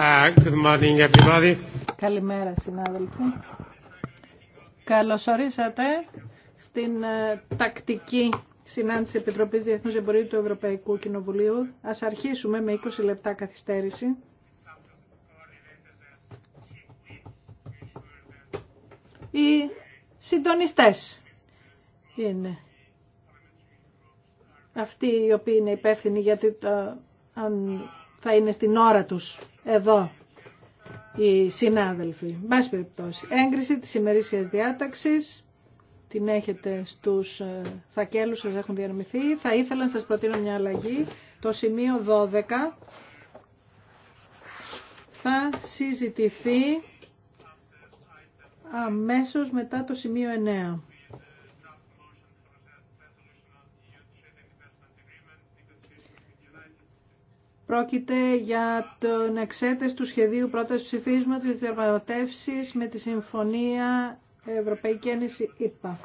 Uh, Καλημέρα συνάδελφοι. Καλωσορίσατε στην ε, τακτική συνάντηση Επιτροπής Διεθνούς Εμπορίου του Ευρωπαϊκού Κοινοβουλίου. Ας αρχίσουμε με 20 λεπτά καθυστέρηση. Οι συντονιστές είναι αυτοί οι οποίοι είναι υπεύθυνοι γιατί το θα είναι στην ώρα τους εδώ οι συνάδελφοι. Μπάς περιπτώσει, έγκριση της ημερήσιας διάταξης, την έχετε στους ε, φακέλους σας έχουν διανομηθεί. Θα ήθελα να σας προτείνω μια αλλαγή. Το σημείο 12 θα συζητηθεί αμέσως μετά το σημείο 9. Πρόκειται για τον εξέτες του σχεδίου πρώτας ψηφίσματος της διαπραγματεύσης με τη Συμφωνία Ευρωπαϊκή Ένωση Ένωση-ΥΠΑ.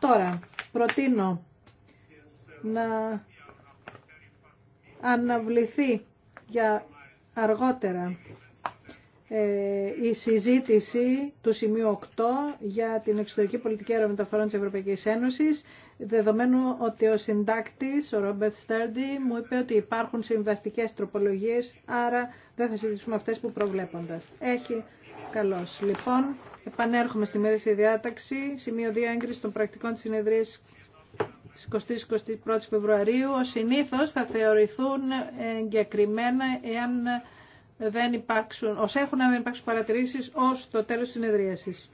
Τώρα, προτείνω να αναβληθεί για αργότερα ε, η συζήτηση του σημείου 8 για την εξωτερική πολιτική αερομεταφορών της Ευρωπαϊκής Ένωσης, δεδομένου ότι ο συντάκτης, ο Ρόμπερτ Στέρντι, μου είπε ότι υπάρχουν συμβαστικές τροπολογίες, άρα δεν θα συζητήσουμε αυτές που προβλέποντας. Έχει καλώς. Λοιπόν, επανέρχομαι στη μέρη στη διάταξη, σημείο 2 έγκριση των πρακτικών της συνεδρίας στις 20-21 Φεβρουαρίου. Ο συνήθως θα θεωρηθούν εγκεκριμένα εάν δεν υπάρξουν, ως έχουν να μην υπάρξουν παρατηρήσεις ως το τέλος της συνεδρίασης.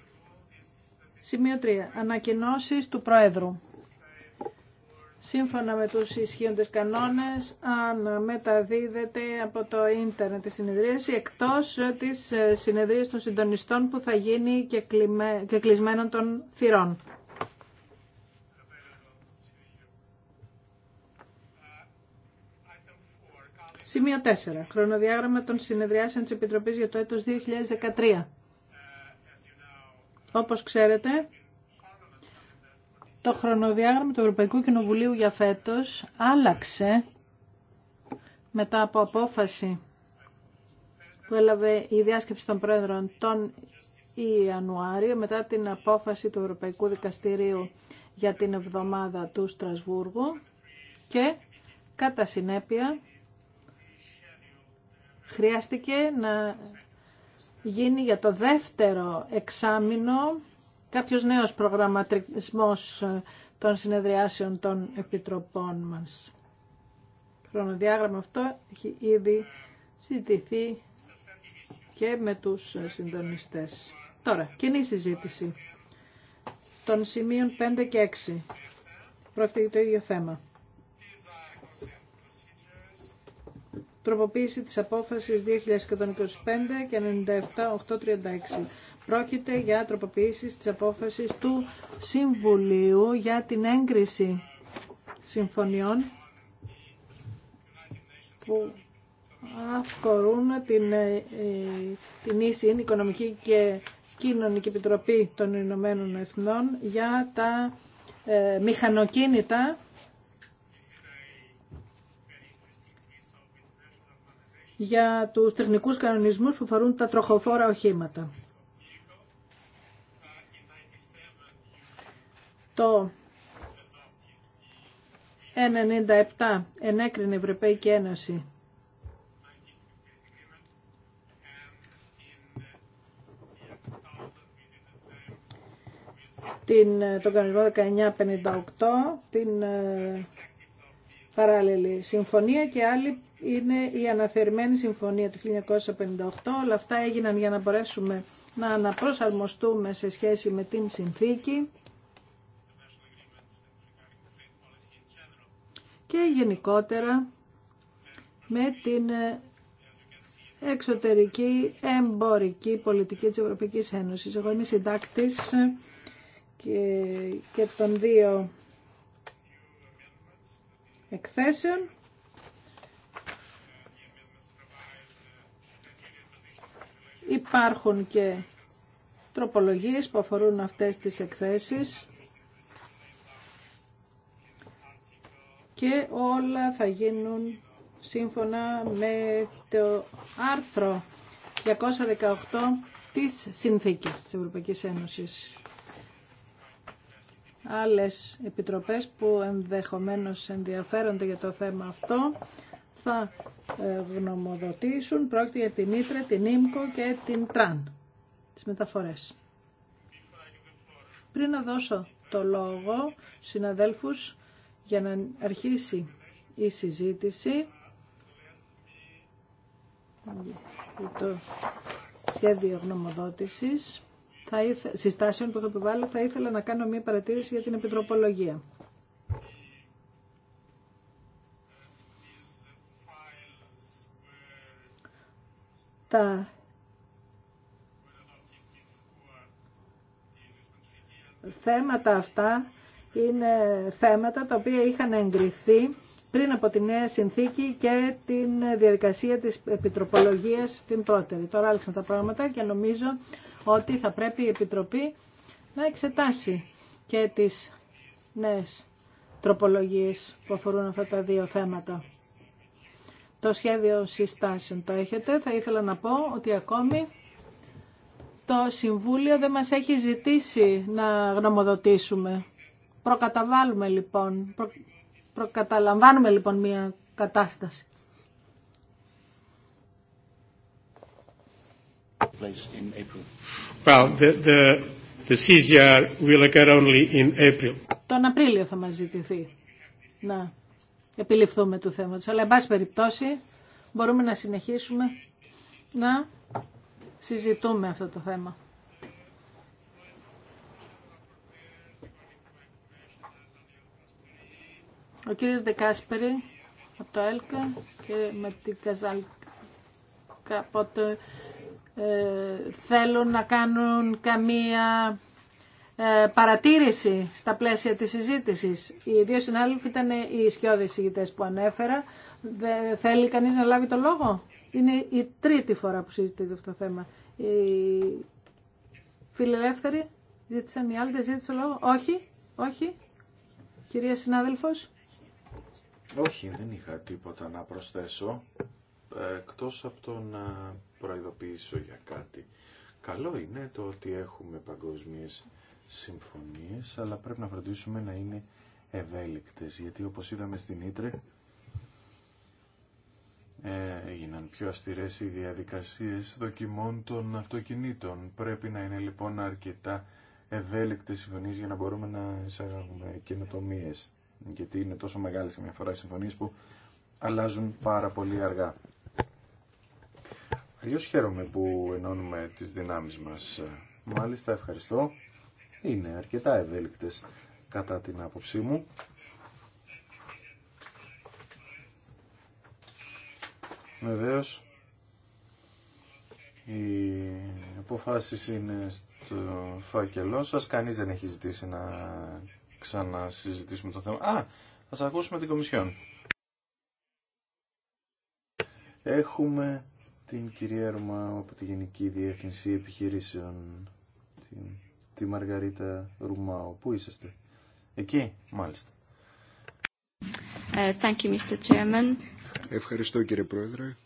Σημείο 3. Ανακοινώσεις του Προέδρου. Σύμφωνα με τους ισχύοντες κανόνες, αν μεταδίδεται από το ίντερνετ τη συνεδρίαση, εκτός της συνεδρίας των συντονιστών που θα γίνει και κλεισμένων των θυρών. Σημείο 4. Χρονοδιάγραμμα των συνεδριάσεων της Επιτροπής για το έτος 2013. Όπως ξέρετε, το χρονοδιάγραμμα του Ευρωπαϊκού Κοινοβουλίου για φέτος άλλαξε μετά από απόφαση που έλαβε η διάσκεψη των Πρόεδρων τον Ιανουάριο μετά την απόφαση του Ευρωπαϊκού Δικαστηρίου για την εβδομάδα του Στρασβούργου και κατά συνέπεια χρειάστηκε να γίνει για το δεύτερο εξάμεινο κάποιος νέος προγραμματισμός ε, των συνεδριάσεων των επιτροπών μας. Το χρονοδιάγραμμα αυτό έχει ήδη συζητηθεί και με τους ε, συντονιστές. Τώρα, κοινή συζήτηση των σημείων 5 και 6. Πρόκειται για το ίδιο θέμα. τροποποίηση της απόφασης 2125 και 97836. Πρόκειται για τροποποίηση της απόφασης του Συμβουλίου για την έγκριση συμφωνιών που αφορούν την, ε, ε, την ίση Οικονομική και Κοινωνική Επιτροπή των Ηνωμένων Εθνών για τα ε, μηχανοκίνητα για τους τεχνικούς κανονισμούς που φορούν τα τροχοφόρα οχήματα. Το 1997 ενέκρινε η Ευρωπαϊκή Ένωση την, ε, τον κανονισμό 1958, την ε, παράλληλη συμφωνία και άλλοι είναι η αναθερμένη συμφωνία του 1958. Όλα αυτά έγιναν για να μπορέσουμε να αναπροσαρμοστούμε σε σχέση με την συνθήκη. και γενικότερα με την εξωτερική εμπορική πολιτική της Ευρωπαϊκής Ένωσης. Εγώ είμαι συντάκτης και, και των δύο εκθέσεων Υπάρχουν και τροπολογίες που αφορούν αυτές τις εκθέσεις και όλα θα γίνουν σύμφωνα με το άρθρο 218 της Συνθήκης της Ευρωπαϊκής Ένωσης. Άλλες επιτροπές που ενδεχομένως ενδιαφέρονται για το θέμα αυτό θα ε, γνωμοδοτήσουν πρόκειται για την Ήτρε, την Ίμκο και την Τραν, τις μεταφορές. Πριν να δώσω το λόγο συναδέλφους για να αρχίσει η συζήτηση, το σχέδιο γνωμοδότησης, θα ήθε, συστάσεων που θα επιβάλλω, θα ήθελα να κάνω μία παρατήρηση για την επιτροπολογία. τα θέματα αυτά είναι θέματα τα οποία είχαν εγκριθεί πριν από τη νέα συνθήκη και την διαδικασία της επιτροπολογίας την πρώτερη. Τώρα άλλαξαν τα πράγματα και νομίζω ότι θα πρέπει η Επιτροπή να εξετάσει και τις νέες τροπολογίες που αφορούν αυτά τα δύο θέματα. Το σχέδιο συστάσεων το έχετε. Θα ήθελα να πω ότι ακόμη το Συμβούλιο δεν μας έχει ζητήσει να γνωμοδοτήσουμε. Προκαταβάλουμε λοιπόν, προκαταλαμβάνουμε λοιπόν μια κατάσταση. Τον Απρίλιο θα μας ζητηθεί. Να επιληφθούμε του θέματος. Αλλά, εν πάση περιπτώσει, μπορούμε να συνεχίσουμε να συζητούμε αυτό το θέμα. Ο κύριος Δεκάσπερη από το ΕΛΚΑ και με την Καζάλκα, οπότε ε, θέλουν να κάνουν καμία ε, παρατήρηση στα πλαίσια της συζήτησης. Οι δύο συνάδελφοι ήταν οι ισχυώδες συγητές που ανέφερα. θέλει κανείς να λάβει το λόγο. Είναι η τρίτη φορά που συζητείται αυτό το θέμα. Οι φιλελεύθεροι ζήτησαν, οι άλλοι δεν ζήτησαν λόγο. Όχι, όχι. Κυρία συνάδελφος. Όχι, δεν είχα τίποτα να προσθέσω. Ε, εκτός από το να προειδοποιήσω για κάτι. Καλό είναι το ότι έχουμε παγκόσμιες συμφωνίες, αλλά πρέπει να φροντίσουμε να είναι ευέλικτες, γιατί όπως είδαμε στην Ήτρε, ε, έγιναν πιο αυστηρές οι διαδικασίες δοκιμών των αυτοκινήτων. Πρέπει να είναι λοιπόν αρκετά ευέλικτες συμφωνίες για να μπορούμε να εισαγάγουμε καινοτομίε. γιατί είναι τόσο μεγάλες και μια φορά οι συμφωνίες που αλλάζουν πάρα πολύ αργά. Αλλιώς χαίρομαι που ενώνουμε τις δυνάμεις μας. Μάλιστα, ευχαριστώ είναι αρκετά ευέλικτες κατά την άποψή μου. Βεβαίω, οι αποφάσεις είναι στο φάκελό σας. Κανείς δεν έχει ζητήσει να ξανασυζητήσουμε το θέμα. Α, σας ακούσουμε την Κομισιόν. Έχουμε την κυρία Ρωμάου από τη Γενική Διεύθυνση Επιχειρήσεων, την τη Μαργαρίτα Ρουμάου. Πού είσαστε? Εκεί, μάλιστα. Ε, thank you, Mr. Chairman. Ευχαριστώ κύριε Πρόεδρε.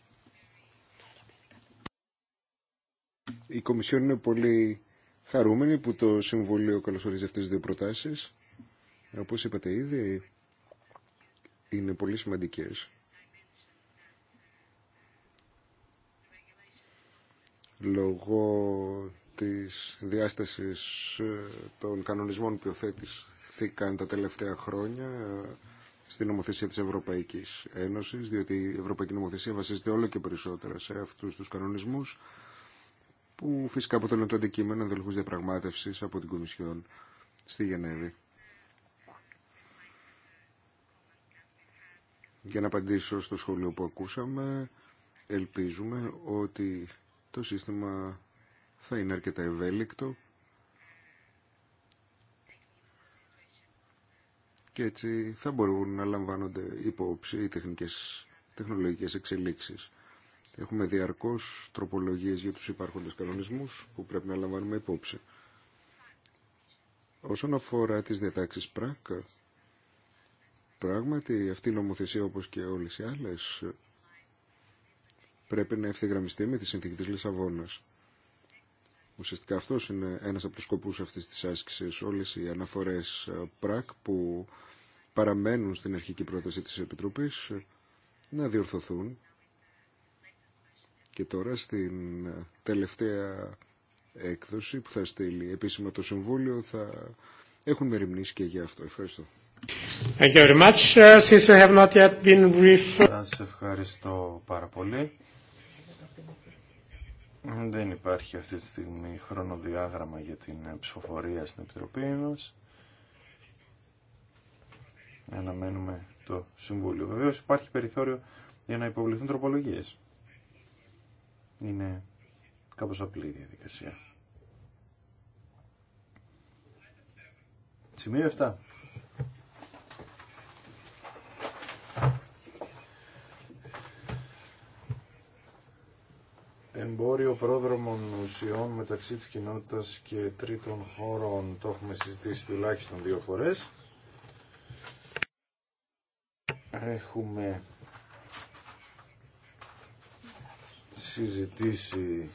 Η Κομισιόν είναι πολύ χαρούμενη που το Συμβουλίο καλωσορίζει αυτές τις δύο προτάσεις. Όπως είπατε ήδη, είναι πολύ σημαντικές. Λόγω της διάστασης ε, των κανονισμών που υιοθέτηθηκαν τα τελευταία χρόνια ε, στην νομοθεσία της Ευρωπαϊκής Ένωσης, διότι η Ευρωπαϊκή Νομοθεσία βασίζεται όλο και περισσότερα σε αυτούς τους κανονισμούς, που φυσικά αποτελούν το αντικείμενο ενδελφούς διαπραγμάτευσης από την Κομισιόν στη Γενέβη. Για να απαντήσω στο σχόλιο που ακούσαμε, ελπίζουμε ότι το σύστημα θα είναι αρκετά ευέλικτο και έτσι θα μπορούν να λαμβάνονται υπόψη οι τεχνικές, τεχνολογικές εξελίξεις. Έχουμε διαρκώς τροπολογίες για τους υπάρχοντες κανονισμούς που πρέπει να λαμβάνουμε υπόψη. Όσον αφορά τις διατάξεις ΠΡΑΚ, πράγματι αυτή η νομοθεσία όπως και όλες οι άλλες πρέπει να ευθυγραμμιστεί με τη συνθήκη της Λισαβόνας. Ουσιαστικά αυτό είναι ένας από τους σκοπούς αυτής της άσκησης. Όλες οι αναφορές ε, ΠΡΑΚ που παραμένουν στην αρχική πρόταση της Επιτροπής ε, να διορθωθούν. Και τώρα στην ε, τελευταία έκδοση που θα στείλει επίσημα το Συμβούλιο θα έχουν μεριμνήσει και για αυτό. Ευχαριστώ. Thank you uh, we have not yet been brief... ευχαριστώ πολύ. Δεν υπάρχει αυτή τη στιγμή χρονοδιάγραμμα για την ψηφοφορία στην Επιτροπή μας. Αναμένουμε το Συμβούλιο. Βεβαίως υπάρχει περιθώριο για να υποβληθούν τροπολογίες. Είναι κάπως απλή η διαδικασία. Σημείο 7. εμπόριο πρόδρομων ουσιών μεταξύ της κοινότητας και τρίτων χώρων. Το έχουμε συζητήσει τουλάχιστον δύο φορές. Έχουμε συζητήσει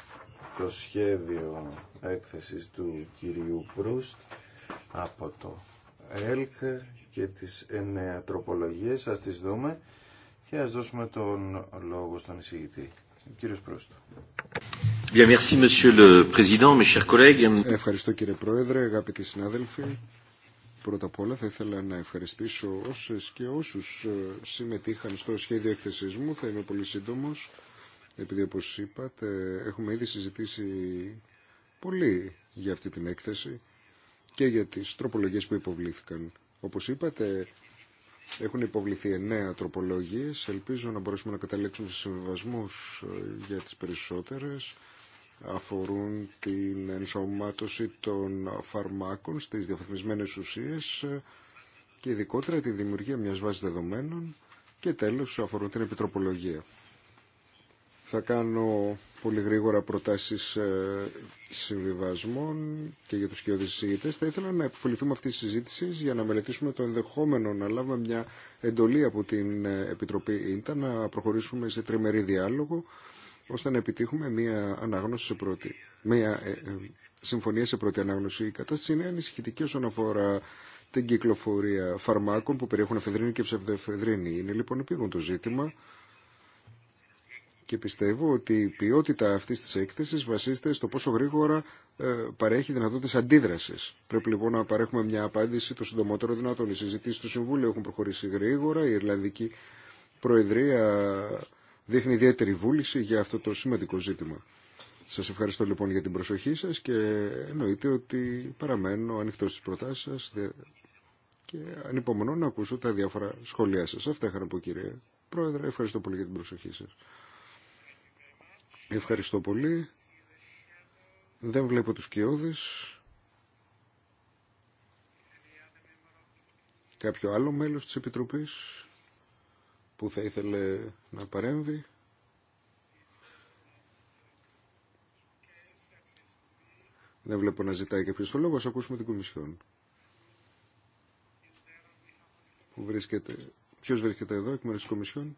το σχέδιο έκθεσης του κυρίου Προύστ από το ΕΛΚ και τις εννέα τροπολογίες. Ας τις δούμε και ας δώσουμε τον λόγο στον εισηγητή. Ευχαριστώ κύριε Πρόεδρε, αγαπητοί συνάδελφοι. Πρώτα απ' όλα θα ήθελα να ευχαριστήσω όσες και όσους ε, συμμετείχαν στο σχέδιο έκθεσής μου. Θα είμαι πολύ σύντομος, επειδή όπως είπατε έχουμε ήδη συζητήσει πολύ για αυτή την έκθεση και για τις τροπολογίες που υποβλήθηκαν. Όπως είπατε, έχουν υποβληθεί εννέα τροπολογίες. Ελπίζω να μπορέσουμε να καταλήξουμε σε συμβασμούς ε, για τις περισσότερες. Αφορούν την ενσωμάτωση των φαρμάκων στις διαφαθμισμένες ουσίες ε, και ειδικότερα τη δημιουργία μιας βάσης δεδομένων και τέλος αφορούν την επιτροπολογία. Θα κάνω πολύ γρήγορα προτάσεις ε, συμβιβασμών και για τους κοιόδες συζητητές. Θα ήθελα να επιφοληθούμε αυτή τη συζήτηση για να μελετήσουμε το ενδεχόμενο να λάβουμε μια εντολή από την ε, Επιτροπή Ίντα να προχωρήσουμε σε τριμερή διάλογο ώστε να επιτύχουμε μια ανάγνωση πρώτη, μια ε, συμφωνία σε πρώτη ανάγνωση. Η κατάσταση είναι ανησυχητική όσον αφορά την κυκλοφορία φαρμάκων που περιέχουν εφεδρίνη και ψευδοεφεδρίνη. Είναι λοιπόν επίγοντο το ζήτημα και πιστεύω ότι η ποιότητα αυτή τη έκθεση βασίζεται στο πόσο γρήγορα ε, παρέχει δυνατότητες αντίδραση. Πρέπει λοιπόν να παρέχουμε μια απάντηση το συντομότερο δυνατόν. Οι συζητήσει του Συμβούλου έχουν προχωρήσει γρήγορα, η Ιρλανδική Προεδρία δείχνει ιδιαίτερη βούληση για αυτό το σημαντικό ζήτημα. Σα ευχαριστώ λοιπόν για την προσοχή σα και εννοείται ότι παραμένω ανοιχτός στις προτάσει σα και ανυπομονώ να ακούσω τα διάφορα σχόλιά σα. Αυτά είχα να πω κύριε Πρόεδρε. Ευχαριστώ πολύ για την προσοχή σα. Ευχαριστώ πολύ. Δεν βλέπω τους κοιόδες. Κάποιο άλλο μέλος της Επιτροπής που θα ήθελε να παρέμβει. Δεν βλέπω να ζητάει κάποιος το λόγο. Ας ακούσουμε την Κομισιόν. Που βρίσκεται... Ποιος βρίσκεται εδώ εκ μέρους της Κομισιόν.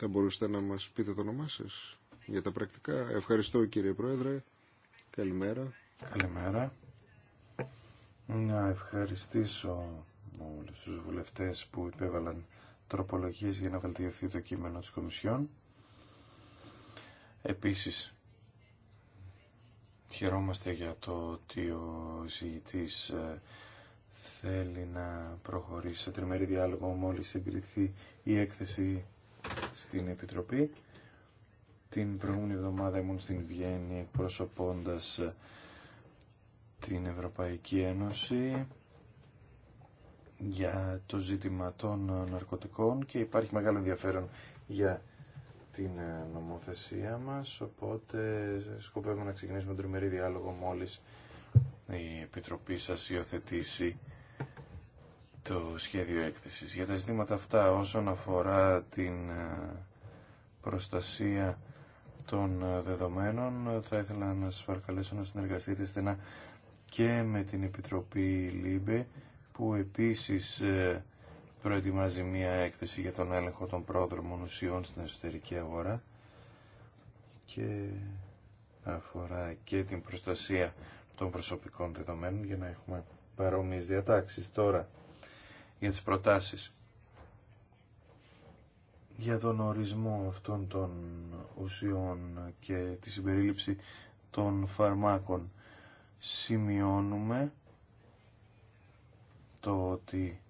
Θα μπορούσατε να μας πείτε το όνομά σας για τα πρακτικά. Ευχαριστώ κύριε Πρόεδρε. Καλημέρα. Καλημέρα. Να ευχαριστήσω όλους τους βουλευτές που υπέβαλαν τροπολογίες για να βελτιωθεί το κείμενο της Κομισιόν. Επίσης, χαιρόμαστε για το ότι ο εισηγητής ε, θέλει να προχωρήσει σε τριμερή διάλογο μόλις εγκριθεί η έκθεση στην Επιτροπή. Την προηγούμενη εβδομάδα ήμουν στην Βιέννη εκπροσωπώντας ε, την Ευρωπαϊκή Ένωση για το ζήτημα των ε, ναρκωτικών και υπάρχει μεγάλο ενδιαφέρον για την ε, νομοθεσία μας, οπότε σκοπεύουμε να ξεκινήσουμε τον τριμερή διάλογο μόλις η Επιτροπή σας υιοθετήσει το σχέδιο έκθεσης. Για τα ζητήματα αυτά όσον αφορά την ε, προστασία των ε, δεδομένων θα ήθελα να σας παρακαλέσω να συνεργαστείτε στενά και με την Επιτροπή ΛΥΜΠΕ που επίσης ε, προετοιμάζει μία έκθεση για τον έλεγχο των πρόδρομων ουσιών στην εσωτερική αγορά και αφορά και την προστασία των προσωπικών δεδομένων για να έχουμε παρόμοιες διατάξεις. Τώρα, για τις προτάσεις. Για τον ορισμό αυτών των ουσιών και τη συμπερίληψη των φαρμάκων σημειώνουμε το ότι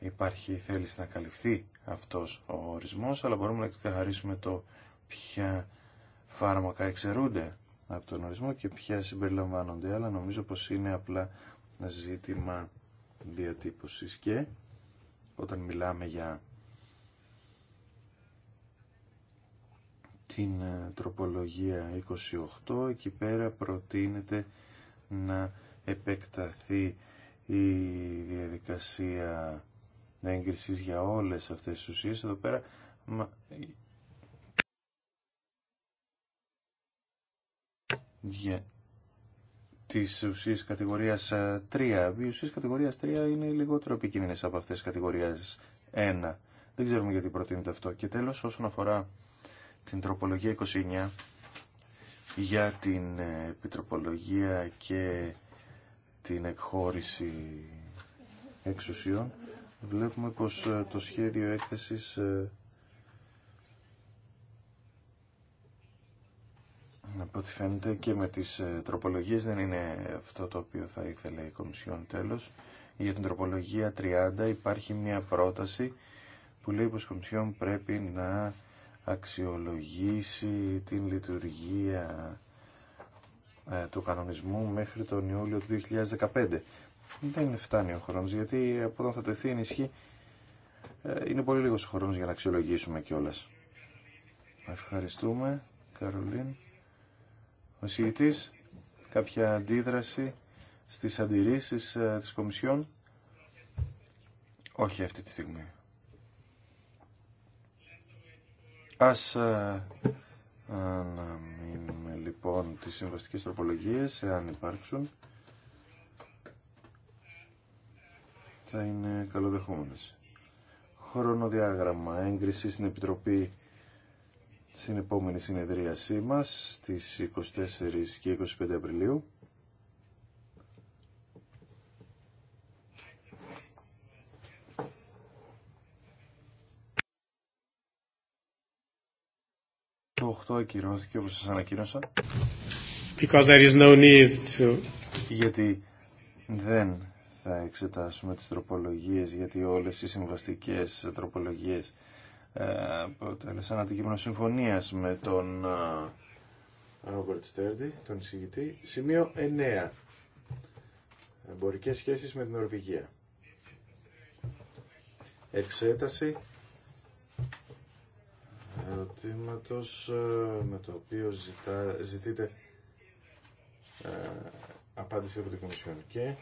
υπάρχει θέληση να καλυφθεί αυτός ο ορισμός, αλλά μπορούμε να καθαρίσουμε το ποια φάρμακα εξαιρούνται από τον ορισμό και ποια συμπεριλαμβάνονται, αλλά νομίζω πως είναι απλά ζήτημα διατύπωσης και όταν μιλάμε για την ε, τροπολογία 28 εκεί πέρα προτείνεται να επεκταθεί η διαδικασία έγκρισης για όλες αυτές τις ουσίες εδώ πέρα για Τη ουσία κατηγορία 3. Ε, Οι ουσία κατηγορία 3 είναι λιγότερο επικίνδυνε από αυτές κατηγορία 1. Δεν ξέρουμε γιατί προτείνεται αυτό. Και τέλο όσον αφορά την τροπολογία 29 για την ε, επιτροπολογία και την εκχώρηση εξουσιών βλέπουμε πως ε, το σχέδιο έκθεσης από ό,τι φαίνεται και με τις ε, τροπολογίες δεν είναι αυτό το οποίο θα ήθελε η Κομισιόν τέλος. Για την τροπολογία 30 υπάρχει μια πρόταση που λέει πως η Κομισιόν πρέπει να αξιολογήσει την λειτουργία ε, του κανονισμού μέχρι τον Ιούλιο του 2015. Δεν φτάνει ο χρόνος γιατί από όταν θα τεθεί ενισχύ ε, είναι πολύ λίγος ο χρόνος για να αξιολογήσουμε κιόλας. Ευχαριστούμε, Καρολίν ο συγητής, κάποια αντίδραση στις αντιρρήσεις ε, της Κομισιόν. Όχι αυτή τη στιγμή. Ας ε, αναμείνουμε λοιπόν τις συμβαστικές τροπολογίες, εάν υπάρξουν. Θα είναι καλοδεχόμενες. Χρονοδιάγραμμα έγκριση στην Επιτροπή στην επόμενη συνεδρίασή μας στις 24 και 25 Απριλίου. Το 8 ακυρώθηκε όπως σας ανακοίνωσα. Because there is no need to... Γιατί δεν θα εξετάσουμε τις τροπολογίες, γιατί όλες οι συμβαστικές τροπολογίες ε, αποτέλεσαν αντικείμενο συμφωνία με τον Ρόμπερτ Στέρντι, τον εισηγητή. Σημείο 9. Εμπορικές σχέσεις με την Νορβηγία. Εξέταση ερωτήματο ε, με το οποίο ζητά, ζητείτε ε, απάντηση από την Κομισιόν και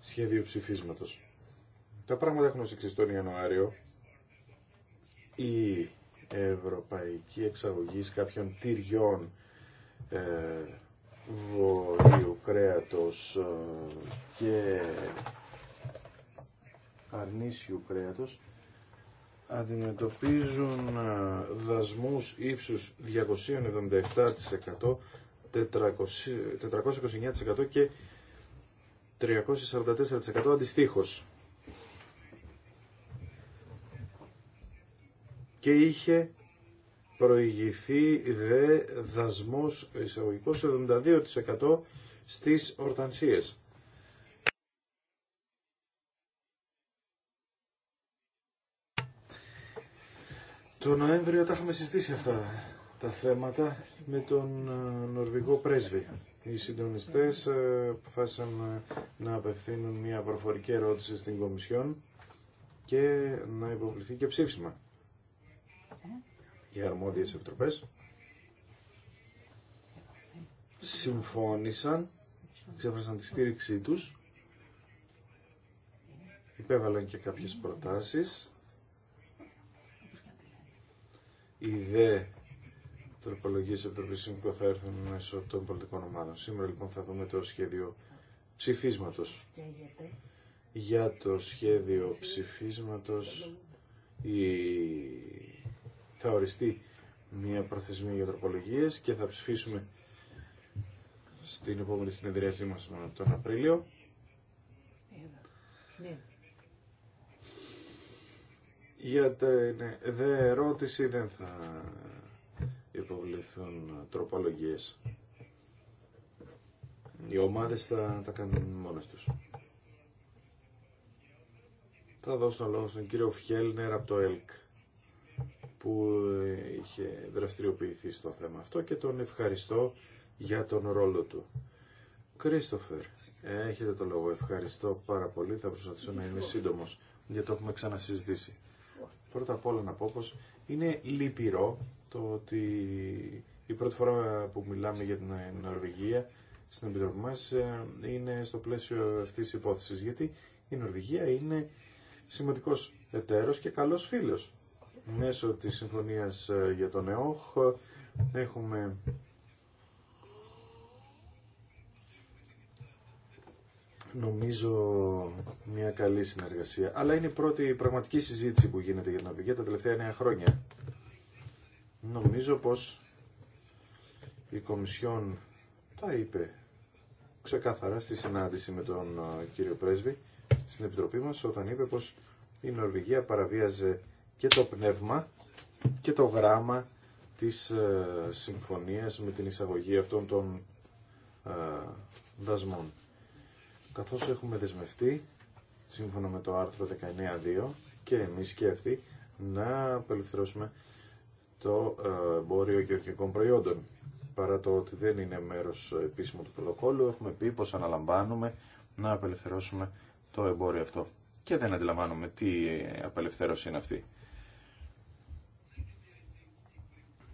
σχέδιο ψηφίσματος. Τα πράγματα έχουν ω εξή τον Ιανουάριο η ευρωπαϊκή εξαγωγή κάποιων τυριών ε, βορείου κρέατος ε, και αρνήσιου κρέατος αντιμετωπίζουν ε, δασμούς ύψους 277%, 429% και 344% αντιστοίχως. και είχε προηγηθεί δε δασμός εισαγωγικός 72% στις ορτανσίες. Το Νοέμβριο τα είχαμε συζητήσει αυτά τα θέματα με τον ε, Νορβηγό πρέσβη. Οι συντονιστές ε, αποφάσισαν ε, να απευθύνουν μια προφορική ερώτηση στην Κομισιόν και να υποβληθεί και ψήφισμα οι αρμόδιες επιτροπές συμφώνησαν, ξέφρασαν τη στήριξή τους, υπέβαλαν και κάποιες προτάσεις. Οι δε τροπολογίες Επιτροπής θα έρθουν μέσω των πολιτικών ομάδων. Σήμερα λοιπόν θα δούμε το σχέδιο ψηφίσματος. Για το σχέδιο ψηφίσματος η θα οριστεί μια προθεσμία για τροπολογίες και θα ψηφίσουμε στην επόμενη συνεδρίασή μα τον Απρίλιο. Ναι. Για την δε ερώτηση δεν θα υποβληθούν τροπολογίε. Οι ομάδε θα τα κάνουν μόνε τους. Θα δώσω τον λόγο στον κύριο Φιέλνερ από το ΕΛΚ που είχε δραστηριοποιηθεί στο θέμα αυτό και τον ευχαριστώ για τον ρόλο του. Κρίστοφερ, έχετε το λόγο. Ευχαριστώ πάρα πολύ. Θα προσπαθήσω να είμαι σύντομο γιατί το έχουμε ξανασυζητήσει. Πρώτα απ' όλα να πω πως είναι λυπηρό το ότι η πρώτη φορά που μιλάμε για την Νορβηγία στην Επιτροπή μας ε, είναι στο πλαίσιο αυτής της υπόθεσης γιατί η Νορβηγία είναι σημαντικός εταίρος και καλός φίλος μέσω της συμφωνίας ε, για τον ΕΟΧ έχουμε νομίζω μια καλή συνεργασία. Αλλά είναι η πρώτη πραγματική συζήτηση που γίνεται για την Αφρική τα τελευταία νέα χρόνια. Νομίζω πως η Κομισιόν τα είπε ξεκάθαρα στη συνάντηση με τον ε, κύριο Πρέσβη στην Επιτροπή μας όταν είπε πως η Νορβηγία παραβίαζε και το πνεύμα και το γράμμα της ε, συμφωνίας με την εισαγωγή αυτών των ε, δασμών. Καθώς έχουμε δεσμευτεί, σύμφωνα με το άρθρο 19.2, και εμείς και αυτοί, να απελευθερώσουμε το ε, εμπόριο γεωργικών προϊόντων. Παρά το ότι δεν είναι μέρος επίσημου του πρωτοκόλλου, έχουμε πει πως αναλαμβάνουμε να απελευθερώσουμε το εμπόριο αυτό. Και δεν αντιλαμβάνουμε τι απελευθέρωση είναι αυτή.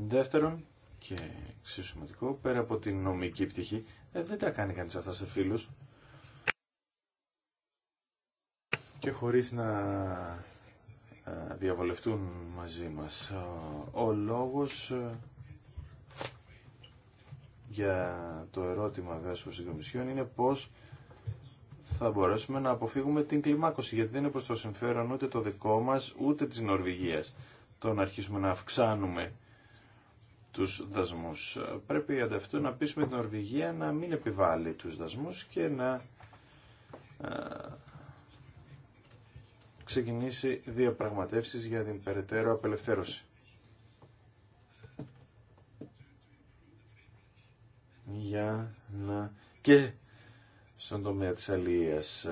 Δεύτερον, και εξίσου σημαντικό, πέρα από την νομική πτυχή, ε, δεν τα κάνει κανείς αυτά σε φίλους. Και χωρίς να ε, διαβολευτούν μαζί μας. Ο λόγος ε, για το ερώτημα βέβαια προς την Κομισιόν είναι πώς θα μπορέσουμε να αποφύγουμε την κλιμάκωση, γιατί δεν είναι προς το συμφέρον ούτε το δικό μας, ούτε της Νορβηγίας, το να αρχίσουμε να αυξάνουμε τους δασμούς. Πρέπει ανταυτού να πείσουμε την Νορβηγία να μην επιβάλλει τους δασμούς και να ε, ξεκινήσει διαπραγματεύσεις για την περαιτέρω απελευθέρωση. Για να... και στον τομέα της αλληλείας.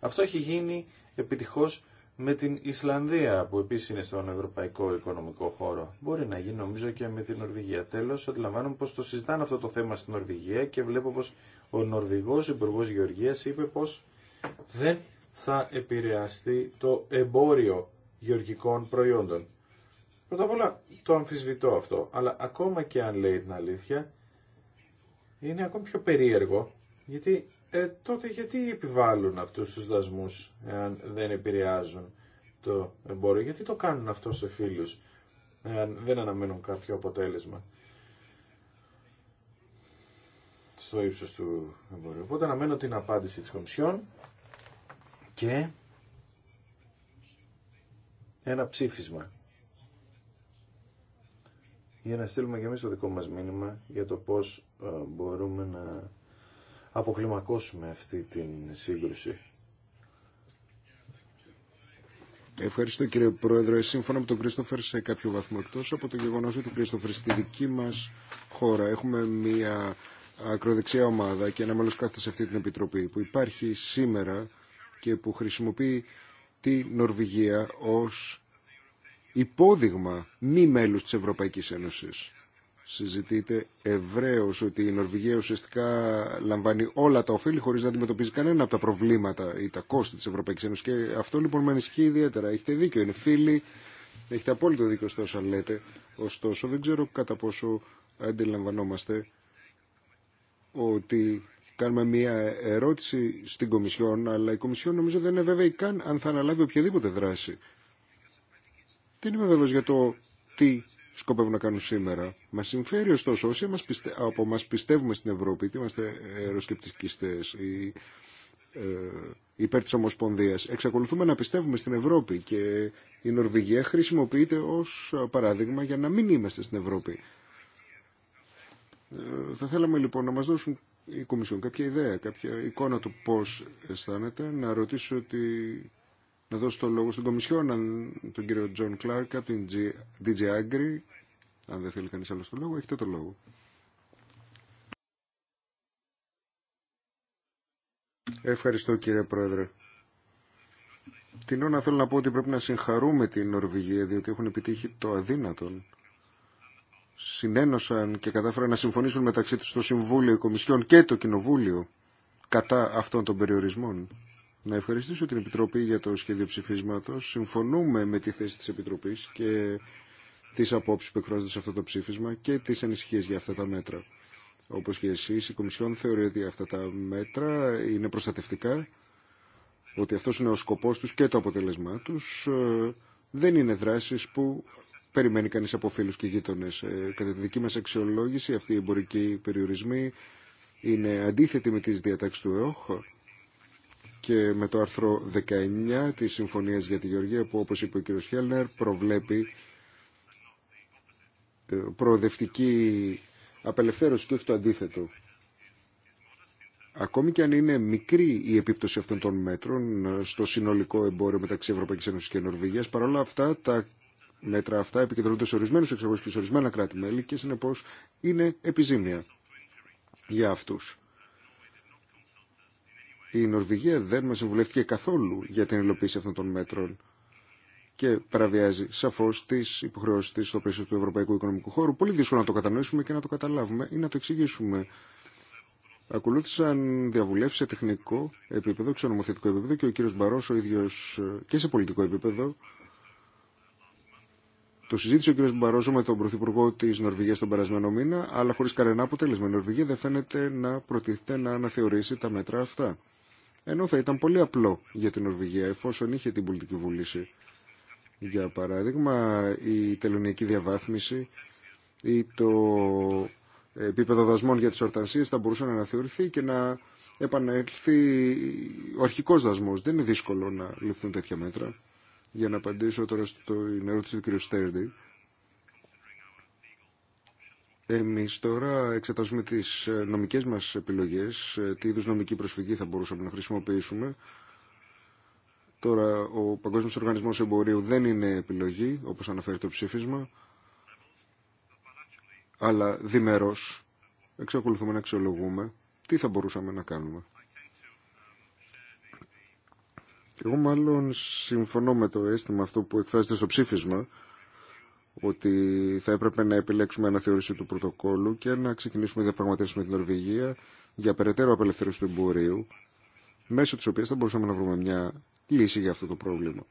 Αυτό έχει γίνει επιτυχώς με την Ισλανδία που επίσης είναι στον ευρωπαϊκό οικονομικό χώρο. Μπορεί να γίνει νομίζω και με την Νορβηγία. Τέλος, αντιλαμβάνομαι πως το συζητάνε αυτό το θέμα στην Νορβηγία και βλέπω πως ο ο υπουργό Γεωργία είπε πως δεν θα επηρεαστεί το εμπόριο γεωργικών προϊόντων. Πρώτα απ' όλα το αμφισβητώ αυτό, αλλά ακόμα και αν λέει την αλήθεια, είναι ακόμη πιο περίεργο, γιατί ε, τότε γιατί επιβάλλουν αυτούς τους δασμούς εάν δεν επηρεάζουν το εμπόριο. Γιατί το κάνουν αυτό σε φίλους εάν δεν αναμένουν κάποιο αποτέλεσμα στο ύψος του εμπορίου. Οπότε αναμένω την απάντηση της Κομισιόν και ένα ψήφισμα για να στείλουμε και εμείς το δικό μας μήνυμα για το πώς ε, μπορούμε να αποκλιμακώσουμε αυτή την σύγκρουση. Ευχαριστώ κύριε Πρόεδρε. Σύμφωνα με τον Κρίστοφερ σε κάποιο βαθμό εκτός από το γεγονός ότι Κρίστοφερ στη δική μας χώρα έχουμε μια ακροδεξιά ομάδα και ένα μέλος κάθε σε αυτή την επιτροπή που υπάρχει σήμερα και που χρησιμοποιεί τη Νορβηγία ως υπόδειγμα μη μέλους της Ευρωπαϊκής Ένωσης. Συζητείτε ευρέω ότι η Νορβηγία ουσιαστικά λαμβάνει όλα τα ωφέλη χωρί να αντιμετωπίζει κανένα από τα προβλήματα ή τα κόστη τη Ευρωπαϊκή Ένωση. Και αυτό λοιπόν με ανησυχεί ιδιαίτερα. Έχετε δίκιο, είναι φίλοι, έχετε απόλυτο δίκιο στο όσα λέτε. Ωστόσο, δεν ξέρω κατά πόσο αντιλαμβανόμαστε ότι κάνουμε μια ερώτηση στην Κομισιόν, αλλά η Κομισιόν νομίζω δεν είναι βέβαιη καν αν θα αναλάβει οποιαδήποτε δράση. Δεν είμαι βέβαιος για το τι σκοπεύουν να κάνουν σήμερα. Μα συμφέρει ωστόσο όσοι από εμά πιστεύουμε στην Ευρώπη, είτε είμαστε αεροσκεπτικιστέ ή ε, υπέρ τη Ομοσπονδία, εξακολουθούμε να πιστεύουμε στην Ευρώπη και η Νορβηγία χρησιμοποιείται ω παράδειγμα για να μην είμαστε στην Ευρώπη. Ε, θα θέλαμε λοιπόν να μα δώσουν η Κομισιόν κάποια ιδέα, κάποια εικόνα του πώς αισθάνεται, να ρωτήσω ότι να δώσω το λόγο στην Κομισιόν, τον κύριο Τζον Κλάρκ από την DG Agri. Αν δεν θέλει κανείς άλλο το λόγο, έχετε το λόγο. Ευχαριστώ κύριε Πρόεδρε. Την ώρα θέλω να πω ότι πρέπει να συγχαρούμε την Νορβηγία διότι έχουν επιτύχει το αδύνατον. Συνένωσαν και κατάφεραν να συμφωνήσουν μεταξύ τους στο Συμβούλιο, η και το Κοινοβούλιο κατά αυτών των περιορισμών. Να ευχαριστήσω την Επιτροπή για το σχέδιο ψηφίσματο. Συμφωνούμε με τη θέση τη Επιτροπής και τι απόψει που εκφράζονται σε αυτό το ψήφισμα και τι ανησυχίε για αυτά τα μέτρα. Όπω και εσεί, η Κομισιόν θεωρεί ότι αυτά τα μέτρα είναι προστατευτικά, ότι αυτό είναι ο σκοπό του και το αποτέλεσμά του, Δεν είναι δράσει που περιμένει κανεί από φίλου και γείτονε. Ε, κατά τη δική μα αξιολόγηση, αυτοί οι εμπορικοί περιορισμοί είναι αντίθετοι με τις διατάξει του ΕΟΧ και με το άρθρο 19 της Συμφωνίας για τη Γεωργία που όπως είπε ο κ. Χέλνερ προβλέπει ε, προοδευτική απελευθέρωση και όχι το αντίθετο. Ακόμη και αν είναι μικρή η επίπτωση αυτών των μέτρων ε, στο συνολικό εμπόριο μεταξύ Ευρωπαϊκής Ένωσης και Νορβηγίας, παρόλα αυτά τα μέτρα αυτά επικεντρώνονται σε ορισμένους εξαγωγούς και σε ορισμένα κράτη-μέλη και συνεπώς είναι επιζήμια για αυτούς η Νορβηγία δεν μας συμβουλεύτηκε καθόλου για την υλοποίηση αυτών των μέτρων και παραβιάζει σαφώ τι υποχρεώσει τη στο πλαίσιο του Ευρωπαϊκού Οικονομικού Χώρου. Πολύ δύσκολο να το κατανοήσουμε και να το καταλάβουμε ή να το εξηγήσουμε. Ακολούθησαν διαβουλεύσει σε τεχνικό επίπεδο, ξενομοθετικό επίπεδο και ο κύριο Μπαρό ο ίδιο και σε πολιτικό επίπεδο. Το συζήτησε ο κύριος Μπαρόζο με τον Πρωθυπουργό τη Νορβηγία τον περασμένο μήνα, αλλά χωρί κανένα αποτέλεσμα. Η Νορβηγία δεν φαίνεται να προτίθεται να αναθεωρήσει τα μέτρα αυτά. Ενώ θα ήταν πολύ απλό για την Νορβηγία εφόσον είχε την πολιτική βούληση. Για παράδειγμα, η τελωνιακή διαβάθμιση ή το επίπεδο δασμών για τις ορτανσίες θα μπορούσε να αναθεωρηθεί και να επανέλθει ο αρχικός δασμός. Δεν είναι δύσκολο να ληφθούν τέτοια μέτρα. Για να απαντήσω τώρα στο ερώτηση του κ. Στέρντι εμείς τώρα εξετάζουμε τις ε, νομικέ μας επιλογές, ε, τι είδου νομική προσφυγή θα μπορούσαμε να χρησιμοποιήσουμε. Τώρα ο Παγκόσμιος Οργανισμός Εμπορίου δεν είναι επιλογή, όπως αναφέρει το ψήφισμα, αλλά διμερό. εξακολουθούμε να αξιολογούμε τι θα μπορούσαμε να κάνουμε. Εγώ μάλλον συμφωνώ με το αίσθημα αυτό που εκφράζεται στο ψήφισμα, ότι θα έπρεπε να επιλέξουμε αναθεώρηση του πρωτοκόλου και να ξεκινήσουμε διαπραγματεύσει με την Νορβηγία για περαιτέρω απελευθέρωση του εμπορίου, μέσω τη οποία θα μπορούσαμε να βρούμε μια λύση για αυτό το πρόβλημα.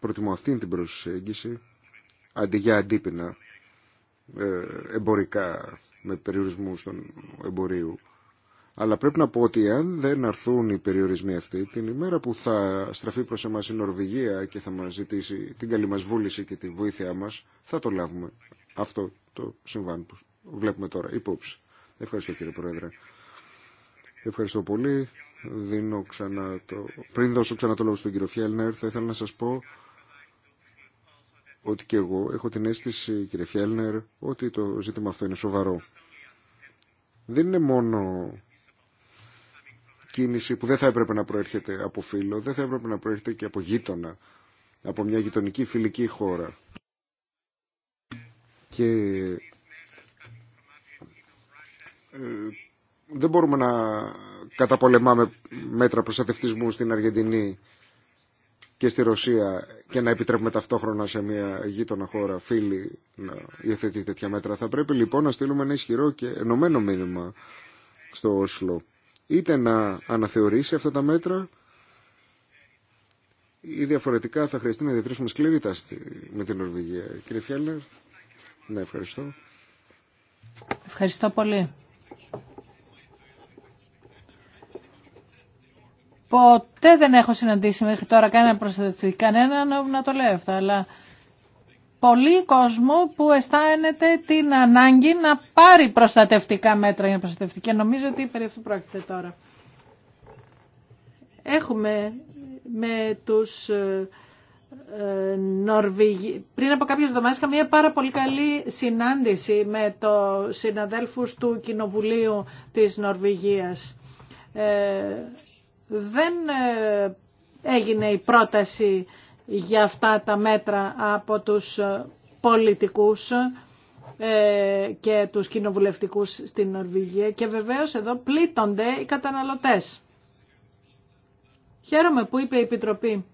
Προτιμώ αυτή την προσέγγιση, αντί για αντίπεινα ε, εμπορικά, με περιορισμού των εμπορίου. Αλλά πρέπει να πω ότι αν δεν αρθούν οι περιορισμοί αυτοί, την ημέρα που θα στραφεί προς εμάς η Νορβηγία και θα μας ζητήσει την καλή μας βούληση και τη βοήθειά μας, θα το λάβουμε αυτό το συμβάν που βλέπουμε τώρα υπόψη. Ευχαριστώ κύριε Πρόεδρε. Ευχαριστώ πολύ. Δίνω ξανά το... Πριν δώσω ξανά το λόγο στον κύριο Φιέλνερ, θα ήθελα να σας πω ότι και εγώ έχω την αίσθηση, κύριε Φιέλνερ, ότι το ζήτημα αυτό είναι σοβαρό. Δεν είναι μόνο κίνηση που δεν θα έπρεπε να προέρχεται από φίλο, δεν θα έπρεπε να προέρχεται και από γείτονα, από μια γειτονική φιλική χώρα. Και ε, δεν μπορούμε να καταπολεμάμε μέτρα προστατευτισμού στην Αργεντινή και στη Ρωσία και να επιτρέπουμε ταυτόχρονα σε μια γείτονα χώρα, φίλη, να υιοθετεί τέτοια μέτρα. Θα πρέπει λοιπόν να στείλουμε ένα ισχυρό και ενωμένο μήνυμα στο Όσλο είτε να αναθεωρήσει αυτά τα μέτρα ή διαφορετικά θα χρειαστεί να διατρέψουμε σκληρή τάση με την Νορβηγία. Κύριε Φιέλνερ, ναι, ευχαριστώ. Ευχαριστώ πολύ. Ποτέ δεν έχω συναντήσει μέχρι τώρα κανένα προστατευτή, κανέναν να το λέω αυτό, αλλά πολύ κόσμο που αισθάνεται την ανάγκη να πάρει προστατευτικά μέτρα για προστατευτική. Νομίζω ότι περί αυτού πρόκειται τώρα. Έχουμε με τους ε, ε, Νορβηγοί Πριν από κάποιες εβδομάδες είχαμε μια πάρα πολύ καλή συνάντηση με το συναδέλφους του Κοινοβουλίου της Νορβηγίας. Ε, δεν έγινε η πρόταση για αυτά τα μέτρα από τους πολιτικούς ε, και τους κοινοβουλευτικούς στην Νορβηγία και βεβαίως εδώ πλήττονται οι καταναλωτές. Χαίρομαι που είπε η Επιτροπή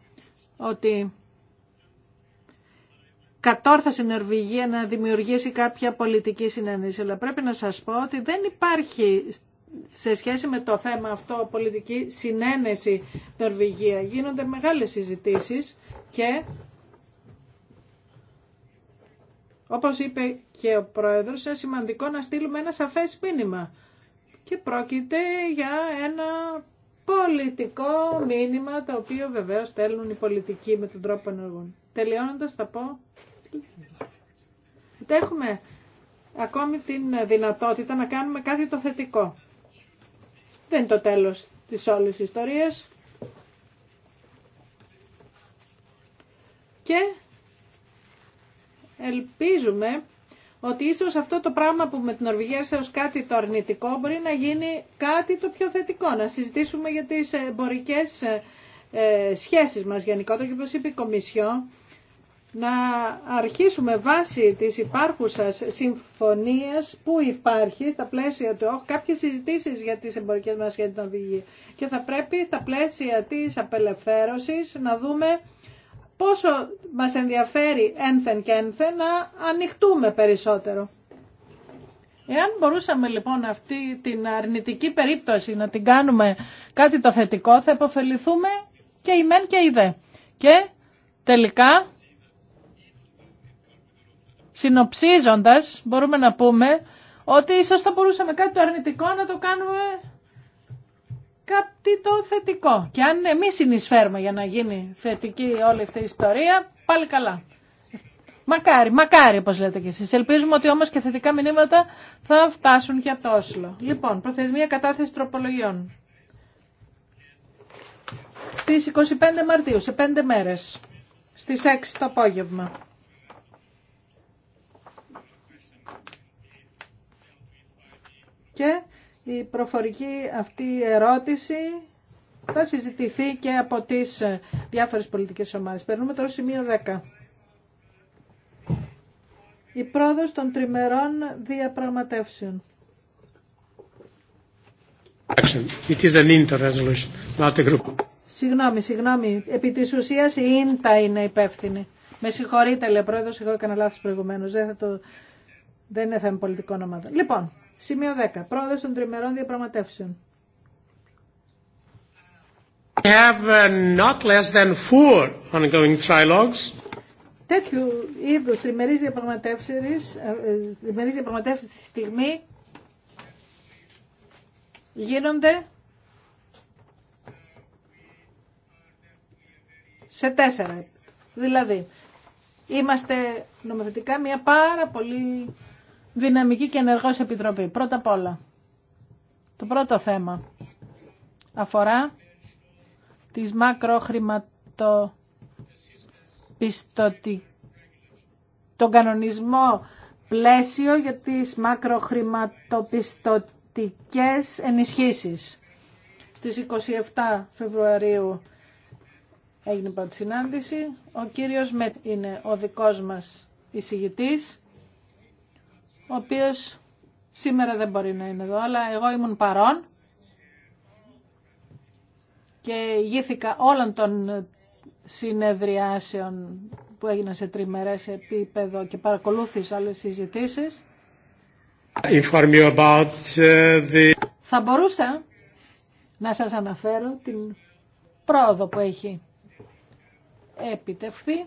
ότι κατόρθασε η Νορβηγία να δημιουργήσει κάποια πολιτική συνένεση, αλλά πρέπει να σας πω ότι δεν υπάρχει σε σχέση με το θέμα αυτό πολιτική συνένεση Νορβηγία. Γίνονται μεγάλες συζητήσεις και όπως είπε και ο Πρόεδρος, είναι σημαντικό να στείλουμε ένα σαφές μήνυμα. Και πρόκειται για ένα πολιτικό μήνυμα, το οποίο βεβαίως στέλνουν οι πολιτικοί με τον τρόπο ενεργών. Τελειώνοντας θα πω... Έχουμε ακόμη την δυνατότητα να κάνουμε κάτι το θετικό. Δεν είναι το τέλος της όλης ιστορίας. και ελπίζουμε ότι ίσως αυτό το πράγμα που με την Νορβηγία έρθει ως κάτι το αρνητικό μπορεί να γίνει κάτι το πιο θετικό. Να συζητήσουμε για τις εμπορικέ ε, ε, σχέσεις μας γενικότερα και όπως είπε η Κομισιό, να αρχίσουμε βάσει της υπάρχουσας συμφωνίας που υπάρχει στα πλαίσια του ΟΧ κάποιες συζητήσεις για τις εμπορικές μας σχέσεις Και θα πρέπει στα πλαίσια της απελευθέρωσης να δούμε πόσο μας ενδιαφέρει ένθεν και ένθεν να ανοιχτούμε περισσότερο. Εάν μπορούσαμε λοιπόν αυτή την αρνητική περίπτωση να την κάνουμε κάτι το θετικό, θα υποφεληθούμε και η μεν και η δε. Και τελικά, συνοψίζοντας, μπορούμε να πούμε ότι ίσως θα μπορούσαμε κάτι το αρνητικό να το κάνουμε κάτι το θετικό. Και αν εμεί συνεισφέρουμε για να γίνει θετική όλη αυτή η ιστορία, πάλι καλά. Μακάρι, μακάρι όπω λέτε κι εσεί. Ελπίζουμε ότι όμως και θετικά μηνύματα θα φτάσουν για το Όσλο. Λοιπόν, προθεσμία κατάθεση τροπολογιών. τη 25 Μαρτίου, σε 5 μέρες, στις 6 το απόγευμα. Και η προφορική αυτή ερώτηση θα συζητηθεί και από τις διάφορες πολιτικές ομάδες. Περνούμε τώρα σημείο 10. Η πρόοδος των τριμερών διαπραγματεύσεων. It is an not a group. Συγγνώμη, συγγνώμη. Επί της ουσίας η ίντα είναι υπεύθυνη. Με συγχωρείτε, λέει πρόεδρος, εγώ έκανα λάθος προηγουμένως. Δεν το... Δεν είναι θέμα πολιτικών ομάδων. Λοιπόν, Σημείο 10. πρόοδο των τριμερών διαπραγματεύσεων. We have uh, not less than four ongoing trilogues. Τέτοιου είδους τριμερείς διαπραγματεύσεις, ε, ε, διαπραγματεύσεις τη στιγμή γίνονται σε τέσσερα. Δηλαδή, είμαστε νομοθετικά μια πάρα πολύ δυναμική και ενεργός επιτροπή. Πρώτα απ' όλα, το πρώτο θέμα αφορά τις μακροχρηματοπιστωτικές τον κανονισμό πλαίσιο για τις μακροχρηματοπιστωτικές ενισχύσεις. Στις 27 Φεβρουαρίου έγινε πρώτη συνάντηση. Ο κύριος Μετ είναι ο δικός μας εισηγητής ο οποίος σήμερα δεν μπορεί να είναι εδώ, αλλά εγώ ήμουν παρόν και ηγήθηκα όλων των συνεδριάσεων που έγιναν σε τριμερές επίπεδο και παρακολούθησα τις συζητήσεις. Uh, Θα μπορούσα να σας αναφέρω την πρόοδο που έχει επιτευχθεί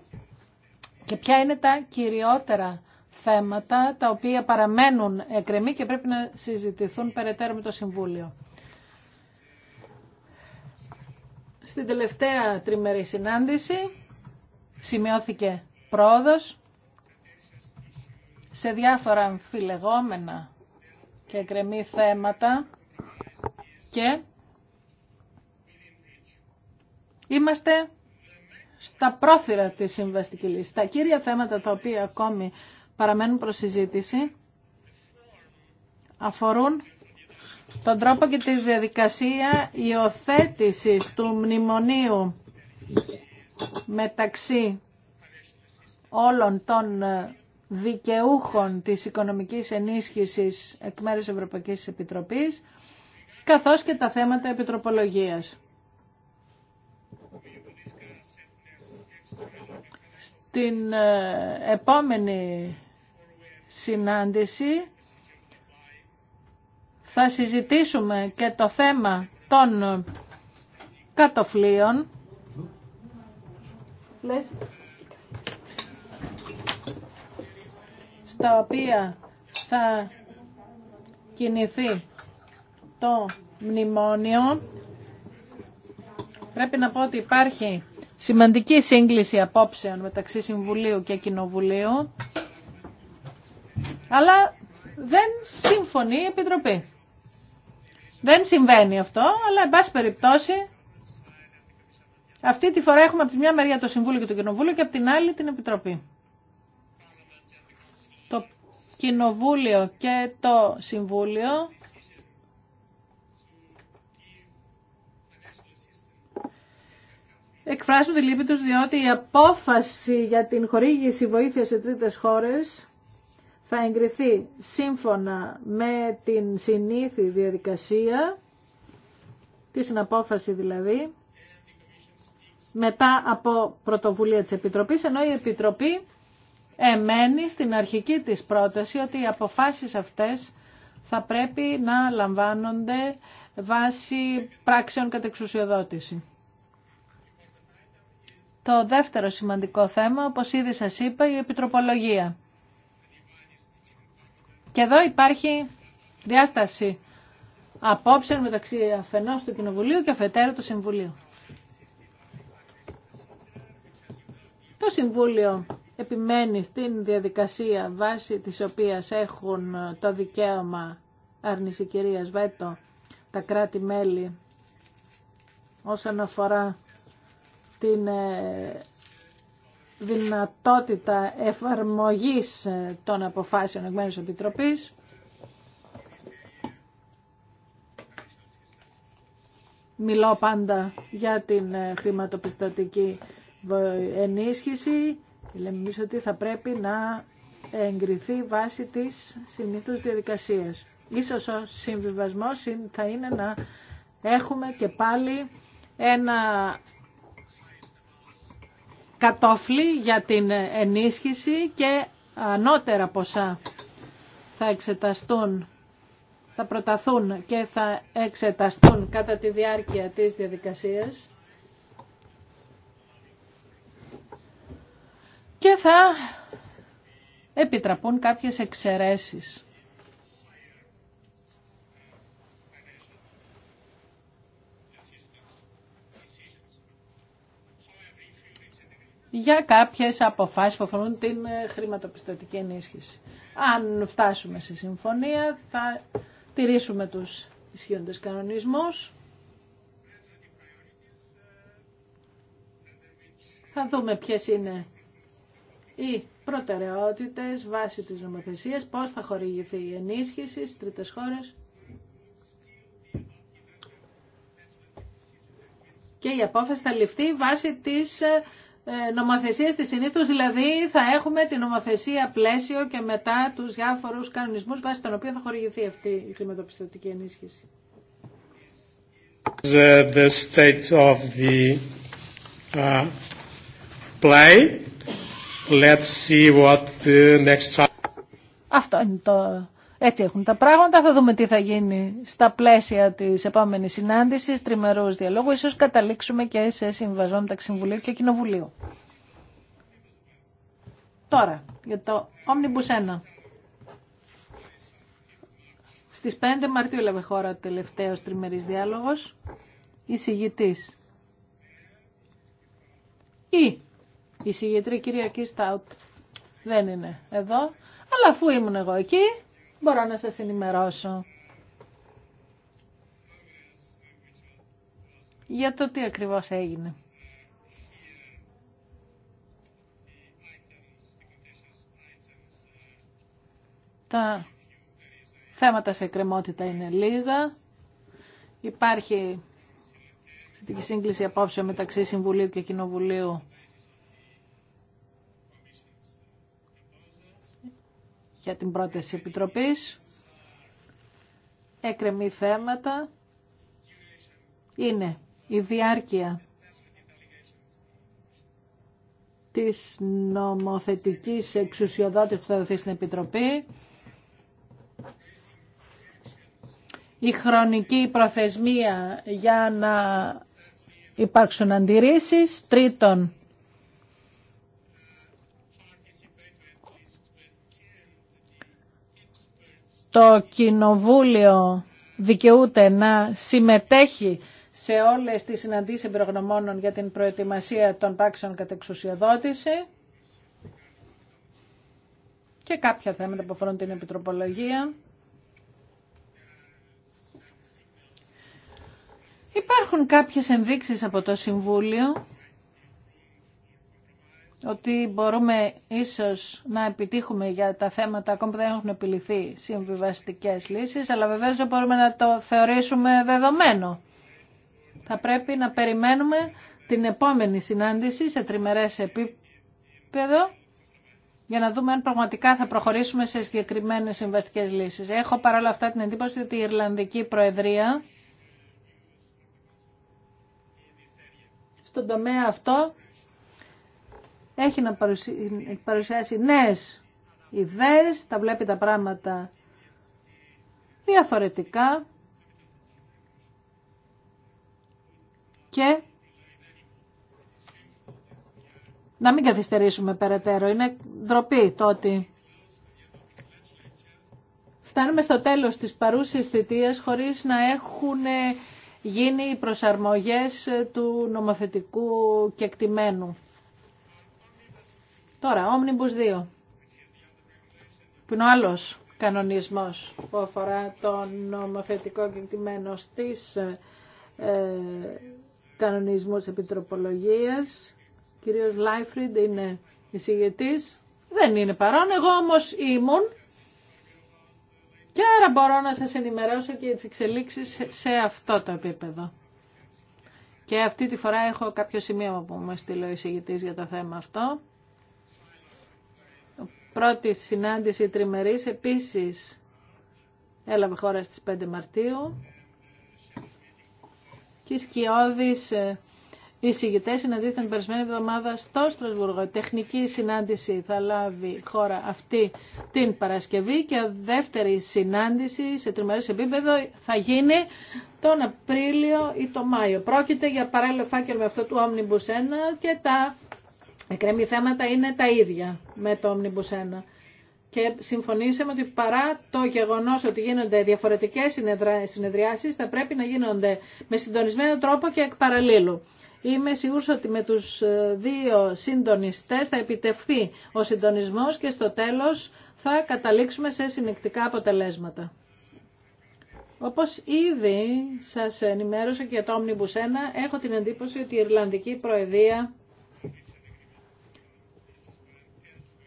και ποια είναι τα κυριότερα θέματα τα οποία παραμένουν εκκρεμή και πρέπει να συζητηθούν περαιτέρω με το Συμβούλιο. Στην τελευταία τριμερή συνάντηση σημειώθηκε πρόοδος σε διάφορα αμφιλεγόμενα και εκκρεμή θέματα και είμαστε στα πρόθυρα της συμβαστική Τα κύρια θέματα τα οποία ακόμη παραμένουν προς συζήτηση αφορούν τον τρόπο και τη διαδικασία υιοθέτηση του μνημονίου μεταξύ όλων των ε, δικαιούχων της οικονομικής ενίσχυσης εκ μέρους Ευρωπαϊκής Επιτροπής, καθώς και τα θέματα επιτροπολογίας. Στην ε, επόμενη συνάντηση θα συζητήσουμε και το θέμα των κατοφλίων. στα οποία θα κινηθεί το μνημόνιο. Πρέπει να πω ότι υπάρχει σημαντική σύγκληση απόψεων μεταξύ Συμβουλίου και Κοινοβουλίου. Αλλά δεν συμφωνεί η Επιτροπή. Δεν συμβαίνει αυτό, αλλά εν πάση περιπτώσει αυτή τη φορά έχουμε από τη μια μεριά το Συμβούλιο και το Κοινοβούλιο και από την άλλη την Επιτροπή. Το Κοινοβούλιο και το Συμβούλιο εκφράζουν τη λύπη τους διότι η απόφαση για την χορήγηση βοήθεια σε τρίτες χώρες θα εγκριθεί σύμφωνα με την συνήθη διαδικασία, τη συναπόφαση δηλαδή, μετά από πρωτοβουλία της Επιτροπής, ενώ η Επιτροπή εμένει στην αρχική της πρόταση ότι οι αποφάσεις αυτές θα πρέπει να λαμβάνονται βάσει πράξεων κατά εξουσιοδότηση. Το δεύτερο σημαντικό θέμα, όπως ήδη σας είπα, η επιτροπολογία. Και εδώ υπάρχει διάσταση απόψεων μεταξύ αφενός του Κοινοβουλίου και αφετέρου του Συμβουλίου. Το Συμβούλιο επιμένει στην διαδικασία βάση της οποίας έχουν το δικαίωμα άρνηση κυρίας Βέτο τα κράτη-μέλη όσον αφορά την ε, δυνατότητα εφαρμογής των αποφάσεων Εγμένης Επιτροπής. Μιλώ πάντα για την ε, χρηματοπιστωτική ενίσχυση. Λέμε ότι θα πρέπει να εγκριθεί βάση της συνήθως διαδικασίας. Ίσως ο συμβιβασμός θα είναι να έχουμε και πάλι ένα κατόφλι για την ενίσχυση και ανώτερα ποσά θα εξεταστούν, θα προταθούν και θα εξεταστούν κατά τη διάρκεια της διαδικασίας. Και θα επιτραπούν κάποιες εξαιρέσεις. για κάποιες αποφάσεις που αφορούν την ε, χρηματοπιστωτική ενίσχυση. Αν φτάσουμε σε συμφωνία θα τηρήσουμε τους ισχύοντες κανονισμούς. Θα δούμε ποιες είναι οι προτεραιότητες βάσει της νομοθεσίας, πώς θα χορηγηθεί η ενίσχυση στις τρίτες χώρες. Και η απόφαση θα ληφθεί βάσει της ε, ε, νομοθεσίες της συνήθως, δηλαδή θα έχουμε την νομοθεσία πλαίσιο και μετά τους διάφορους κανονισμούς βάσει των οποίων θα χορηγηθεί αυτή η χρηματοπιστωτική ενίσχυση. Uh, the, state of the uh, play. Let's see what the next... Αυτό είναι το έτσι έχουν τα πράγματα. Θα δούμε τι θα γίνει στα πλαίσια τη επόμενη συνάντηση, τριμερού διαλόγου. ίσως καταλήξουμε και σε συμβασμό μεταξύ Συμβουλίου και Κοινοβουλίου. Τώρα, για το Omnibus 1. Στις 5 Μαρτίου έλαβε χώρα ο τελευταίος τριμερής διάλογος. Εισηγητής. Ή η συγγετρή κυρία Κίσταουτ δεν είναι εδώ. Αλλά αφού ήμουν εγώ εκεί, μπορώ να σας ενημερώσω για το τι ακριβώς έγινε. Τα θέματα σε κρεμότητα είναι λίγα. Υπάρχει σύγκληση απόψε μεταξύ Συμβουλίου και Κοινοβουλίου για την πρόταση επιτροπής. Έκρεμη θέματα είναι η διάρκεια της νομοθετικής εξουσιοδότησης που θα δοθεί στην Επιτροπή, η χρονική προθεσμία για να υπάρξουν αντιρρήσεις, τρίτον το Κοινοβούλιο δικαιούται να συμμετέχει σε όλες τις συναντήσεις εμπειρογνωμόνων για την προετοιμασία των πράξεων κατά εξουσιοδότηση και κάποια θέματα που αφορούν την επιτροπολογία. Υπάρχουν κάποιες ενδείξεις από το Συμβούλιο ότι μπορούμε ίσως να επιτύχουμε για τα θέματα ακόμη που δεν έχουν επιληθεί συμβιβαστικές λύσεις, αλλά βεβαίως δεν μπορούμε να το θεωρήσουμε δεδομένο. Θα πρέπει να περιμένουμε την επόμενη συνάντηση σε τριμερές επίπεδο για να δούμε αν πραγματικά θα προχωρήσουμε σε συγκεκριμένε συμβαστικέ λύσει. Έχω παρόλα αυτά την εντύπωση ότι η Ιρλανδική Προεδρία στον τομέα αυτό έχει να παρουσιάσει νέες ιδέες, τα βλέπει τα πράγματα διαφορετικά και να μην καθυστερήσουμε περαιτέρω. Είναι ντροπή το ότι φτάνουμε στο τέλος της παρούσης θητείας χωρίς να έχουν γίνει οι προσαρμογές του νομοθετικού κεκτημένου. Τώρα, Omnibus 2, που είναι ο άλλος κανονισμός που αφορά τον νομοθετικό κεκτημένο τη ε, κανονισμούς επιτροπολογίας. Ο κύριος Λάιφριντ είναι εισηγητή. Δεν είναι παρόν, εγώ όμω ήμουν και άρα μπορώ να σας ενημερώσω και τις εξελίξεις σε αυτό το επίπεδο. Και αυτή τη φορά έχω κάποιο σημείο που μου στείλει ο εισηγητής για το θέμα αυτό πρώτη συνάντηση τριμερής επίσης έλαβε χώρα στις 5 Μαρτίου και οι σκιώδεις ε, οι συναντήθηκαν την περασμένη εβδομάδα στο Στρασβούργο. τεχνική συνάντηση θα λάβει χώρα αυτή την Παρασκευή και δεύτερη συνάντηση σε τριμερές επίπεδο θα γίνει τον Απρίλιο ή τον Μάιο. Πρόκειται για παράλληλο φάκελο με αυτό του Omnibus 1 και τα εκκρεμή θέματα είναι τα ίδια με το Omnibus 1. Και συμφωνήσαμε ότι παρά το γεγονός ότι γίνονται διαφορετικές συνεδριάσεις, θα πρέπει να γίνονται με συντονισμένο τρόπο και εκ παραλίλου. Είμαι σίγουρος ότι με τους ε, δύο συντονιστές θα επιτευχθεί ο συντονισμός και στο τέλος θα καταλήξουμε σε συνεκτικά αποτελέσματα. Όπως ήδη σας ενημέρωσα και για το Omnibus 1, έχω την εντύπωση ότι η Ιρλανδική Προεδρία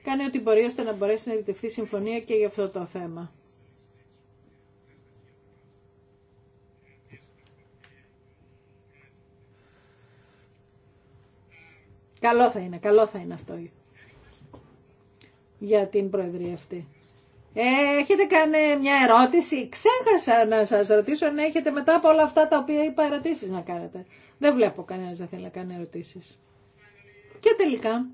κάνει ό,τι μπορεί ώστε να μπορέσει να επιτευχθεί συμφωνία και για αυτό το θέμα. Καλό θα είναι, καλό θα είναι αυτό για την Προεδρία αυτή. Ε, έχετε κάνει μια ερώτηση. Ξέχασα να σας ρωτήσω αν έχετε μετά από όλα αυτά τα οποία είπα ερωτήσεις να κάνετε. Δεν βλέπω κανένας να θέλει να κάνει ερωτήσεις. Και τελικά...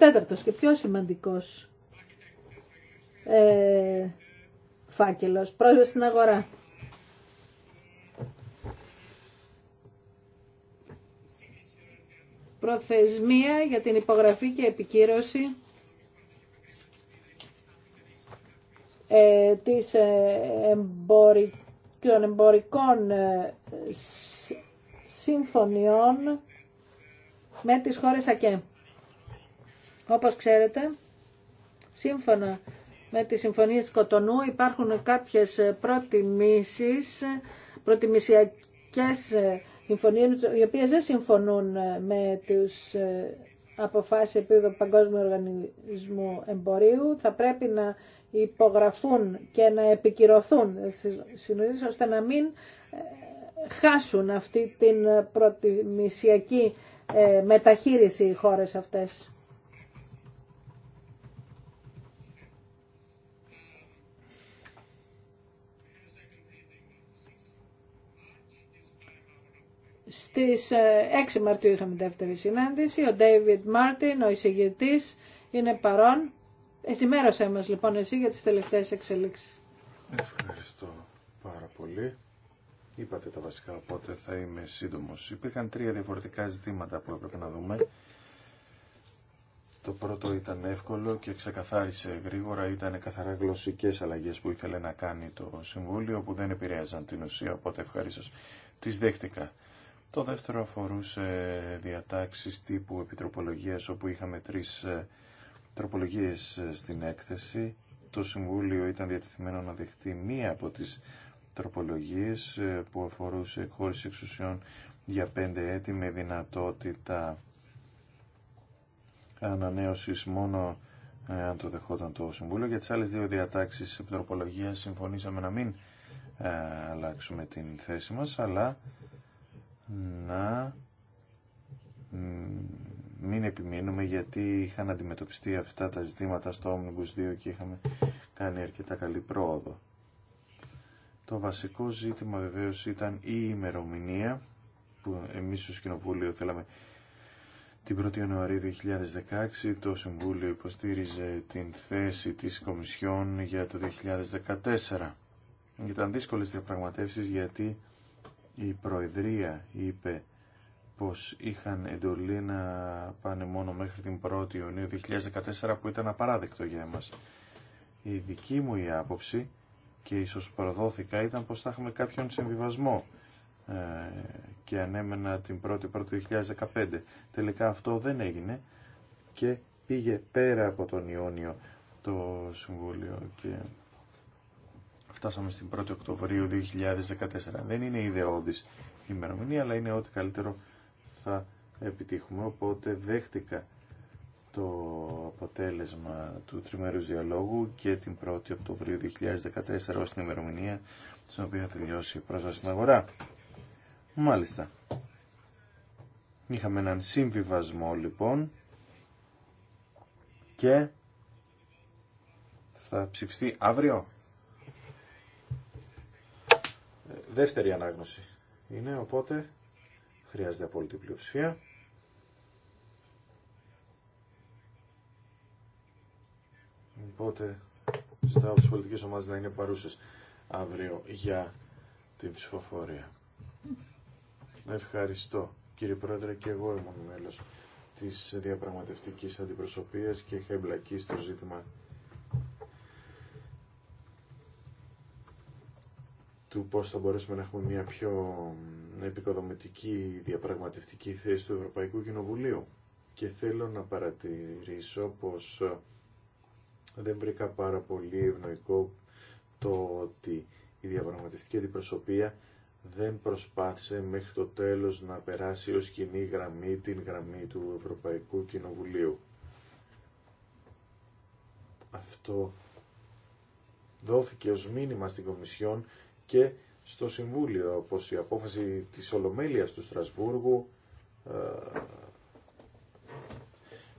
τέταρτος και πιο σημαντικός ε, φάκελος, πρόσβαση στην αγορά. Προθεσμία για την υπογραφή και επικύρωση ε, της, ε, των εμπορικών ε, συμφωνιών με τις χώρες ΑΚΕΜ. Όπως ξέρετε, σύμφωνα με τη Συμφωνία της Κοτονού υπάρχουν κάποιες προτιμήσεις, προτιμησιακές συμφωνίες, οι οποίες δεν συμφωνούν με τους αποφάσεις επίπεδο Παγκόσμιου Οργανισμού Εμπορίου. Θα πρέπει να υπογραφούν και να επικυρωθούν συνολίες, ώστε να μην ε, χάσουν αυτή την προτιμησιακή ε, μεταχείριση οι χώρες αυτές. Στις 6 ε, Μαρτίου είχαμε δεύτερη συνάντηση. Ο David Μάρτιν, ο εισηγητής, είναι παρόν. Εθημέρωσέ μας λοιπόν εσύ για τις τελευταίες εξελίξεις. Ευχαριστώ πάρα πολύ. Είπατε τα βασικά, οπότε θα είμαι σύντομος. Υπήρχαν τρία διαφορετικά ζητήματα που έπρεπε να δούμε. Το πρώτο ήταν εύκολο και ξεκαθάρισε γρήγορα. Ήταν καθαρά γλωσσικές αλλαγές που ήθελε να κάνει το Συμβούλιο που δεν επηρέαζαν την ουσία, οπότε ευχαριστώ τις δέχτηκα. Το δεύτερο αφορούσε διατάξεις τύπου επιτροπολογίας όπου είχαμε τρεις ε, τροπολογίες ε, στην έκθεση. Το Συμβούλιο ήταν διατεθειμένο να δεχτεί μία από τις τροπολογίες ε, που αφορούσε χώρις εξουσιών για πέντε έτη με δυνατότητα ανανέωσης μόνο αν το δεχόταν το Συμβούλιο. Για τις άλλες δύο διατάξεις επιτροπολογίας συμφωνήσαμε να μην αλλάξουμε την θέση μας, αλλά να μην επιμείνουμε γιατί είχαν αντιμετωπιστεί αυτά τα ζητήματα στο Omnibus 2 και είχαμε κάνει αρκετά καλή πρόοδο. Το βασικό ζήτημα βεβαίως ήταν η ημερομηνία που εμείς στο Κοινοβούλιο θέλαμε την 1η Ιανουαρίου 2016 το Συμβούλιο υποστήριζε την θέση της Κομισιόν για το 2014. Ήταν δύσκολες διαπραγματεύσεις γιατί η Προεδρία είπε πως είχαν εντολή να πάνε μόνο μέχρι την 1η Ιουνίου 2014 που ήταν απαράδεκτο για εμάς. Η δική μου η άποψη και ίσως προδόθηκα ήταν πως θα έχουμε κάποιον συμβιβασμό ε, και ανέμενα την 1η του 2015. Τελικά αυτό δεν έγινε και πήγε πέρα από τον Ιόνιο το Συμβούλιο και Φτάσαμε στην 1η Οκτωβρίου 2014. Δεν είναι ιδεώδης η ημερομηνία, αλλά είναι ό,τι καλύτερο θα επιτύχουμε. Οπότε δέχτηκα το αποτέλεσμα του τριμερού διαλόγου και την 1η Οκτωβρίου 2014 ως την ημερομηνία στην οποία θα τελειώσει η πρόσβαση στην αγορά. Μάλιστα. Είχαμε έναν συμβιβασμό λοιπόν και θα ψηφιστεί αύριο. δεύτερη ανάγνωση είναι, οπότε χρειάζεται απόλυτη πλειοψηφία. Οπότε στα από τις πολιτικές να είναι παρούσες αύριο για την ψηφοφορία. Ευχαριστώ κύριε Πρόεδρε και εγώ ήμουν μέλος της διαπραγματευτικής αντιπροσωπείας και είχα εμπλακεί στο ζήτημα του πώς θα μπορέσουμε να έχουμε μια πιο επικοδομητική διαπραγματευτική θέση του Ευρωπαϊκού Κοινοβουλίου. Και θέλω να παρατηρήσω πως ε, δεν βρήκα πάρα πολύ ευνοϊκό το ότι η διαπραγματευτική αντιπροσωπεία δεν προσπάθησε μέχρι το τέλος να περάσει ως κοινή γραμμή την γραμμή του Ευρωπαϊκού Κοινοβουλίου. Αυτό δόθηκε ως μήνυμα στην Κομισιόν και στο Συμβούλιο, όπως η απόφαση της Ολομέλειας του Στρασβούργου ε,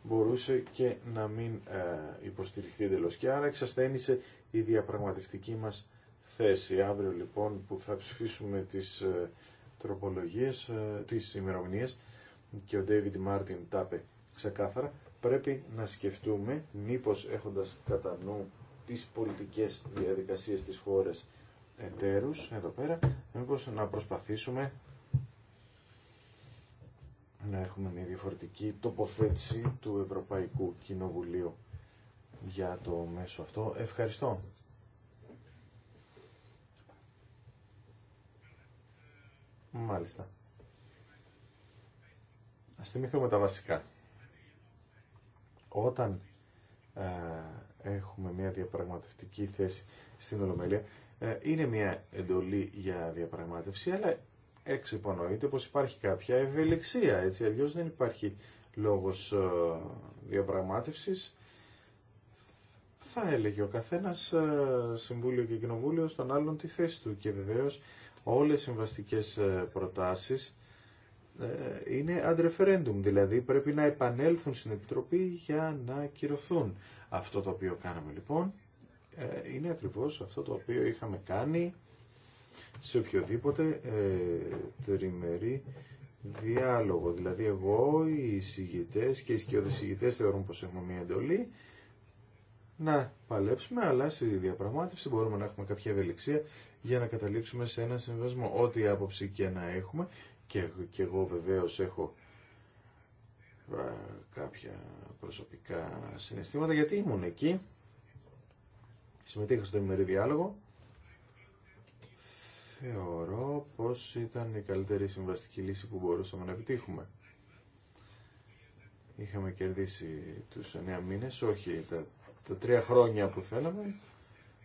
μπορούσε και να μην ε, υποστηριχθεί εντελώ. Και άρα εξασθένησε η διαπραγματευτική μας θέση. Αύριο λοιπόν που θα ψηφίσουμε τις ε, τροπολογίες, τις ημερομηνίε και ο Ντέιβιντ Μάρτιν τα είπε ξεκάθαρα, πρέπει να σκεφτούμε μήπως έχοντας κατά νου τις πολιτικές διαδικασίες της χώρας εταίρους εδώ πέρα, μήπως να προσπαθήσουμε να έχουμε μια διαφορετική τοποθέτηση του Ευρωπαϊκού Κοινοβουλίου για το μέσο αυτό. Ευχαριστώ. Μάλιστα. Ας θυμηθούμε τα βασικά. Όταν ε, έχουμε μια διαπραγματευτική θέση στην Ολομέλεια, ε, είναι μια εντολή για διαπραγμάτευση, αλλά εξυπονοείται πως υπάρχει κάποια ευελιξία, έτσι αλλιώς δεν υπάρχει λόγος ε, διαπραγμάτευσης. Θα έλεγε ο καθένας ε, Συμβούλιο και Κοινοβούλιο στον άλλον τη θέση του και βεβαίως όλες οι συμβαστικές προτάσεις είναι αντρεφερέντουμ, δηλαδή πρέπει να επανέλθουν στην Επιτροπή για να κυρωθούν. Αυτό το οποίο κάναμε λοιπόν ε, είναι ακριβώς αυτό το οποίο είχαμε κάνει σε οποιοδήποτε ε, τριμερή διάλογο. Δηλαδή εγώ, οι συγητές και οι σκιώδες συγητές θεωρούν πως έχουμε μια εντολή να παλέψουμε, αλλά στη διαπραγμάτευση μπορούμε να έχουμε κάποια ευελιξία για να καταλήξουμε σε ένα συμβασμό. Ό,τι άποψη και να έχουμε, και, και εγώ βεβαίω έχω κάποια προσωπικά συναισθήματα, γιατί ήμουν εκεί συμμετείχα στο ημερή διάλογο. Θεωρώ πως ήταν η καλύτερη συμβαστική λύση που μπορούσαμε να επιτύχουμε. Είχαμε κερδίσει τους 9 μήνες, όχι τα, τα τρία χρόνια που θέλαμε.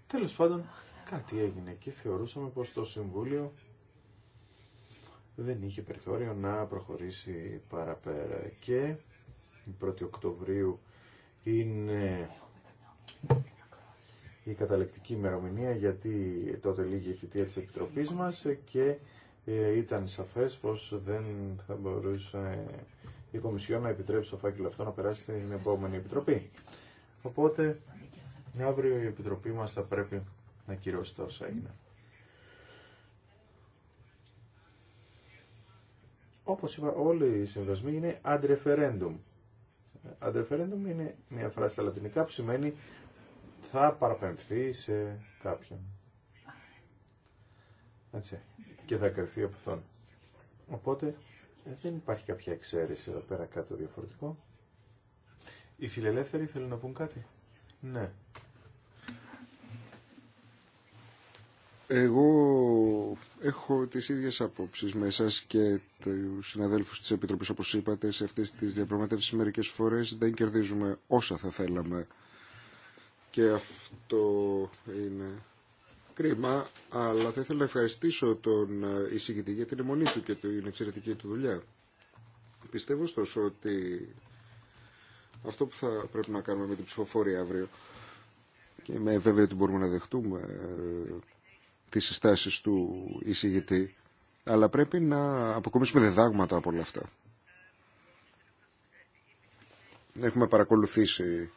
Τέλος πάντων, κάτι έγινε και Θεωρούσαμε πως το Συμβούλιο δεν είχε περιθώριο να προχωρήσει παραπέρα. Και η 1η Οκτωβρίου είναι η καταληκτική ημερομηνία γιατί τότε λίγη η θητεία της Επιτροπής μας και ε, ήταν σαφές πως δεν θα μπορούσε η Κομισιόν να επιτρέψει το φάκελο αυτό να περάσει στην επόμενη Επιτροπή. Οπότε αύριο η Επιτροπή μας θα πρέπει να κυρώσει τα όσα είναι. Όπως είπα, όλοι οι συμβασμοί είναι ad referendum. είναι μια φράση στα λατινικά που σημαίνει θα παραπεμφθεί σε κάποιον. Έτσι. Και θα κρυφθεί από αυτόν. Οπότε ε, δεν υπάρχει κάποια εξαίρεση εδώ πέρα κάτι διαφορετικό. Οι φιλελεύθεροι θέλουν να πούν κάτι. Ναι. Εγώ έχω τις ίδιες απόψεις με εσάς και τους συναδέλφους της Επιτροπής όπως είπατε σε αυτές τις διαπραγματεύσεις μερικές φορές δεν κερδίζουμε όσα θα θέλαμε και αυτό είναι κρίμα, αλλά θα ήθελα να ευχαριστήσω τον ε, εισηγητή για την αιμονή του και την εξαιρετική του δουλειά. Πιστεύω ωστόσο ότι αυτό που θα πρέπει να κάνουμε με την ψηφοφόρη αύριο και με βέβαια ότι μπορούμε να δεχτούμε ε, τις συστάσεις του εισηγητή, αλλά πρέπει να αποκομίσουμε διδάγματα από όλα αυτά. Έχουμε παρακολουθήσει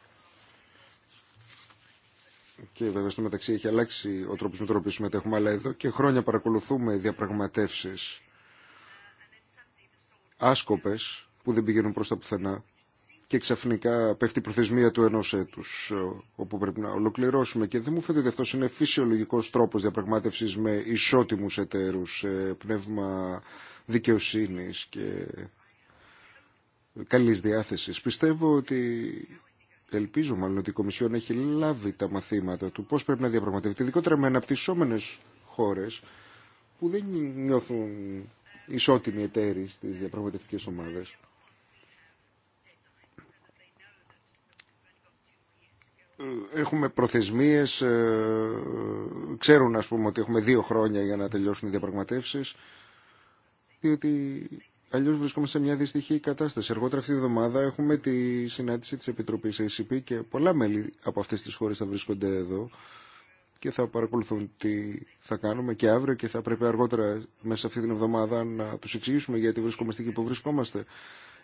και βέβαια στο μεταξύ έχει αλλάξει ο τρόπος με τον οποίο συμμετέχουμε, αλλά εδώ και χρόνια παρακολουθούμε διαπραγματεύσεις άσκοπες που δεν πηγαίνουν προς τα πουθενά και ξαφνικά πέφτει η προθεσμία του ενός έτου. Ε, όπου πρέπει να ολοκληρώσουμε και δεν μου φαίνεται ότι αυτός είναι φυσιολογικό τρόπο διαπραγματεύση με ισότιμους εταίρους ε, πνεύμα δικαιοσύνη και καλή διάθεση. Πιστεύω ότι Ελπίζω μάλλον ότι η Κομισιόν έχει λάβει τα μαθήματα του πώς πρέπει να διαπραγματεύεται, ειδικότερα με αναπτυσσόμενες χώρες που δεν νιώθουν ισότιμοι εταίροι στις διαπραγματευτικές ομάδες. Έχουμε προθεσμίες, ε, ξέρουν ας πούμε ότι έχουμε δύο χρόνια για να τελειώσουν οι διαπραγματεύσεις, διότι Αλλιώ βρισκόμαστε σε μια δυστυχή κατάσταση. Εργότερα αυτή τη εβδομάδα έχουμε τη συνάντηση τη Επιτροπή ACP και πολλά μέλη από αυτέ τι χώρε θα βρίσκονται εδώ και θα παρακολουθούν τι θα κάνουμε και αύριο και θα πρέπει αργότερα μέσα αυτή την εβδομάδα να του εξηγήσουμε γιατί βρισκόμαστε εκεί που βρισκόμαστε.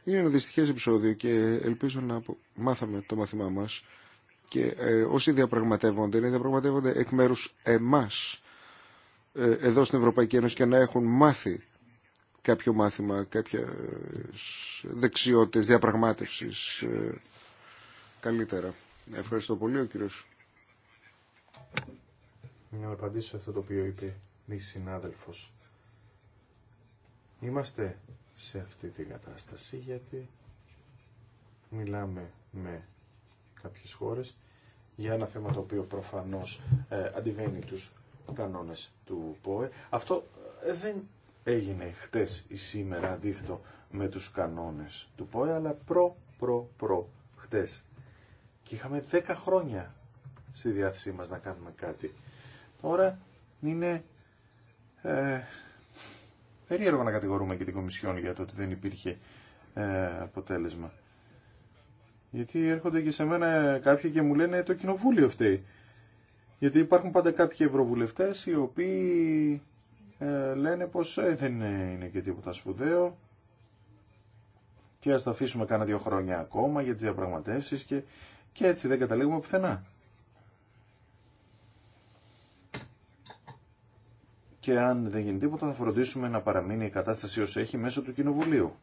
Είναι ένα δυστυχέ επεισόδιο και ελπίζω να μάθαμε το μάθημά μα και ε, όσοι διαπραγματεύονται, είναι διαπραγματεύονται εκ μέρου εμά ε, εδώ στην Ευρωπαϊκή Ένωση και να έχουν μάθει κάποιο μάθημα, κάποια ε, δεξιότητες διαπραγμάτευσης ε, καλύτερα. Ευχαριστώ πολύ ο κύριος. Να απαντήσω σε αυτό το οποίο είπε η συνάδελφος. Είμαστε σε αυτή την κατάσταση γιατί μιλάμε με κάποιες χώρες για ένα θέμα το οποίο προφανώς ε, αντιβαίνει τους κανόνες του ΠΟΕ. Αυτό ε, δεν έγινε χτες ή σήμερα αντίθετο με τους κανόνες του ΠΟΕ, αλλά προ, προ, προ, χτες. Και είχαμε 10 χρόνια στη διάθεσή μας να κάνουμε κάτι. Τώρα είναι ε, περίεργο να κατηγορούμε και την Κομισιόν για το ότι δεν υπήρχε ε, αποτέλεσμα. Γιατί έρχονται και σε μένα κάποιοι και μου λένε το κοινοβούλιο φταίει. Γιατί υπάρχουν πάντα κάποιοι ευρωβουλευτές οι οποίοι ε, λένε πως ε, δεν είναι και τίποτα σπουδαίο και ας τα αφήσουμε κάνα δύο χρόνια ακόμα για τις διαπραγματεύσεις και, έτσι δεν καταλήγουμε πουθενά. Και αν δεν γίνει τίποτα θα φροντίσουμε να παραμείνει η κατάσταση όσο έχει μέσω του Κοινοβουλίου.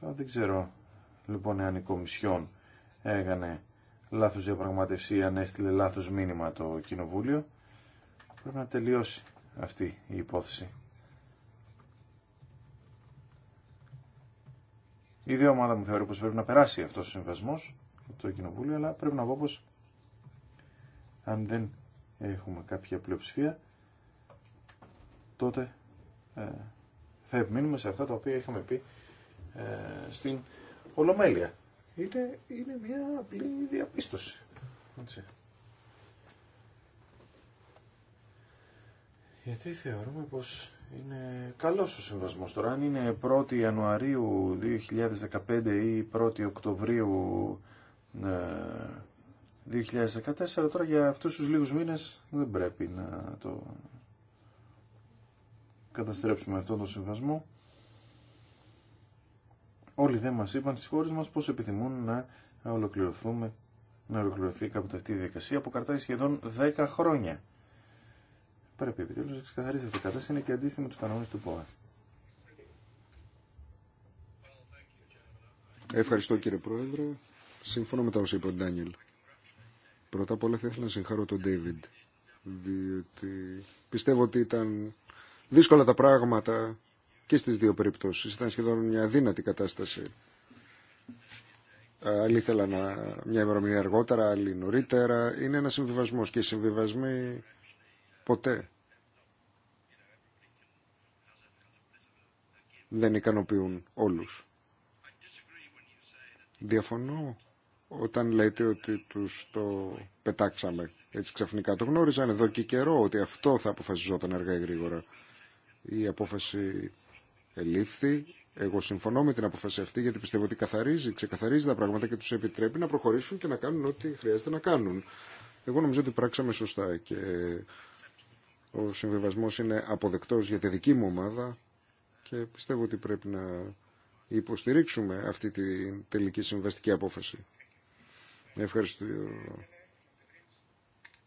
Τώρα δεν ξέρω λοιπόν αν η Κομισιόν έκανε λάθος διαπραγματευσία αν έστειλε λάθος μήνυμα το Κοινοβούλιο. Πρέπει να τελειώσει αυτή η υπόθεση. Η ίδια ομάδα μου θεωρεί πως πρέπει να περάσει αυτός ο συμβασμός από το Κοινοβούλιο, αλλά πρέπει να πω πως αν δεν έχουμε κάποια πλειοψηφία, τότε ε, θα επιμείνουμε σε αυτά τα οποία είχαμε πει ε, στην Ολομέλεια. Είναι, είναι μια απλή διαπίστωση. Έτσι. Γιατί θεωρούμε πως είναι καλός ο συμβασμός. Τώρα αν είναι 1η Ιανουαρίου 2015 ή 1η Οκτωβρίου 2014, ε, τώρα για αυτούς τους λίγους μήνες δεν πρέπει να το καταστρέψουμε αυτόν τον συμβασμό. Όλοι δεν μας είπαν στις χώρες μας πώς επιθυμούν να ολοκληρωθούμε να ολοκληρωθεί κάποτε αυτή η διαδικασία που κρατάει σχεδόν 10 χρόνια. Πρέπει επιτέλου να ξεκαθαρίσει αυτή η κατάσταση. Είναι και αντίστοιχο με του κανόνε του ΠΟΑ. Ευχαριστώ κύριε Πρόεδρε. Σύμφωνα με τα όσα είπε ο Ντάνιελ. Πρώτα απ' όλα θα ήθελα να συγχαρώ τον Ντέιβιντ. Διότι πιστεύω ότι ήταν δύσκολα τα πράγματα και στις δύο περιπτώσεις. Ήταν σχεδόν μια δύνατη κατάσταση. Άλλοι ήθελαν μια ημερομηνία αργότερα, άλλοι νωρίτερα. Είναι ένα συμβιβασμό και οι συμβιβασμοί Ποτέ. Δεν ικανοποιούν όλους. Διαφωνώ όταν λέτε ότι τους το πετάξαμε. Έτσι ξαφνικά το γνώριζαν εδώ και καιρό ότι αυτό θα αποφασιζόταν αργά ή γρήγορα. Η απόφαση ελήφθη. Εγώ συμφωνώ με την απόφαση αυτή γιατί πιστεύω ότι καθαρίζει, ξεκαθαρίζει τα πράγματα και τους επιτρέπει να προχωρήσουν και να κάνουν ό,τι χρειάζεται να κάνουν. Εγώ νομίζω ότι πράξαμε σωστά και ο συμβιβασμός είναι αποδεκτός για τη δική μου ομάδα και πιστεύω ότι πρέπει να υποστηρίξουμε αυτή τη τελική συμβαστική απόφαση. Ευχαριστώ.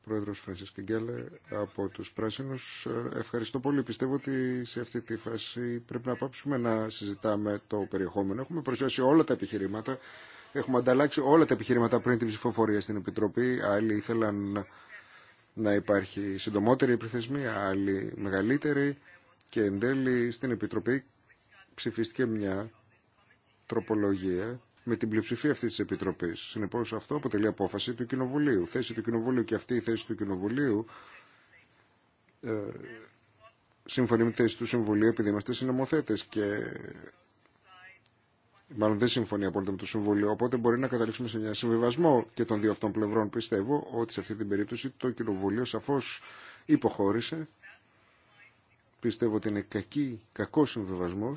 Πρόεδρος Φρανσίσκη Γκέλλερ από τους Πράσινους. Ευχαριστώ πολύ. Πιστεύω ότι σε αυτή τη φάση πρέπει να πάψουμε να συζητάμε το περιεχόμενο. Έχουμε προσθέσει όλα τα επιχειρήματα. Έχουμε ανταλλάξει όλα τα επιχειρήματα πριν την ψηφοφορία στην Επιτροπή. Άλλοι ήθελαν να υπάρχει συντομότερη επιθεσμία, άλλη μεγαλύτερη και εν τέλει στην Επιτροπή ψηφίστηκε μια τροπολογία με την πλειοψηφία αυτή τη Επιτροπή. Συνεπώ αυτό αποτελεί απόφαση του Κοινοβουλίου. Θέση του Κοινοβουλίου και αυτή η θέση του Κοινοβουλίου ε, σύμφωνη με τη θέση του Συμβουλίου επειδή είμαστε συνομοθέτες και μάλλον δεν συμφωνεί απόλυτα με το Συμβούλιο. Οπότε μπορεί να καταλήξουμε σε μια συμβιβασμό και των δύο αυτών πλευρών. Πιστεύω ότι σε αυτή την περίπτωση το Κοινοβούλιο σαφώ υποχώρησε. Πιστεύω ότι είναι κακή, κακό συμβιβασμό.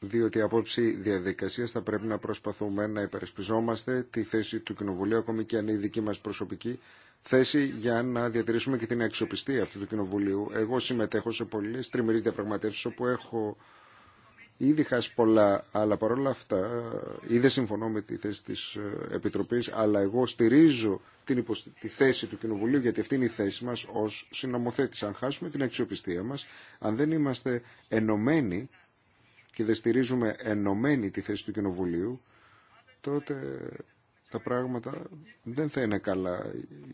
Διότι απόψη διαδικασία θα πρέπει να προσπαθούμε να υπερασπιζόμαστε τη θέση του Κοινοβουλίου, ακόμη και αν είναι η δική μα προσωπική θέση, για να διατηρήσουμε και την αξιοπιστία αυτού του Κοινοβουλίου. Εγώ συμμετέχω σε πολλέ τριμερεί διαπραγματεύσει όπου έχω Ήδη χάσει πολλά, αλλά παρόλα αυτά, ε, ή δεν συμφωνώ με τη θέση της ε, Επιτροπής, αλλά εγώ στηρίζω την τη θέση του Κοινοβουλίου, γιατί αυτή είναι η θέση μας ως συνομοθέτης. Αν χάσουμε την αξιοπιστία μας, αν δεν είμαστε ενωμένοι και δεν στηρίζουμε ενωμένοι τη θέση του Κοινοβουλίου, τότε τα πράγματα δεν θα είναι καλά,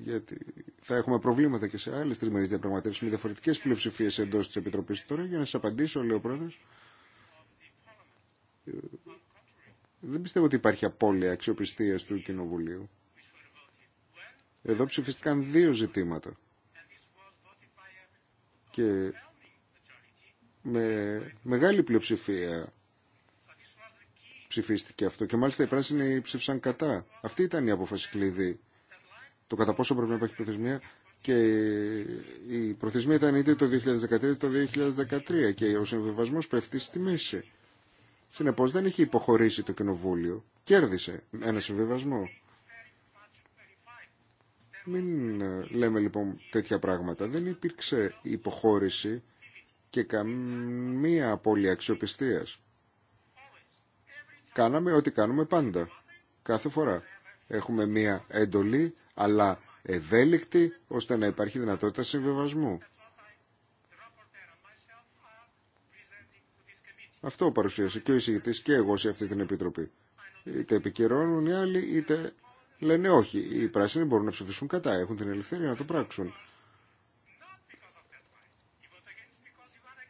γιατί θα έχουμε προβλήματα και σε άλλες τριμερείς διαπραγματεύσεις με διαφορετικές πλειοψηφίες εντός της Επιτροπής. Τώρα, για να σας απαντήσω, λέει ο Πρόεδρος, δεν πιστεύω ότι υπάρχει απώλεια αξιοπιστία του Κοινοβουλίου. Εδώ ψηφίστηκαν δύο ζητήματα. Και με μεγάλη πλειοψηφία ψηφίστηκε αυτό. Και μάλιστα οι πράσινοι ψήφισαν κατά. Αυτή ήταν η απόφαση κλειδί. Το κατά πόσο πρέπει να υπάρχει προθεσμία. Και η προθεσμία ήταν είτε το 2013 είτε το 2013. Και ο συμβιβασμό πέφτει στη μέση. Συνεπώς δεν έχει υποχωρήσει το Κοινοβούλιο. Κέρδισε ένα συμβιβασμό. Μην ε, λέμε λοιπόν τέτοια πράγματα. Δεν υπήρξε υποχώρηση και καμία απώλεια αξιοπιστίας. Κάναμε ό,τι κάνουμε πάντα. Κάθε φορά. Έχουμε μία εντολή, αλλά ευέλικτη, ώστε να υπάρχει δυνατότητα συμβιβασμού. Αυτό παρουσίασε και ο εισηγητή και εγώ σε αυτή την επιτροπή. Είτε επικυρώνουν οι άλλοι, είτε λένε όχι. Οι πράσινοι μπορούν να ψηφίσουν κατά, έχουν την ελευθερία να το πράξουν.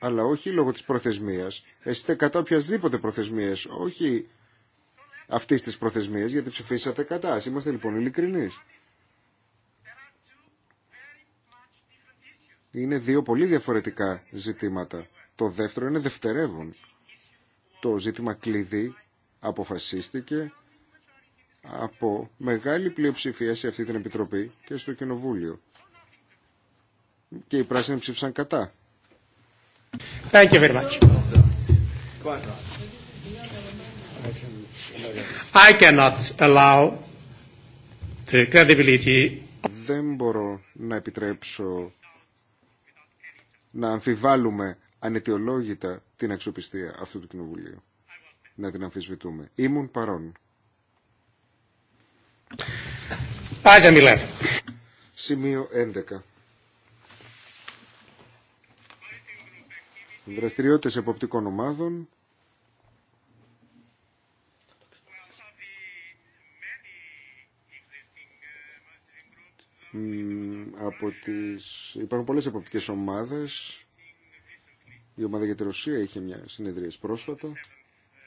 Αλλά όχι λόγω της προθεσμίας. είστε κατά οποιασδήποτε προθεσμίες, όχι αυτή τη προθεσμία γιατί ψηφίσατε κατά. είμαστε λοιπόν ειλικρινεί. Είναι δύο πολύ διαφορετικά ζητήματα. Το δεύτερο είναι δευτερεύον το ζήτημα κλειδί αποφασίστηκε από μεγάλη πλειοψηφία σε αυτή την Επιτροπή και στο Κοινοβούλιο. Και οι πράσινοι ψήφισαν κατά. cannot allow Δεν μπορώ να επιτρέψω να αμφιβάλλουμε ανετιολόγητα την αξιοπιστία αυτού του κοινοβουλίου. Να την αμφισβητούμε. Ήμουν παρόν. Σημείο 11. Δραστηριότητες εποπτικών ομάδων. Από τις... Υπάρχουν πολλές εποπτικές ομάδες η ομάδα για τη Ρωσία είχε μια συνεδρία πρόσφατα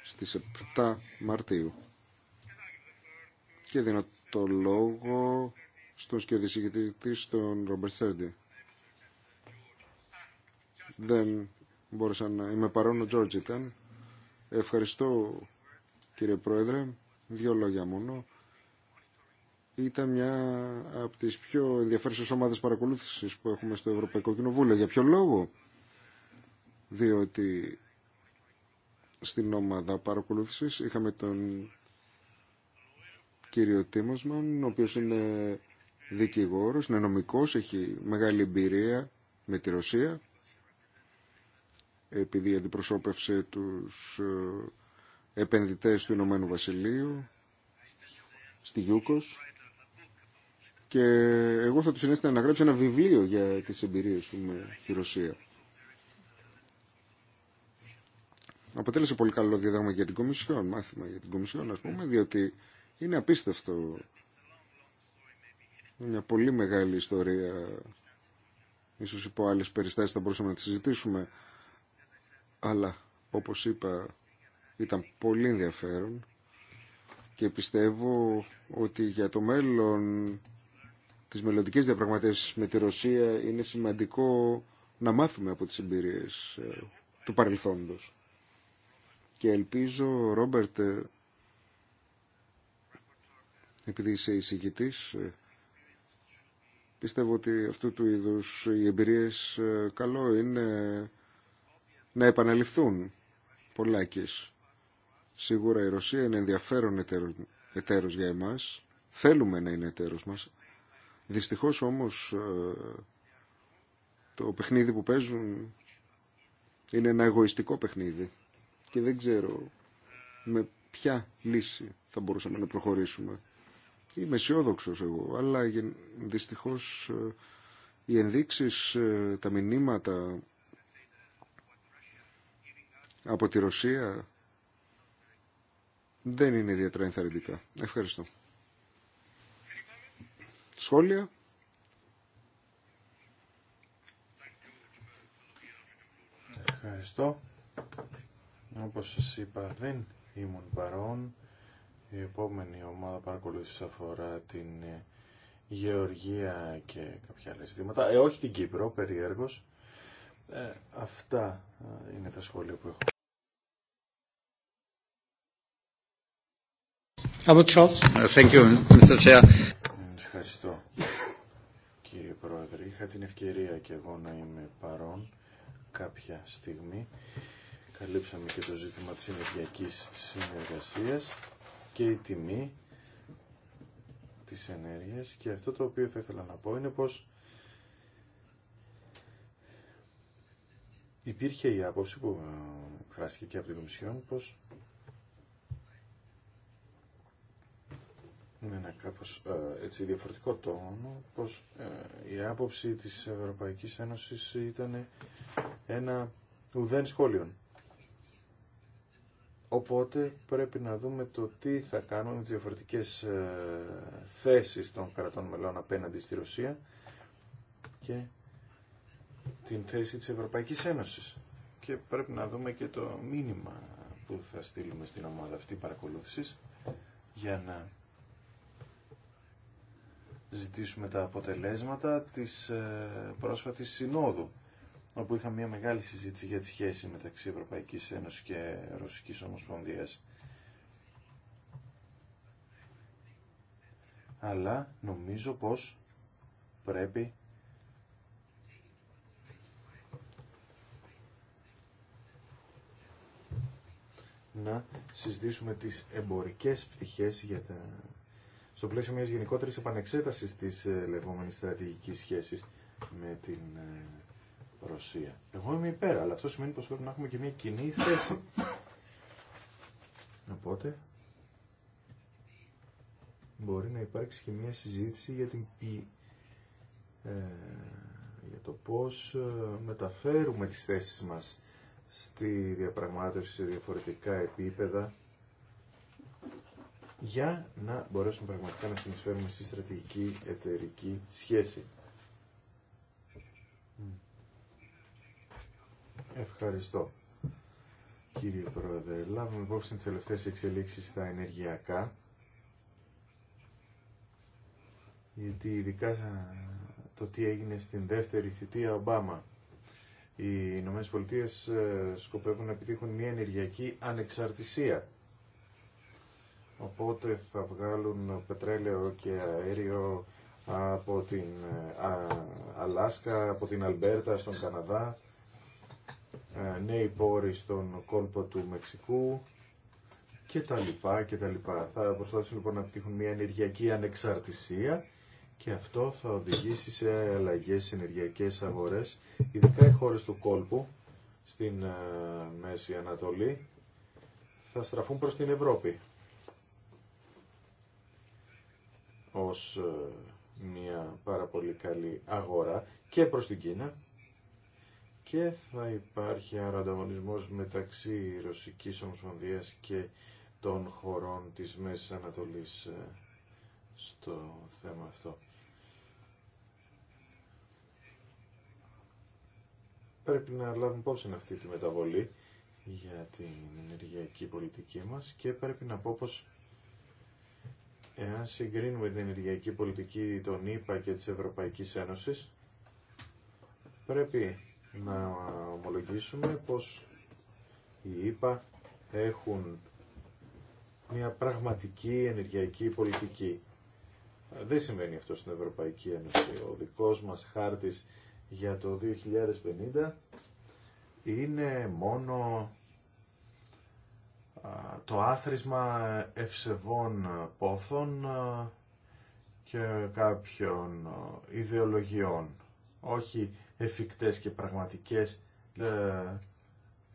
στις 7 Μαρτίου και δίνω το λόγο στον συγκεκριτή, στον Ρομπερ Σέρντι. Δεν μπόρεσα να είμαι παρόν, ο Τζόρτζ ήταν. Ευχαριστώ κύριε Πρόεδρε, δύο λόγια μόνο. Ήταν μια από τις πιο ενδιαφέρουσες ομάδες παρακολούθησης που έχουμε στο Ευρωπαϊκό Κοινοβούλιο. Για ποιο λόγο? διότι στην ομάδα παρακολούθησης είχαμε τον κύριο Τίμασμαν, ο οποίος είναι δικηγόρος, είναι νομικός, έχει μεγάλη εμπειρία με τη Ρωσία, επειδή αντιπροσώπευσε τους ε, επενδυτές του Ηνωμένου Βασιλείου στη Γιούκος και εγώ θα του συνέστηνα να γράψει ένα βιβλίο για τις εμπειρίες του με τη Ρωσία. αποτέλεσε πολύ καλό διάδραμα για την Κομισιόν, μάθημα για την Κομισιόν, ας πούμε, διότι είναι απίστευτο. Είναι μια πολύ μεγάλη ιστορία. Ίσως υπό άλλες περιστάσεις θα μπορούσαμε να τη συζητήσουμε. Αλλά, όπως είπα, ήταν πολύ ενδιαφέρον και πιστεύω ότι για το μέλλον της μελλοντικέ διαπραγματεύσεις με τη Ρωσία είναι σημαντικό να μάθουμε από τις εμπειρίες ε, του παρελθόντος και ελπίζω, Ρόμπερτ, ε, επειδή είσαι εισηγητής, ε, πιστεύω ότι αυτού του είδους οι εμπειρίες ε, καλό είναι να επαναληφθούν πολλάκις. Σίγουρα η Ρωσία είναι ενδιαφέρον για εμάς, θέλουμε να είναι εταίρος μας. Δυστυχώς όμως το παιχνίδι που παίζουν είναι ένα εγωιστικό παιχνίδι και δεν ξέρω με ποια λύση θα μπορούσαμε να προχωρήσουμε. Είμαι αισιόδοξο εγώ, αλλά δυστυχώς ε, οι ενδείξεις, ε, τα μηνύματα από τη Ρωσία δεν είναι ιδιαίτερα ενθαρρυντικά. Ευχαριστώ. Σχόλια. Ευχαριστώ. Όπως σας είπα δεν ήμουν παρόν. Η επόμενη ομάδα παρακολούθησης αφορά την ε, Γεωργία και κάποια άλλα ζητήματα. Ε, όχι την Κύπρο, περιέργως. Ε, αυτά ε, είναι τα σχόλια που έχω. Ευχαριστώ, κύριε Πρόεδρε. Είχα την ευκαιρία και εγώ να είμαι παρόν κάποια στιγμή καλύψαμε και το ζήτημα της ενεργειακής συνεργασίας και η τιμή της ενέργειας και αυτό το οποίο θα ήθελα να πω είναι πως υπήρχε η άποψη που χράστηκε και από την Κομισιόν πως με ένα κάπως ε, έτσι διαφορετικό τόνο πως ε, η άποψη της Ευρωπαϊκής Ένωσης ήταν ένα ουδέν σχόλιον. Οπότε πρέπει να δούμε το τι θα κάνουν οι τις διαφορετικές ε, θέσεις των κρατών μελών απέναντι στη Ρωσία και την θέση της Ευρωπαϊκής Ένωσης. Και πρέπει να δούμε και το μήνυμα που θα στείλουμε στην ομάδα αυτή παρακολούθησης για να ζητήσουμε τα αποτελέσματα της ε, πρόσφατης συνόδου όπου είχαμε μια μεγάλη συζήτηση για τη σχέση μεταξύ Ευρωπαϊκής Ένωσης και Ρωσικής Ομοσπονδίας. Αλλά νομίζω πως πρέπει να συζητήσουμε τις εμπορικές πτυχές για στο πλαίσιο μιας γενικότερης επανεξέτασης της ε, λεγόμενης στρατηγικής σχέσης με την ε, Ρωσία. Εγώ είμαι υπέρ, αλλά αυτό σημαίνει πως πρέπει να έχουμε και μια κοινή θέση. Οπότε μπορεί να υπάρξει και μια συζήτηση για την πι... ε, για το πώς ε, μεταφέρουμε τις θέσεις μας στη διαπραγμάτευση σε διαφορετικά επίπεδα για να μπορέσουμε πραγματικά να συνεισφέρουμε στη στρατηγική εταιρική σχέση. Ευχαριστώ. Κύριε Πρόεδρε, λάβουμε υπόψη τις τελευταίες εξελίξεις στα ενεργειακά, γιατί ειδικά το τι έγινε στην δεύτερη θητεία Ομπάμα. Οι Ηνωμένες Πολιτείες ε, σκοπεύουν να επιτύχουν μια ενεργειακή ανεξαρτησία. Οπότε θα βγάλουν πετρέλαιο και αέριο από την ε, Αλάσκα, από την Αλμπέρτα, στον Καναδά ε, νέοι πόροι στον κόλπο του Μεξικού και τα λοιπά και τα λοιπά. Θα προσπαθήσουν λοιπόν να επιτύχουν μια ενεργειακή ανεξαρτησία και αυτό θα οδηγήσει σε αλλαγές ενεργειακές αγορές, ειδικά οι χώρες του κόλπου στην ε, Μέση Ανατολή θα στραφούν προς την Ευρώπη ως ε, μια πάρα πολύ καλή αγορά και προς την Κίνα και θα υπάρχει άρα ανταγωνισμός μεταξύ Ρωσικής Ομοσπονδίας και των χωρών της Μέσης Ανατολής ε, στο θέμα αυτό. Πρέπει να λάβουμε υπόψη αυτή τη μεταβολή για την ενεργειακή πολιτική μας και πρέπει να πω πως εάν συγκρίνουμε την ενεργειακή πολιτική των ΗΠΑ και της Ευρωπαϊκής Ένωσης πρέπει να ομολογήσουμε πως οι ΙΠΑ έχουν μια πραγματική ενεργειακή πολιτική. Δεν σημαίνει αυτό στην Ευρωπαϊκή Ένωση. Ο δικός μας χάρτης για το 2050 είναι μόνο το άθροισμα ευσεβών πόθων και κάποιων ιδεολογιών. Όχι εφικτές και πραγματικές ε,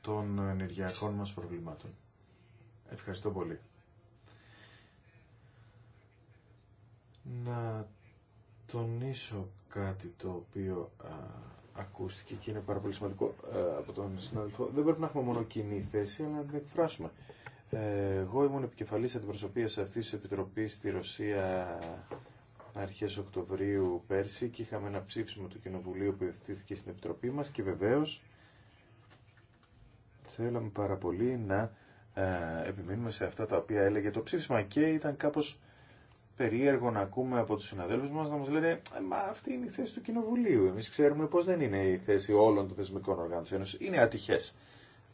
των ενεργειακών μας προβλημάτων. Ευχαριστώ πολύ. Να τονίσω κάτι το οποίο ακούστηκε και είναι πάρα πολύ σημαντικό ε, από τον συνάδελφο. Δεν πρέπει να έχουμε μόνο κοινή θέση, αλλά να την εκφράσουμε. Ε, εγώ ήμουν επικεφαλής αντιπροσωπείας αυτής της Επιτροπής στη Ρωσία αρχές Οκτωβρίου πέρσι και είχαμε ένα ψήφισμα του Κοινοβουλίου που ευθύθηκε στην Επιτροπή μας και βεβαίως θέλαμε πάρα πολύ να ε, επιμείνουμε σε αυτά τα οποία έλεγε το ψήφισμα και ήταν κάπως περίεργο να ακούμε από τους συναδέλφους μας να μας λένε «Μα αυτή είναι η θέση του Κοινοβουλίου, εμείς ξέρουμε πως δεν είναι η θέση όλων των θεσμικών οργάνων είναι ατυχές».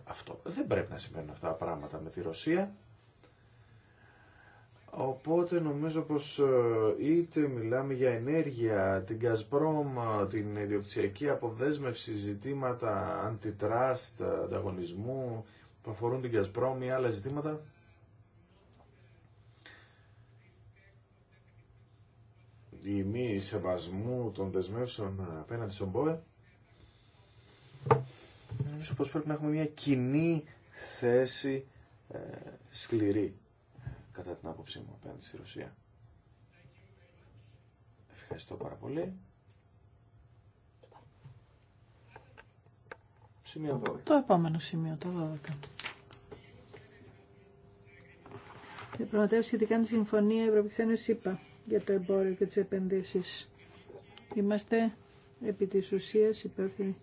Αυτό δεν πρέπει να συμβαίνουν αυτά τα πράγματα με τη Ρωσία. Οπότε νομίζω πως ε, είτε μιλάμε για ενέργεια, την Gazprom, ε, την ιδιοκτησιακή αποδέσμευση, ζητήματα αντιτράστ, ε, ανταγωνισμού που αφορούν την Gazprom ή άλλα ζητήματα. Η μη σεβασμού των δεσμεύσεων απέναντι στον ΠΟΕ. Νομίζω πως πρέπει να έχουμε μια κοινή θέση σκληρή κατά την άποψή μου απέναντι στη Ρωσία. Ευχαριστώ πάρα πολύ. Σημείο 12. Το επόμενο σημείο, το 12. Διαπραγματεύσει σχετικά Συμφωνία Ευρωπαϊκή Ένωση είπα για το εμπόριο και τι επενδύσει. Είμαστε επί τη ουσία υπεύθυνη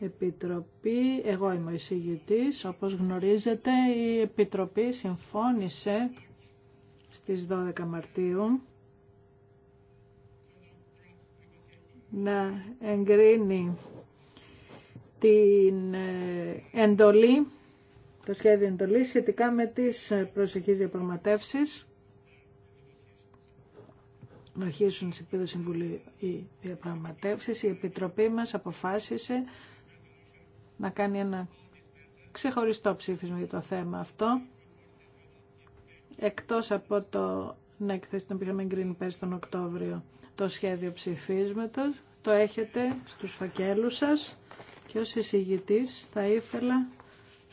Επιτροπή, εγώ είμαι ο εισηγητής, όπως γνωρίζετε η Επιτροπή συμφώνησε στις 12 Μαρτίου να εγκρίνει την ε, εντολή, το σχέδιο εντολή σχετικά με τις προσεχείς διαπραγματεύσεις να αρχίσουν σε επίδοση συμβουλή οι διαπραγματεύσεις. Η Επιτροπή μας αποφάσισε να κάνει ένα ξεχωριστό ψήφισμα για το θέμα αυτό εκτός από το να εκθέσει που είχαμε εγκρίνει πέρσι τον Οκτώβριο το σχέδιο ψηφίσματος. Το έχετε στους φακέλους σας και ως εισηγητής θα ήθελα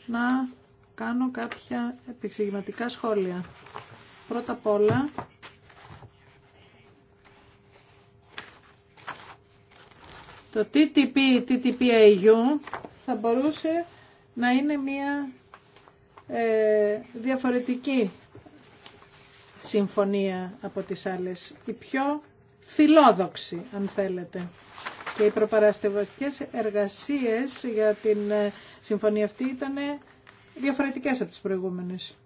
να κάνω κάποια επεξηγηματικά σχόλια. Πρώτα απ' όλα, το TTP, TTPAU θα μπορούσε να είναι μια ε, διαφορετική συμφωνία από τις άλλες. Η πιο φιλόδοξη, αν θέλετε. Και οι προπαρασκευαστικές εργασίες για την ε, συμφωνία αυτή ήταν ε, διαφορετικές από τις προηγούμενες.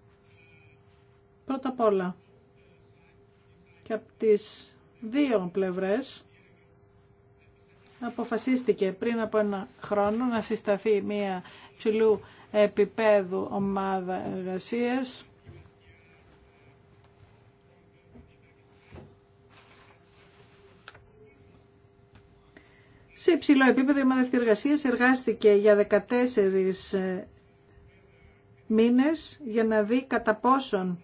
Πρώτα απ' όλα, και από τις δύο πλευρές αποφασίστηκε πριν από ένα χρόνο να συσταθεί μία ψηλού επίπεδου ομάδα εργασίας Σε υψηλό επίπεδο η ομάδα εργασία εργάστηκε για 14 ε, μήνες για να δει κατά πόσον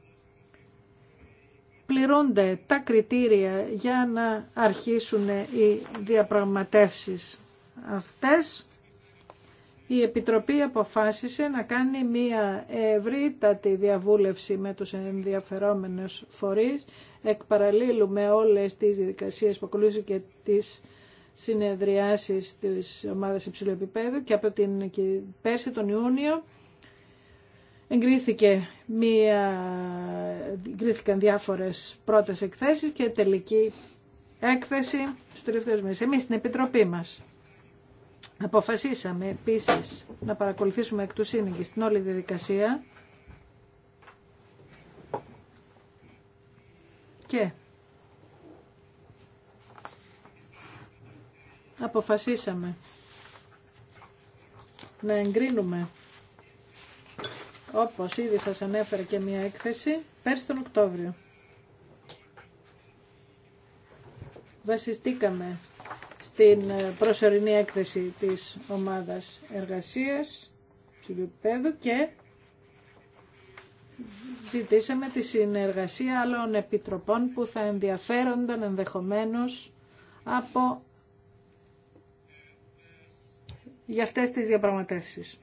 πληρούνται τα κριτήρια για να αρχίσουν οι διαπραγματεύσεις αυτές. Η Επιτροπή αποφάσισε να κάνει μία ευρύτατη διαβούλευση με τους ενδιαφερόμενους φορείς, εκ με όλες τις διαδικασίες που ακολούθησε και τις συνεδριάσεις της ομάδας υψηλού επίπεδου και από την και πέρσι τον Ιούνιο εγκρίθηκε μία, εγκρίθηκαν διάφορες πρώτες εκθέσεις και τελική έκθεση στους τελευταίους μήνες. Εμείς στην Επιτροπή μας αποφασίσαμε επίσης να παρακολουθήσουμε εκ του σύνεγγυ στην όλη διαδικασία και αποφασίσαμε να εγκρίνουμε όπως ήδη σας ανέφερα και μια έκθεση πέρσι τον Οκτώβριο. Βασιστήκαμε στην ε, προσωρινή έκθεση της ομάδας εργασίας του και ζητήσαμε τη συνεργασία άλλων επιτροπών που θα ενδιαφέρονταν ενδεχομένως από για αυτές τις διαπραγματεύσεις.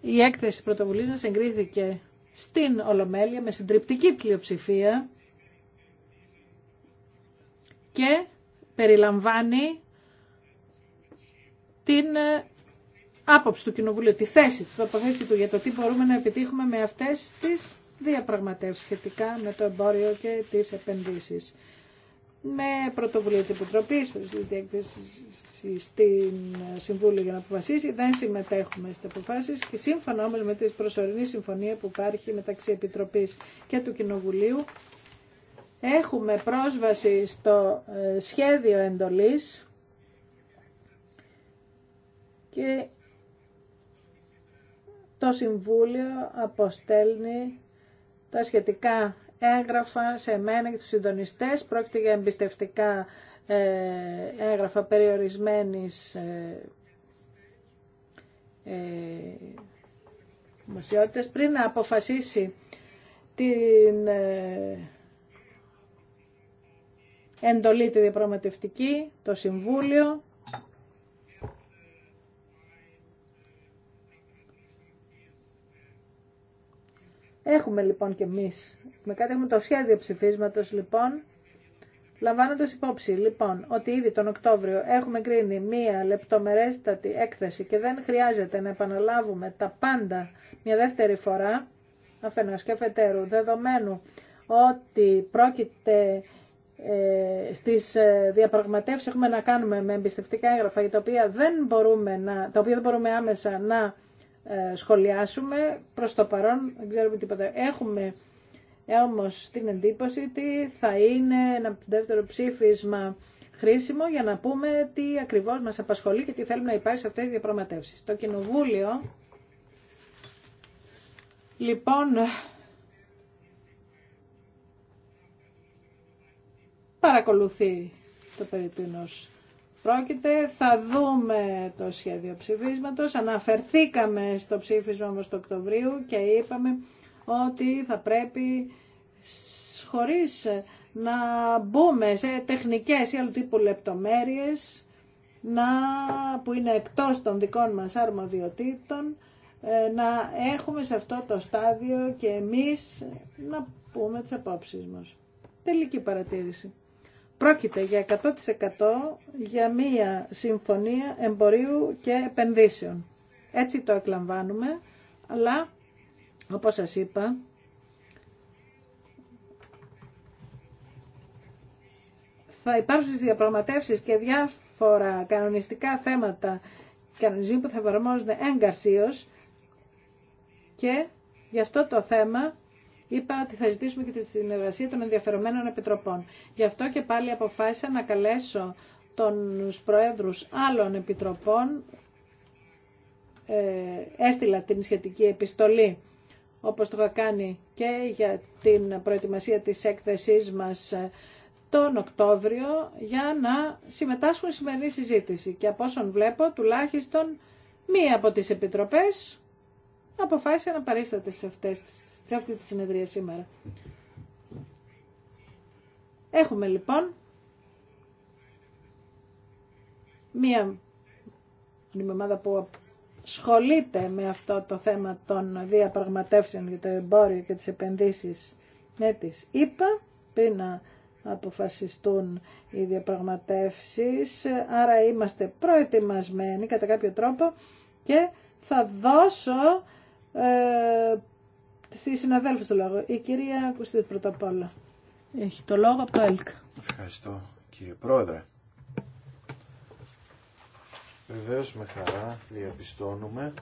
Η έκθεση πρωτοβουλίας εγκρίθηκε στην Ολομέλεια με συντριπτική πλειοψηφία και περιλαμβάνει την ε, άποψη του Κοινοβουλίου, τη θέση, τη τοποθέτηση του για το τι μπορούμε να επιτύχουμε με αυτές τις διαπραγματεύσεις σχετικά με το εμπόριο και τις επενδύσεις με πρωτοβουλία της Επιτροπής, τη έκθεση στην Συμβούλιο για να αποφασίσει. Δεν συμμετέχουμε στις αποφάσεις και σύμφωνα όμως με τη προσωρινή συμφωνία που υπάρχει μεταξύ Επιτροπής και του Κοινοβουλίου, έχουμε πρόσβαση στο ε, σχέδιο εντολής και το Συμβούλιο αποστέλνει τα σχετικά έγγραφα σε μένα και τους συντονιστές. Πρόκειται για εμπιστευτικά ε, έγγραφα περιορισμένης ε, ε, δημοσιότητας πριν να αποφασίσει την εντολή τη διαπραγματευτική, το Συμβούλιο. Έχουμε λοιπόν και εμείς έχουμε κάτι. Έχουμε το σχέδιο ψηφίσματο λοιπόν. Λαμβάνοντα υπόψη λοιπόν ότι ήδη τον Οκτώβριο έχουμε κρίνει μία λεπτομερέστατη έκθεση και δεν χρειάζεται να επαναλάβουμε τα πάντα μια δεύτερη φορά, αφενό και αφετέρου, δεδομένου ότι πρόκειται ε, στις ε, διαπραγματεύσεις έχουμε να κάνουμε με εμπιστευτικά έγγραφα τα οποία δεν μπορούμε, να, τα οποία δεν άμεσα να ε, σχολιάσουμε προς το παρόν, δεν ξέρουμε τίποτα. Έχουμε ε, όμως την εντύπωση ότι θα είναι ένα δεύτερο ψήφισμα χρήσιμο για να πούμε τι ακριβώς μας απασχολεί και τι θέλουμε να υπάρχει σε αυτέ τι διαπραγματεύσει. Το Κοινοβούλιο, λοιπόν, παρακολουθεί το περί πρόκειται. Θα δούμε το σχέδιο ψηφίσματος. Αναφερθήκαμε στο ψήφισμα μας το Οκτωβρίου και είπαμε ότι θα πρέπει χωρίς να μπούμε σε τεχνικές ή άλλου τύπου λεπτομέρειες να, που είναι εκτός των δικών μας αρμοδιοτήτων ε, να έχουμε σε αυτό το στάδιο και εμείς να πούμε τις απόψεις μας. Τελική παρατήρηση. Πρόκειται για 100% για μία συμφωνία εμπορίου και επενδύσεων. Έτσι το εκλαμβάνουμε, αλλά όπως σας είπα, θα υπάρξουν στις διαπραγματεύσεις και διάφορα κανονιστικά θέματα κανονισμοί που θα εφαρμόζονται εγκαρσίως και γι' αυτό το θέμα είπα ότι θα ζητήσουμε και τη συνεργασία των ενδιαφερομένων επιτροπών. Γι' αυτό και πάλι αποφάσισα να καλέσω των προέδρους άλλων επιτροπών ε, έστειλα την σχετική επιστολή όπως το είχα κάνει και για την προετοιμασία της έκθεσής μας τον Οκτώβριο για να συμμετάσχουν στη σημερινή συζήτηση. Και από όσον βλέπω, τουλάχιστον μία από τις επιτροπές αποφάσισε να παρίσταται σε, αυτές, σε αυτή τη συνεδρία σήμερα. Έχουμε λοιπόν μία μνημεμάδα που σχολείται με αυτό το θέμα των διαπραγματεύσεων για το εμπόριο και τις επενδύσεις με τις πριν να αποφασιστούν οι διαπραγματεύσεις. Άρα είμαστε προετοιμασμένοι κατά κάποιο τρόπο και θα δώσω ε, στις συναδέλφους του λόγο. Η κυρία Κουστίδη πρώτα απ' όλα. Έχει το λόγο από το ΕΛΚ. Ευχαριστώ κύριε Πρόεδρε. Βεβαίως με χαρά διαπιστώνουμε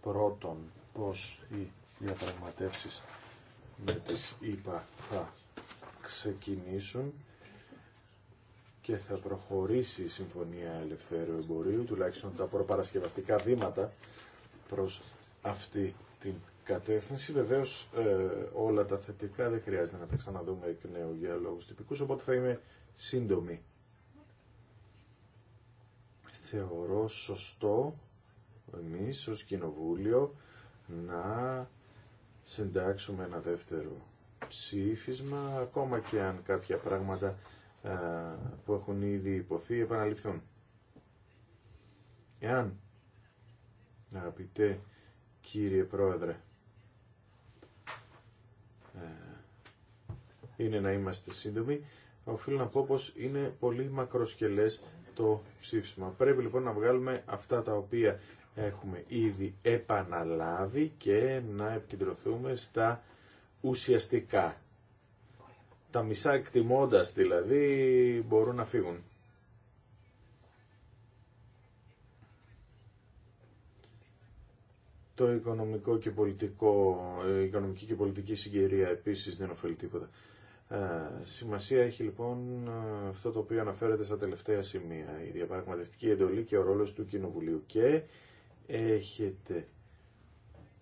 πρώτον πως οι διαπραγματεύσεις με τις ΙΠΑ θα ξεκινήσουν και θα προχωρήσει η Συμφωνία Ελευθέρου Εμπορίου, τουλάχιστον τα προπαρασκευαστικά βήματα προς αυτή την κατεύθυνση. Βεβαίως ε, όλα τα θετικά δεν χρειάζεται να τα ξαναδούμε εκ νέου για λόγους τυπικούς, οπότε θα είμαι σύντομη θεωρώ σωστό εμείς ως Κοινοβούλιο να συντάξουμε ένα δεύτερο ψήφισμα, ακόμα και αν κάποια πράγματα ε, που έχουν ήδη υποθεί επαναληφθούν. Εάν, αγαπητέ κύριε Πρόεδρε, ε, είναι να είμαστε σύντομοι, οφείλω να πω πως είναι πολύ μακροσκελές το ψήφισμα. Πρέπει λοιπόν να βγάλουμε αυτά τα οποία έχουμε ήδη επαναλάβει και να επικεντρωθούμε στα ουσιαστικά. Τα μισά εκτιμώντας δηλαδή μπορούν να φύγουν. Το οικονομικό και πολιτικό, η οικονομική και πολιτική συγκυρία επίσης δεν ωφελεί τίποτα. Ε, σημασία έχει λοιπόν αυτό το οποίο αναφέρεται στα τελευταία σημεία, η διαπραγματευτική εντολή και ο ρόλος του Κοινοβουλίου. Και έχετε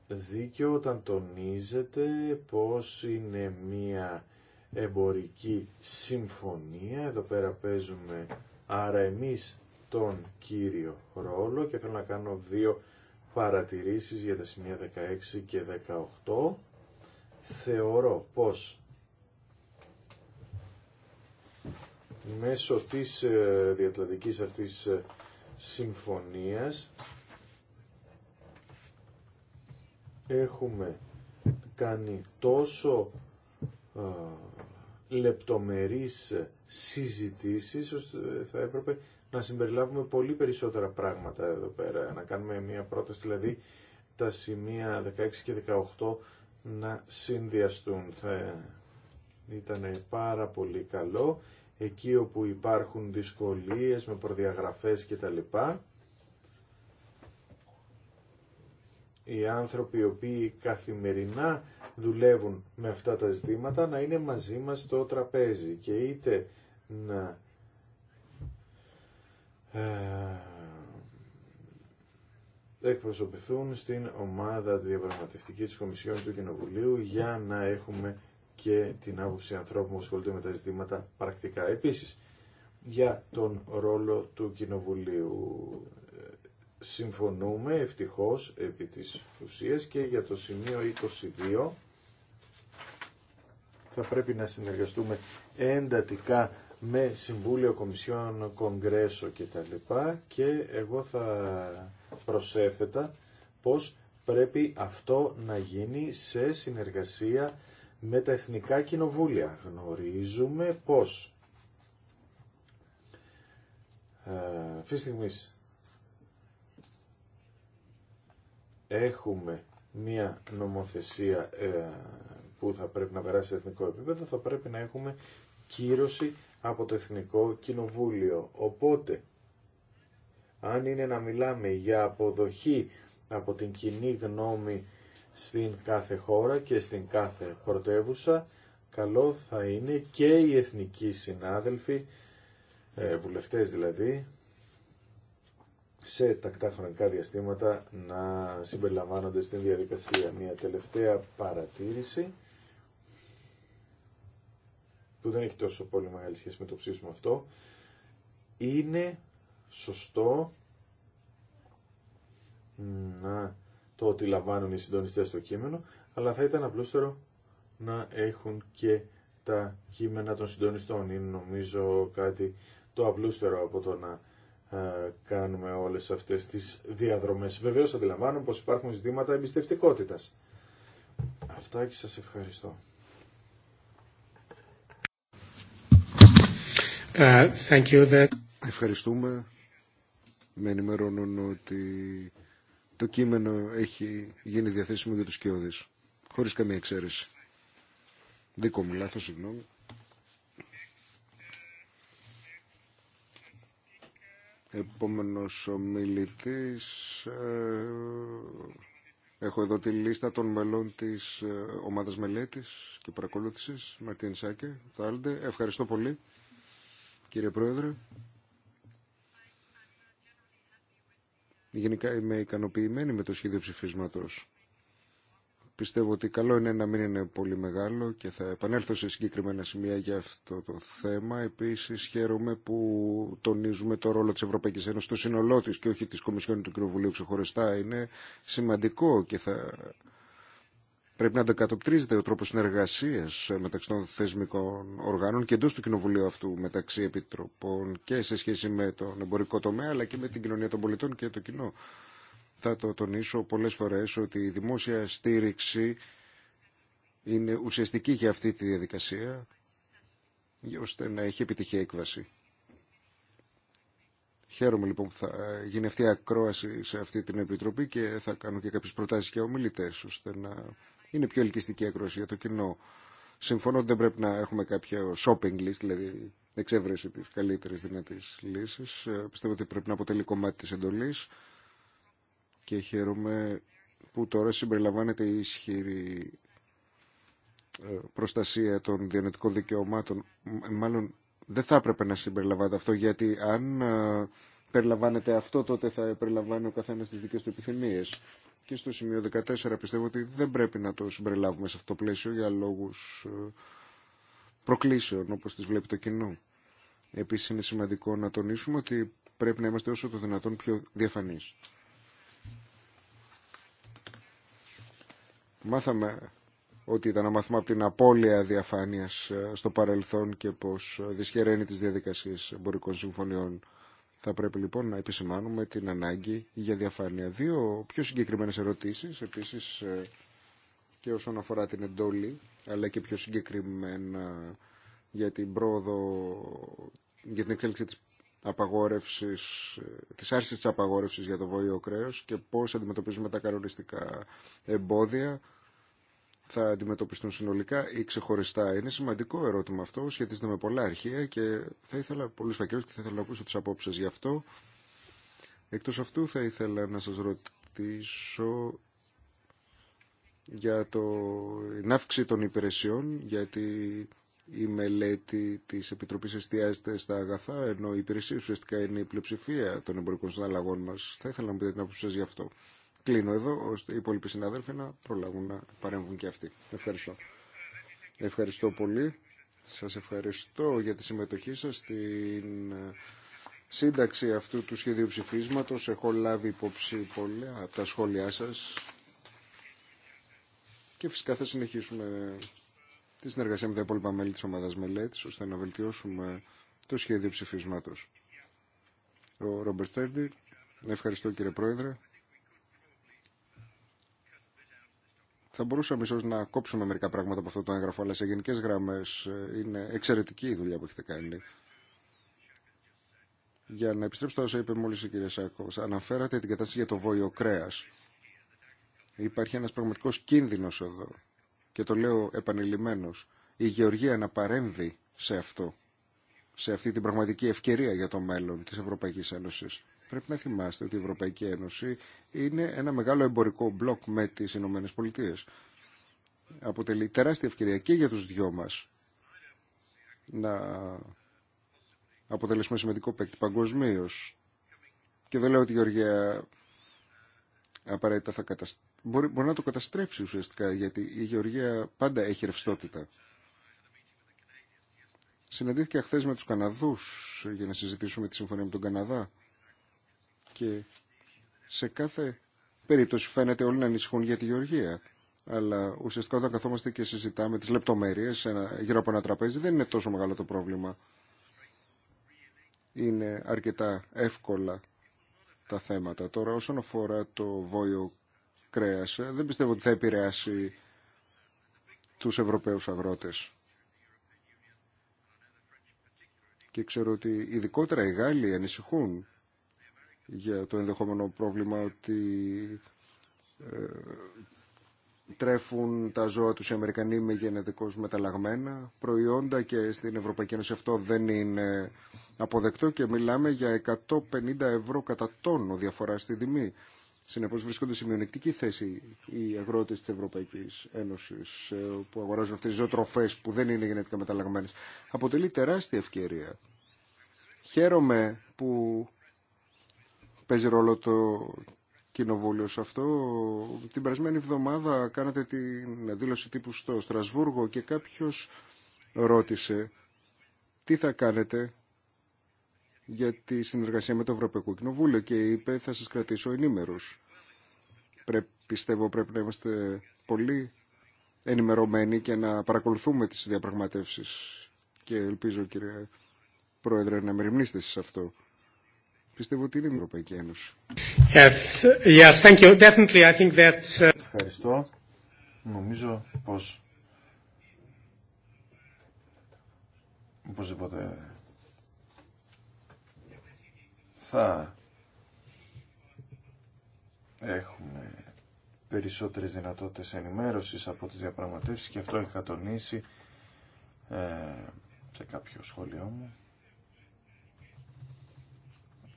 δίκιο όταν τονίζετε πως είναι μία εμπορική συμφωνία. Εδώ πέρα παίζουμε άρα εμείς τον κύριο ρόλο και θέλω να κάνω δύο παρατηρήσεις για τα σημεία 16 και 18. Θεωρώ πως μέσω της ε, διατλαντικής αυτής ε, συμφωνίας έχουμε κάνει τόσο λεπτομερεί λεπτομερείς ε, συζητήσεις ώστε θα έπρεπε να συμπεριλάβουμε πολύ περισσότερα πράγματα εδώ πέρα, να κάνουμε μια πρόταση δηλαδή τα σημεία 16 και 18 να συνδυαστούν. Θα ήταν πάρα πολύ καλό εκεί όπου υπάρχουν δυσκολίες με προδιαγραφές κτλ. Οι άνθρωποι οι οποίοι καθημερινά δουλεύουν με αυτά τα ζητήματα να είναι μαζί μας στο τραπέζι και είτε να ε, εκπροσωπηθούν στην ομάδα διαπραγματευτική της Κομισιόν του Κοινοβουλίου για να έχουμε και την άποψη ανθρώπων που ασχολούνται με τα ζητήματα πρακτικά. Επίση, για τον ρόλο του Κοινοβουλίου ε, συμφωνούμε ευτυχώ επί τη ουσία και για το σημείο 22 θα πρέπει να συνεργαστούμε εντατικά με Συμβούλιο Κομισιόν, Κογκρέσο κτλ. Και εγώ θα προσέφετα πως πρέπει αυτό να γίνει σε συνεργασία με τα εθνικά κοινοβούλια. Γνωρίζουμε πως ε, αυτή τη έχουμε μία νομοθεσία ε, που θα πρέπει να περάσει σε εθνικό επίπεδο, θα πρέπει να έχουμε κύρωση από το Εθνικό Κοινοβούλιο. Οπότε, αν είναι να μιλάμε για αποδοχή από την κοινή γνώμη στην κάθε χώρα και στην κάθε πρωτεύουσα, καλό θα είναι και οι εθνικοί συνάδελφοι, ε, βουλευτές δηλαδή, σε τακτά χρονικά διαστήματα να συμπεριλαμβάνονται στην διαδικασία. Μια τελευταία παρατήρηση που δεν έχει τόσο πολύ μεγάλη σχέση με το ψήφισμα αυτό, είναι σωστό να το ότι λαμβάνουν οι συντονιστές το κείμενο, αλλά θα ήταν απλούστερο να έχουν και τα κείμενα των συντονιστών. Είναι νομίζω κάτι το απλούστερο από το να ε, κάνουμε όλες αυτές τις διαδρομές. Βεβαίως αντιλαμβάνω πως υπάρχουν ζητήματα εμπιστευτικότητας. Αυτά και σας ευχαριστώ. Ε, thank you that... Ευχαριστούμε. Με ενημερώνουν ότι το κείμενο έχει γίνει διαθέσιμο για τους κοιόδες, χωρίς καμία εξαίρεση. Δικό μου λάθος, συγγνώμη. Επόμενος ομιλητής, ε, έχω εδώ τη λίστα των μελών της ε, ομάδας μελέτης και παρακολούθησης, Μαρτίν Σάκε, Ευχαριστώ πολύ, κύριε Πρόεδρε. Γενικά είμαι ικανοποιημένη με το σχέδιο ψηφίσματος. Πιστεύω ότι καλό είναι να μην είναι πολύ μεγάλο και θα επανέλθω σε συγκεκριμένα σημεία για αυτό το θέμα. Επίση, χαίρομαι που τονίζουμε το ρόλο της Ευρωπαϊκής Ένωσης στο σύνολό τη και όχι της Κομισιόν του Κοινοβουλίου ξεχωριστά. Είναι σημαντικό και θα Πρέπει να αντακατοπτρίζεται ο τρόπο συνεργασία μεταξύ των θεσμικών οργάνων και εντό του κοινοβουλίου αυτού μεταξύ επιτροπών και σε σχέση με τον εμπορικό τομέα αλλά και με την κοινωνία των πολιτών και το κοινό. Θα το τονίσω πολλέ φορέ ότι η δημόσια στήριξη είναι ουσιαστική για αυτή τη διαδικασία ώστε να έχει επιτυχία έκβαση. Χαίρομαι λοιπόν που θα γίνει αυτή η ακρόαση σε αυτή την Επιτροπή και θα κάνω και κάποιες προτάσεις και ομιλητές ώστε να είναι πιο ελκυστική ακροσία για το κοινό. Συμφωνώ ότι δεν πρέπει να έχουμε κάποιο shopping list, δηλαδή εξέβρεση της καλύτερης δυνατής λύση. Ε, πιστεύω ότι πρέπει να αποτελεί κομμάτι τη εντολής και χαίρομαι που τώρα συμπεριλαμβάνεται η ισχυρή ε, προστασία των διανοητικών δικαιωμάτων. Ε, μάλλον δεν θα έπρεπε να συμπεριλαμβάνεται αυτό, γιατί αν περιλαμβάνεται αυτό, τότε θα περιλαμβάνει ο καθένα τις δικέ του επιθυμίες και στο σημείο 14 πιστεύω ότι δεν πρέπει να το συμπεριλάβουμε σε αυτό το πλαίσιο για λόγους ε, προκλήσεων όπως τις βλέπει το κοινό. Επίσης είναι σημαντικό να τονίσουμε ότι πρέπει να είμαστε όσο το δυνατόν πιο διαφανείς. Μάθαμε ότι ήταν ένα μάθημα από την απώλεια διαφάνειας ε, στο παρελθόν και πως ε, δυσχεραίνει τις διαδικασίες εμπορικών συμφωνιών. Θα πρέπει λοιπόν να επισημάνουμε την ανάγκη για διαφάνεια. Δύο πιο συγκεκριμένες ερωτήσεις, επίσης ε, και όσον αφορά την εντόλη, αλλά και πιο συγκεκριμένα για την πρόοδο, για την εξέλιξη της απαγόρευσης, ε, της άρσης της απαγόρευσης για το βόλιο κρέος και πώς αντιμετωπίζουμε τα κανονιστικά εμπόδια θα αντιμετωπιστούν συνολικά ή ξεχωριστά. Είναι σημαντικό ερώτημα αυτό, σχετίζεται με πολλά αρχεία και θα ήθελα πολλούς φακέλους και θα ήθελα να ακούσω τις απόψεις γι' αυτό. Εκτός αυτού θα ήθελα να σας ρωτήσω για το, την αύξηση των υπηρεσιών, γιατί η μελέτη της Επιτροπής εστιάζεται στα αγαθά, ενώ η υπηρεσία ουσιαστικά είναι η πλειοψηφία των εμπορικών συναλλαγών μας. Θα ήθελα να μου πείτε την άποψη σας γι' αυτό. Κλείνω εδώ, ώστε οι υπόλοιποι συνάδελφοι να προλάβουν να παρέμβουν και αυτοί. Ευχαριστώ. Ευχαριστώ πολύ. Σας ευχαριστώ για τη συμμετοχή σας στην ε, σύνταξη αυτού του σχεδίου ψηφίσματος. Έχω λάβει υπόψη πολλά από τα σχόλιά σας και φυσικά θα συνεχίσουμε τη συνεργασία με τα υπόλοιπα μέλη της ομάδας μελέτης ώστε να βελτιώσουμε το σχέδιο ψηφίσματος. Ο Ρόμπερτ Θέρντι, ευχαριστώ κύριε Πρόεδρε. Θα μπορούσαμε ίσως να κόψουμε μερικά πράγματα από αυτό το έγγραφο, αλλά σε γενικές γραμμές ε, είναι εξαιρετική η δουλειά που έχετε κάνει. Για να επιστρέψω όσο είπε μόλις η κυρία Σάκο, αναφέρατε την κατάσταση για το βόλιο κρέα. Υπάρχει ένας πραγματικός κίνδυνος εδώ και το λέω επανειλημμένος. Η Γεωργία να παρέμβει σε αυτό, σε αυτή την πραγματική ευκαιρία για το μέλλον τη Ευρωπαϊκή Ένωση. Πρέπει να θυμάστε ότι η Ευρωπαϊκή Ένωση είναι ένα μεγάλο εμπορικό μπλοκ με τις Ηνωμένε Πολιτείε. Αποτελεί τεράστια ευκαιρία και για τους δυο μας να αποτελέσουμε σημαντικό παίκτη παγκοσμίω. Και δεν λέω ότι η Γεωργία απαραίτητα θα Μπορεί, μπορεί να το καταστρέψει ουσιαστικά, γιατί η Γεωργία πάντα έχει ρευστότητα. Συναντήθηκα χθε με τους Καναδούς για να συζητήσουμε τη συμφωνία με τον Καναδά. Και σε κάθε περίπτωση φαίνεται όλοι να ανησυχούν για τη γεωργία. Αλλά ουσιαστικά όταν καθόμαστε και συζητάμε τις λεπτομέρειες γύρω από ένα τραπέζι δεν είναι τόσο μεγάλο το πρόβλημα. Είναι αρκετά εύκολα τα θέματα. Τώρα όσον αφορά το βόλιο κρέας δεν πιστεύω ότι θα επηρεάσει τους Ευρωπαίους αγρότες. Και ξέρω ότι ειδικότερα οι Γάλλοι ανησυχούν για το ενδεχόμενο πρόβλημα ότι ε, τρέφουν τα ζώα τους οι Αμερικανοί με γενετικώς μεταλλαγμένα προϊόντα και στην Ευρωπαϊκή Ένωση αυτό δεν είναι αποδεκτό και μιλάμε για 150 ευρώ κατά τόνο διαφορά στη τιμή. Συνεπώ βρίσκονται σε μειονεκτική θέση οι αγρότες της Ευρωπαϊκής Ένωσης ε, που αγοράζουν αυτές τις ζωοτροφές που δεν είναι γενετικά μεταλλαγμένες. Αποτελεί τεράστια ευκαιρία. Χαίρομαι που παίζει ρόλο το κοινοβούλιο σε αυτό. Την περασμένη εβδομάδα κάνατε την δήλωση τύπου στο Στρασβούργο και κάποιος ρώτησε τι θα κάνετε για τη συνεργασία με το Ευρωπαϊκό Κοινοβούλιο και είπε θα σας κρατήσω ενήμερους. Πρέ, πιστεύω πρέπει να είμαστε πολύ ενημερωμένοι και να παρακολουθούμε τις διαπραγματεύσεις και ελπίζω κύριε Πρόεδρε να με σε αυτό. Πιστεύω ότι είναι η Ευρωπαϊκή Ένωση. Yes, yes, thank you. Definitely, I think that... Uh, Ευχαριστώ. Νομίζω πως οπωσδήποτε θα έχουμε περισσότερες δυνατότητες ενημέρωσης από τις διαπραγματεύσεις και αυτό είχα τονίσει ε, σε κάποιο σχολείο μου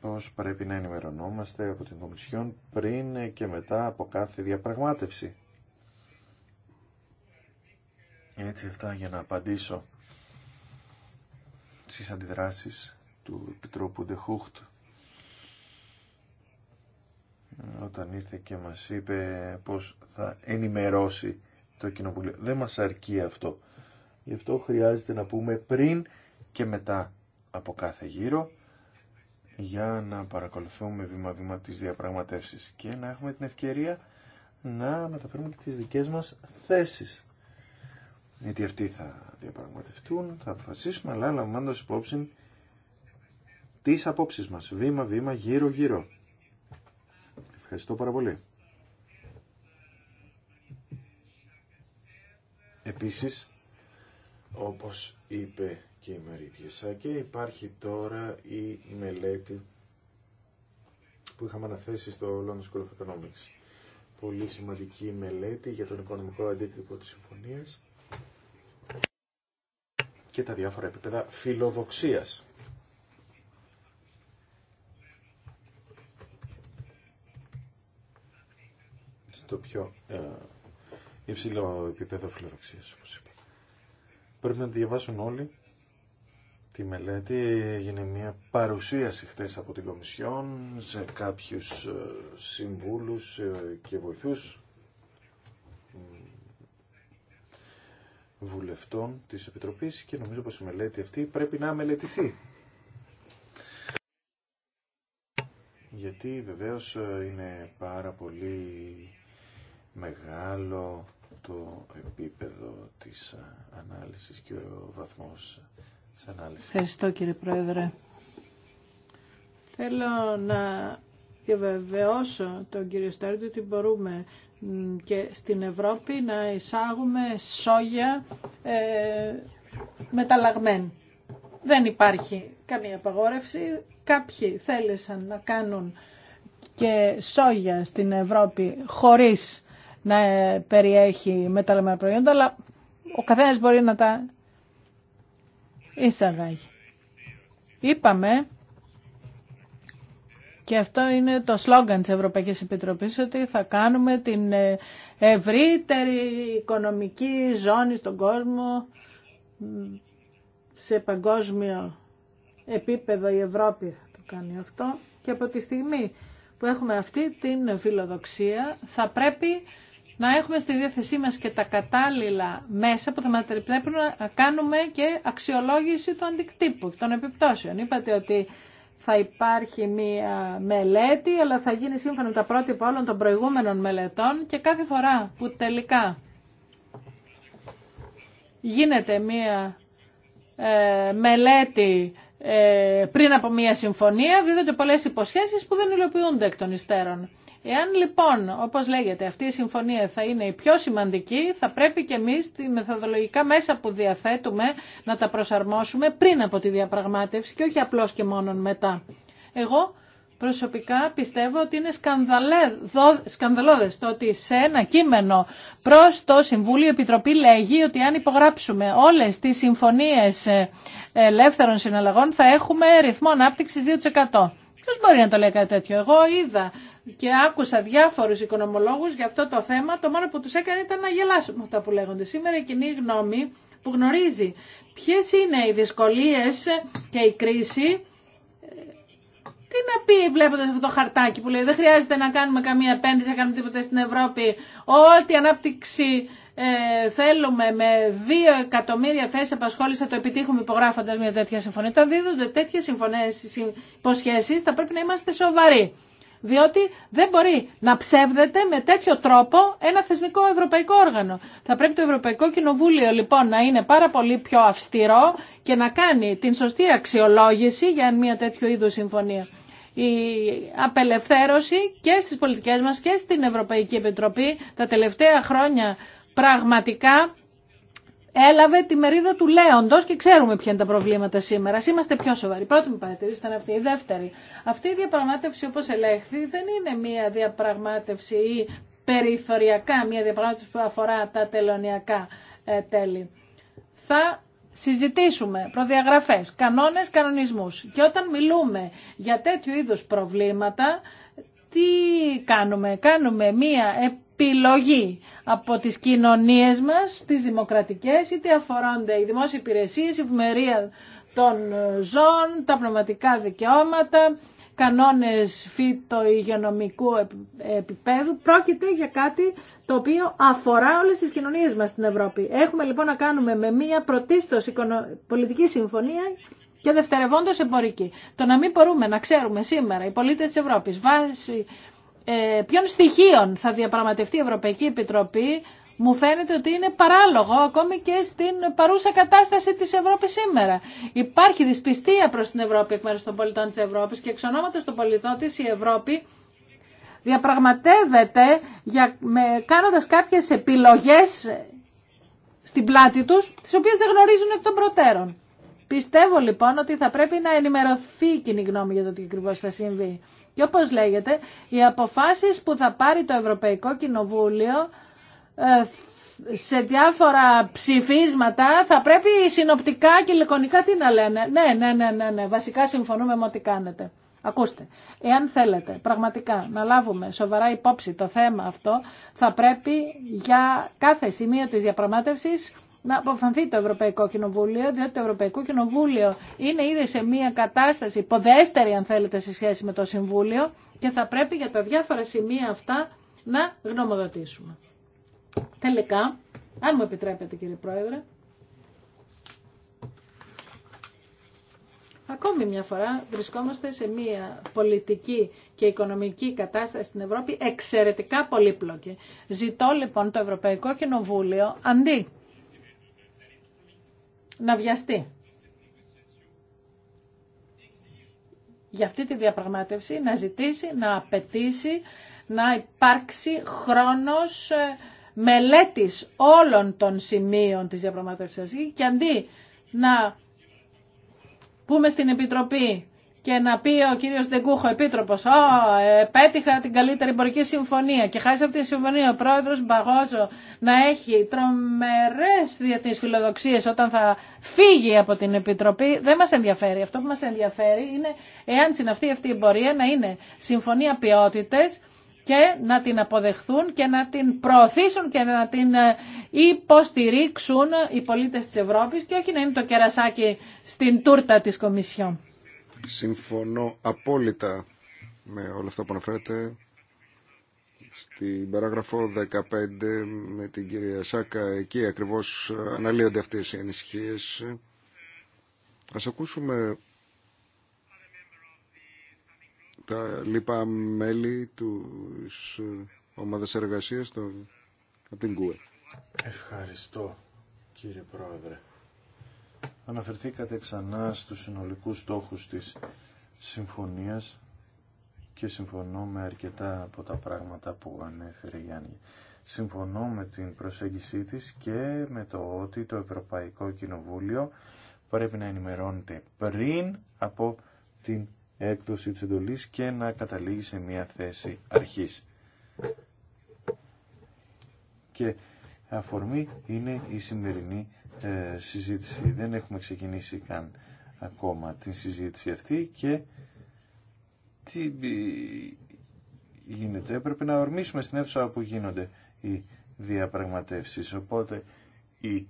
πως πρέπει να ενημερωνόμαστε από την Κομισιόν πριν και μετά από κάθε διαπραγμάτευση. Έτσι αυτά για να απαντήσω στις αντιδράσεις του Επιτρόπου Ντεχούχτ όταν ήρθε και μας είπε πως θα ενημερώσει το Κοινοβουλίο. Δεν μας αρκεί αυτό. Γι' αυτό χρειάζεται να πούμε πριν και μετά από κάθε γύρο για να παρακολουθούμε βήμα-βήμα τις διαπραγματεύσεις και να έχουμε την ευκαιρία να μεταφέρουμε και τις δικές μας θέσεις. Γιατί αυτοί θα διαπραγματευτούν, θα αποφασίσουν, αλλά λαμβάνοντας υπόψη τις απόψεις μας, βήμα-βήμα, γύρω-γύρω. Ευχαριστώ πάρα πολύ. Επίσης, όπως είπε και η και υπάρχει τώρα η μελέτη που είχαμε αναθέσει στο London School of Economics. Πολύ σημαντική μελέτη για τον οικονομικό αντίκτυπο της συμφωνίας και τα διάφορα επίπεδα φιλοδοξίας. Στο πιο ε, υψηλό επίπεδο φιλοδοξίας, όπως είπα. Πρέπει να διαβάσουν όλοι τη μελέτη. Έγινε μια παρουσίαση χτες από την Κομισιόν σε κάποιους ε, συμβούλους ε, και βοηθούς βουλευτών της Επιτροπής και νομίζω πως η μελέτη αυτή πρέπει να μελετηθεί. Γιατί βεβαίως ε, είναι πάρα πολύ μεγάλο το επίπεδο της ανάλυσης και ο βαθμός της ανάλυσης. Ευχαριστώ κύριε Πρόεδρε. Θέλω να διαβεβαιώσω τον κύριο Στέρντο ότι μπορούμε και στην Ευρώπη να εισάγουμε σόγια ε, μεταλλαγμένη. Δεν υπάρχει καμία απαγόρευση. Κάποιοι θέλησαν να κάνουν και σόγια στην Ευρώπη χωρίς να ε, περιέχει μεταλλαγμένα προϊόντα, αλλά ο καθένας μπορεί να τα Είπαμε και αυτό είναι το σλόγγαν της Ευρωπαϊκής Επιτροπής ότι θα κάνουμε την ε, ευρύτερη οικονομική ζώνη στον κόσμο σε παγκόσμιο επίπεδο η Ευρώπη το κάνει αυτό και από τη στιγμή που έχουμε αυτή την φιλοδοξία θα πρέπει να έχουμε στη διάθεσή μας και τα κατάλληλα μέσα που θα μας επιτρέπουν να κάνουμε και αξιολόγηση του αντικτύπου, των επιπτώσεων. Είπατε ότι θα υπάρχει μία μελέτη, αλλά θα γίνει σύμφωνα με τα πρότυπα όλων των προηγούμενων μελετών και κάθε φορά που τελικά γίνεται μία ε, μελέτη ε, πριν από μία συμφωνία, δίδονται πολλές υποσχέσεις που δεν υλοποιούνται εκ των υστέρων. Εάν λοιπόν, όπως λέγεται, αυτή η συμφωνία θα είναι η πιο σημαντική, θα πρέπει και εμείς τη μεθοδολογικά μέσα που διαθέτουμε να τα προσαρμόσουμε πριν από τη διαπραγμάτευση και όχι απλώς και μόνο μετά. Εγώ προσωπικά πιστεύω ότι είναι σκανδαλώδε. το ότι σε ένα κείμενο προς το Συμβούλιο Επιτροπή λέγει ότι αν υπογράψουμε όλες τις συμφωνίες ε, ελεύθερων συναλλαγών θα έχουμε ρυθμό ανάπτυξης 2%. Ποιο μπορεί να το λέει κάτι τέτοιο. Εγώ είδα και άκουσα διάφορους οικονομολόγους για αυτό το θέμα, το μόνο που τους έκανε ήταν να γελάσουν αυτά που λέγονται. Σήμερα η κοινή γνώμη που γνωρίζει ποιες είναι οι δυσκολίες και η κρίση, τι να πει βλέποντας αυτό το χαρτάκι που λέει δεν χρειάζεται να κάνουμε καμία επένδυση, να κάνουμε τίποτα στην Ευρώπη, ό,τι ανάπτυξη ε, θέλουμε με 2 εκατομμύρια θέσει απασχόληση θα το επιτύχουμε υπογράφοντα μια τέτοια συμφωνία. Όταν δίδονται τέτοιε υποσχέσει, θα πρέπει να είμαστε σοβαροί διότι δεν μπορεί να ψεύδεται με τέτοιο τρόπο ένα θεσμικό ευρωπαϊκό όργανο. Θα πρέπει το Ευρωπαϊκό Κοινοβούλιο λοιπόν να είναι πάρα πολύ πιο αυστηρό και να κάνει την σωστή αξιολόγηση για μια τέτοιο είδους συμφωνία. Η απελευθέρωση και στις πολιτικές μας και στην Ευρωπαϊκή Επιτροπή τα τελευταία χρόνια πραγματικά έλαβε τη μερίδα του λέοντος και ξέρουμε ποια είναι τα προβλήματα σήμερα. είμαστε πιο σοβαροί. Η πρώτη μου παρατηρήση ήταν αυτή. Η δεύτερη. Αυτή η διαπραγμάτευση όπως ελέγχθη δεν είναι μια διαπραγμάτευση ή περιθωριακά μια διαπραγμάτευση που αφορά τα τελωνιακά ε, τέλη. Θα συζητήσουμε προδιαγραφές, κανόνες, κανονισμούς. Και όταν μιλούμε για τέτοιου είδους προβλήματα, τι κάνουμε. Κάνουμε μία επιλογή από τις κοινωνίες μας, τις δημοκρατικές, είτε αφορώνται οι δημόσιες υπηρεσίες, η ευημερία των ε, ζώων, τα πνευματικά δικαιώματα, κανόνες επίπεδου. Πρόκειται για κάτι το οποίο αφορά όλες τις κοινωνίες μας στην Ευρώπη. Έχουμε λοιπόν να κάνουμε με μια πρωτίστως πολιτική συμφωνία και δευτερευόντως εμπορική. Το να μην μπορούμε να ξέρουμε σήμερα οι πολίτες της Ευρώπης βάσει ε, ποιων στοιχείων θα διαπραγματευτεί η Ευρωπαϊκή Επιτροπή μου φαίνεται ότι είναι παράλογο ακόμη και στην παρούσα κατάσταση της Ευρώπης σήμερα. Υπάρχει δυσπιστία προς την Ευρώπη εκ μέρους των πολιτών της Ευρώπης και εξ ονόματος των πολιτών της η Ευρώπη διαπραγματεύεται για, με, κάνοντας κάποιες επιλογές στην πλάτη τους, τις οποίες δεν γνωρίζουν εκ των προτέρων. Πιστεύω λοιπόν ότι θα πρέπει να ενημερωθεί η κοινή γνώμη για το τι ακριβώ θα συμβεί. Και όπως λέγεται, οι αποφάσεις που θα πάρει το Ευρωπαϊκό Κοινοβούλιο ε, σε διάφορα ψηφίσματα θα πρέπει συνοπτικά και λεκονικά τι να λένε. Ναι, ναι, ναι, ναι, ναι. βασικά συμφωνούμε με ό,τι κάνετε. Ακούστε, εάν θέλετε πραγματικά να λάβουμε σοβαρά υπόψη το θέμα αυτό, θα πρέπει για κάθε σημείο της διαπραγμάτευσης να αποφανθεί το Ευρωπαϊκό Κοινοβούλιο, διότι το Ευρωπαϊκό Κοινοβούλιο είναι ήδη σε μια κατάσταση ποδέστερη, αν θέλετε, σε σχέση με το Συμβούλιο και θα πρέπει για τα διάφορα σημεία αυτά να γνωμοδοτήσουμε. Τελικά, αν μου επιτρέπετε κύριε Πρόεδρε, ακόμη μια φορά βρισκόμαστε σε μια πολιτική και οικονομική κατάσταση στην Ευρώπη εξαιρετικά πολύπλοκη. Ζητώ λοιπόν το Ευρωπαϊκό Κοινοβούλιο αντί να βιαστεί. Για αυτή τη διαπραγμάτευση να ζητήσει, να απαιτήσει, να υπάρξει χρόνος ε, μελέτης όλων των σημείων της διαπραγμάτευσης και αντί να πούμε στην Επιτροπή και να πει ο κύριο Ντεγκούχο, επίτροπο, Ω, ε, πέτυχα την καλύτερη εμπορική συμφωνία. Και χάσει αυτή τη συμφωνία ο πρόεδρο Μπαγόζο να έχει τρομερέ διεθνεί φιλοδοξίε όταν θα φύγει από την Επιτροπή, δεν μα ενδιαφέρει. Αυτό που μα ενδιαφέρει είναι εάν συναυτεί αυτή η εμπορία να είναι συμφωνία ποιότητε και να την αποδεχθούν και να την προωθήσουν και να την ε, υποστηρίξουν οι πολίτες της Ευρώπης και όχι να είναι το κερασάκι στην τούρτα της Κομισιόν. Συμφωνώ απόλυτα με όλα αυτά που αναφέρετε. Στην παράγραφο 15 με την κυρία Σάκα, εκεί ακριβώς αναλύονται αυτές οι ενισχύες. Ας ακούσουμε τα λοιπά μέλη του ομάδας εργασίας των... από την ΚΟΕ. Ευχαριστώ κύριε Πρόεδρε αναφερθήκατε ξανά στους συνολικούς στόχους της συμφωνίας και συμφωνώ με αρκετά από τα πράγματα που ανέφερε η Γιάννη. Συμφωνώ με την προσέγγισή της και με το ότι το Ευρωπαϊκό Κοινοβούλιο πρέπει να ενημερώνεται πριν από την έκδοση της εντολής και να καταλήγει σε μια θέση αρχής. Και αφορμή είναι η σημερινή ε, συζήτηση. Δεν έχουμε ξεκινήσει καν ακόμα την συζήτηση αυτή και τι γίνεται. Έπρεπε να ορμήσουμε στην αίθουσα όπου γίνονται οι διαπραγματεύσεις. Οπότε η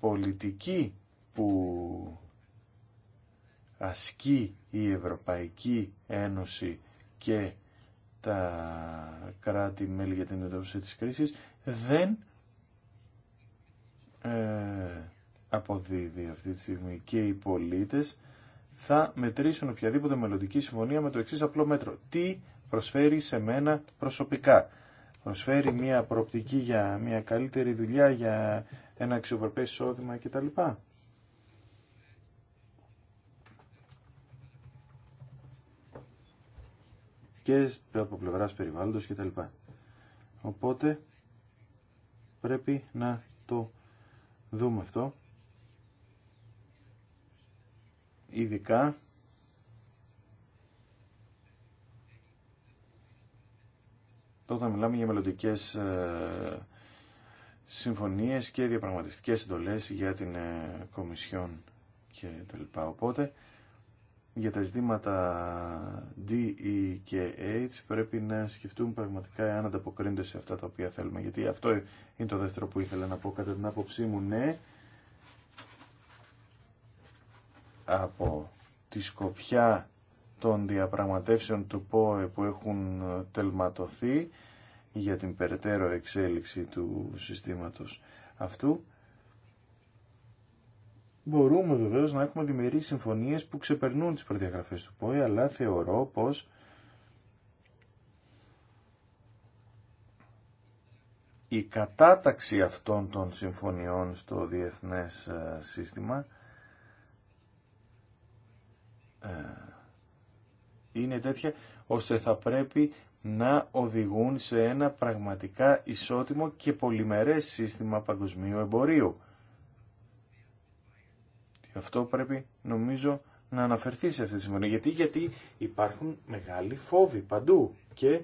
πολιτική που ασκεί η Ευρωπαϊκή Ένωση και τα κράτη-μέλη για την εντόπιση της κρίσης δεν ε, αποδίδει αυτή τη στιγμή και οι πολίτες θα μετρήσουν οποιαδήποτε μελλοντική συμφωνία με το εξή απλό μέτρο. Τι προσφέρει σε μένα προσωπικά. Προσφέρει μια προοπτική για μια καλύτερη δουλειά, για ένα και εισόδημα κτλ. Και από πλευρά περιβάλλοντος κτλ. Οπότε πρέπει να το δούμε αυτό. Ειδικά όταν μιλάμε για μελλοντικέ ε, συμφωνίες και διαπραγματευτικές συντολές για την ε, Κομισιόν και τα λοιπά. Οπότε για τα ζητήματα D, E και H πρέπει να σκεφτούμε πραγματικά αν ανταποκρίνονται σε αυτά τα οποία θέλουμε. Γιατί αυτό είναι το δεύτερο που ήθελα να πω. Κατά την άποψή μου, ναι, από τη σκοπιά των διαπραγματεύσεων του ΠΟΕ που έχουν τελματωθεί για την περαιτέρω εξέλιξη του συστήματος αυτού, Μπορούμε βεβαίω να έχουμε διμερείς συμφωνίε που ξεπερνούν τις προδιαγραφέ του ΠΟΕ, αλλά θεωρώ πως η κατάταξη αυτών των συμφωνιών στο διεθνές ε, σύστημα ε, είναι τέτοια ώστε θα πρέπει να οδηγούν σε ένα πραγματικά ισότιμο και πολυμερές σύστημα παγκοσμίου εμπορίου. Γι' αυτό πρέπει νομίζω να αναφερθεί σε αυτή τη συμφωνία. Γιατί, γιατί υπάρχουν μεγάλοι φόβοι παντού και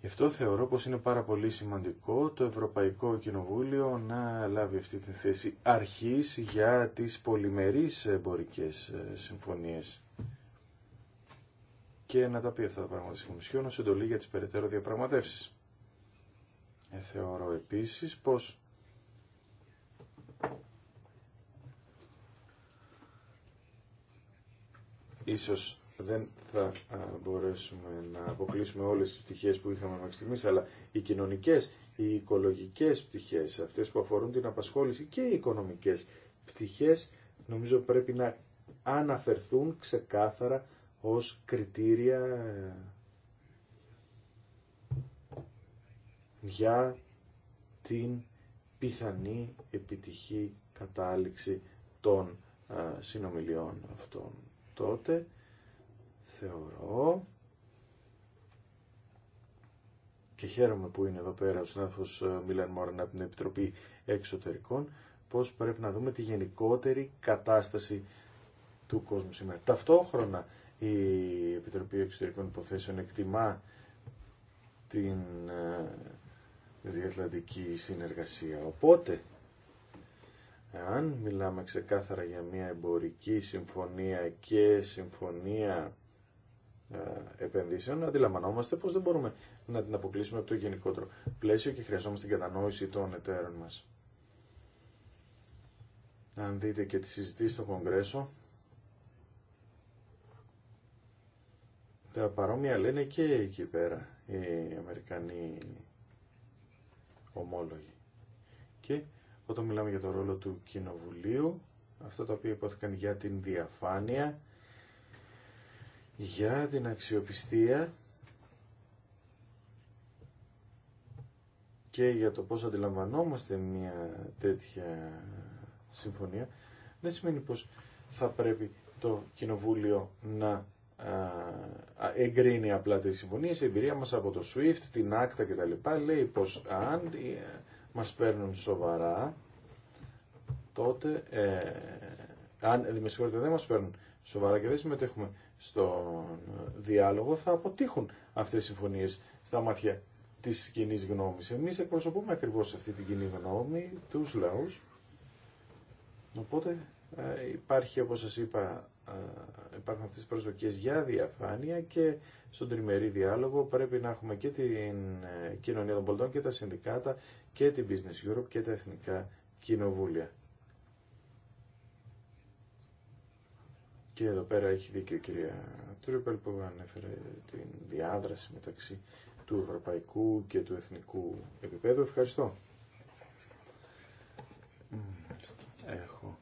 γι' αυτό θεωρώ πως είναι πάρα πολύ σημαντικό το Ευρωπαϊκό Κοινοβούλιο να λάβει αυτή τη θέση αρχής για τις πολυμερείς εμπορικές ε, συμφωνίες και να τα πει αυτά τα πράγματα της Κομισιόν ως εντολή για τις περαιτέρω διαπραγματεύσεις. Ε, θεωρώ επίσης πως Ίσως δεν θα μπορέσουμε να αποκλείσουμε όλες τις πτυχές που είχαμε μέχρι στιγμής, αλλά οι κοινωνικές, οι οικολογικές πτυχές, αυτές που αφορούν την απασχόληση και οι οικονομικές πτυχές, νομίζω πρέπει να αναφερθούν ξεκάθαρα ως κριτήρια για την πιθανή επιτυχή κατάληξη των συνομιλιών αυτών τότε θεωρώ και χαίρομαι που είναι εδώ πέρα ο συνάδελφος ε, Μίλαν Μόραν από την Επιτροπή Εξωτερικών πως πρέπει να δούμε τη γενικότερη κατάσταση του κόσμου σήμερα. Ταυτόχρονα η Επιτροπή Εξωτερικών Υποθέσεων εκτιμά την ε, διατλαντική συνεργασία. Οπότε αν μιλάμε ξεκάθαρα για μια εμπορική συμφωνία και συμφωνία ε, επενδύσεων, αντιλαμβανόμαστε πως δεν μπορούμε να την αποκλείσουμε από το γενικότερο πλαίσιο και χρειαζόμαστε την κατανόηση των εταίρων μας. Αν δείτε και τη συζητήση στο Κογκρέσο, τα παρόμοια λένε και εκεί πέρα οι Αμερικανοί ομόλογοι. Και όταν μιλάμε για το ρόλο του Κοινοβουλίου, αυτό τα οποία υπόθηκαν για την διαφάνεια, για την αξιοπιστία και για το πώς αντιλαμβανόμαστε μια τέτοια συμφωνία, δεν σημαίνει πως θα πρέπει το Κοινοβούλιο να εγκρίνει απλά τις συμφωνίες. Η εμπειρία μας από το SWIFT, την ACTA κτλ. λέει πως αν ε, μας παίρνουν σοβαρά, τότε, ε, αν ε, με συγχωρείτε δεν μας παίρνουν σοβαρά και δεν συμμετέχουμε στον διάλογο, θα αποτύχουν αυτές οι συμφωνίες στα μάτια της κοινή γνώμης. Εμείς εκπροσωπούμε ακριβώς αυτή την κοινή γνώμη, τους λαούς, οπότε ε, υπάρχει όπως σας είπα υπάρχουν αυτές τις προσδοκίες για διαφάνεια και στον τριμερή διάλογο πρέπει να έχουμε και την ε, κοινωνία των πολιτών και τα συνδικάτα και την Business Europe και τα εθνικά κοινοβούλια. Και εδώ πέρα έχει δίκιο η κυρία Τρούπελ που ανέφερε την διάδραση μεταξύ του ευρωπαϊκού και του εθνικού επίπεδου. Ευχαριστώ. Έχω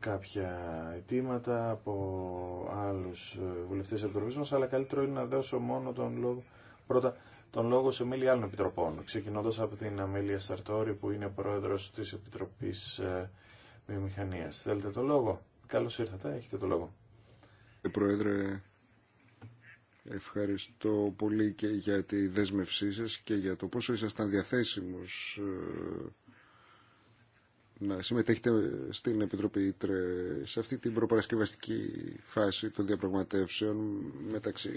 κάποια αιτήματα από άλλους ε, βουλευτές επιτροπής μας, αλλά καλύτερο είναι να δώσω μόνο τον λόγο, πρώτα τον λόγο σε μέλη άλλων επιτροπών, ξεκινώντας από την Αμέλεια Σαρτόρη που είναι πρόεδρος της Επιτροπής ε, Βιομηχανίας. Θέλετε το λόγο. Καλώς ήρθατε, έχετε το λόγο. Ε, πρόεδρε, ευχαριστώ πολύ και για τη δέσμευσή σας και για το πόσο ήσασταν διαθέσιμος ε, να συμμετέχετε στην Επιτροπή ΙΤΡΕ σε αυτή την προπαρασκευαστική φάση των διαπραγματεύσεων μεταξύ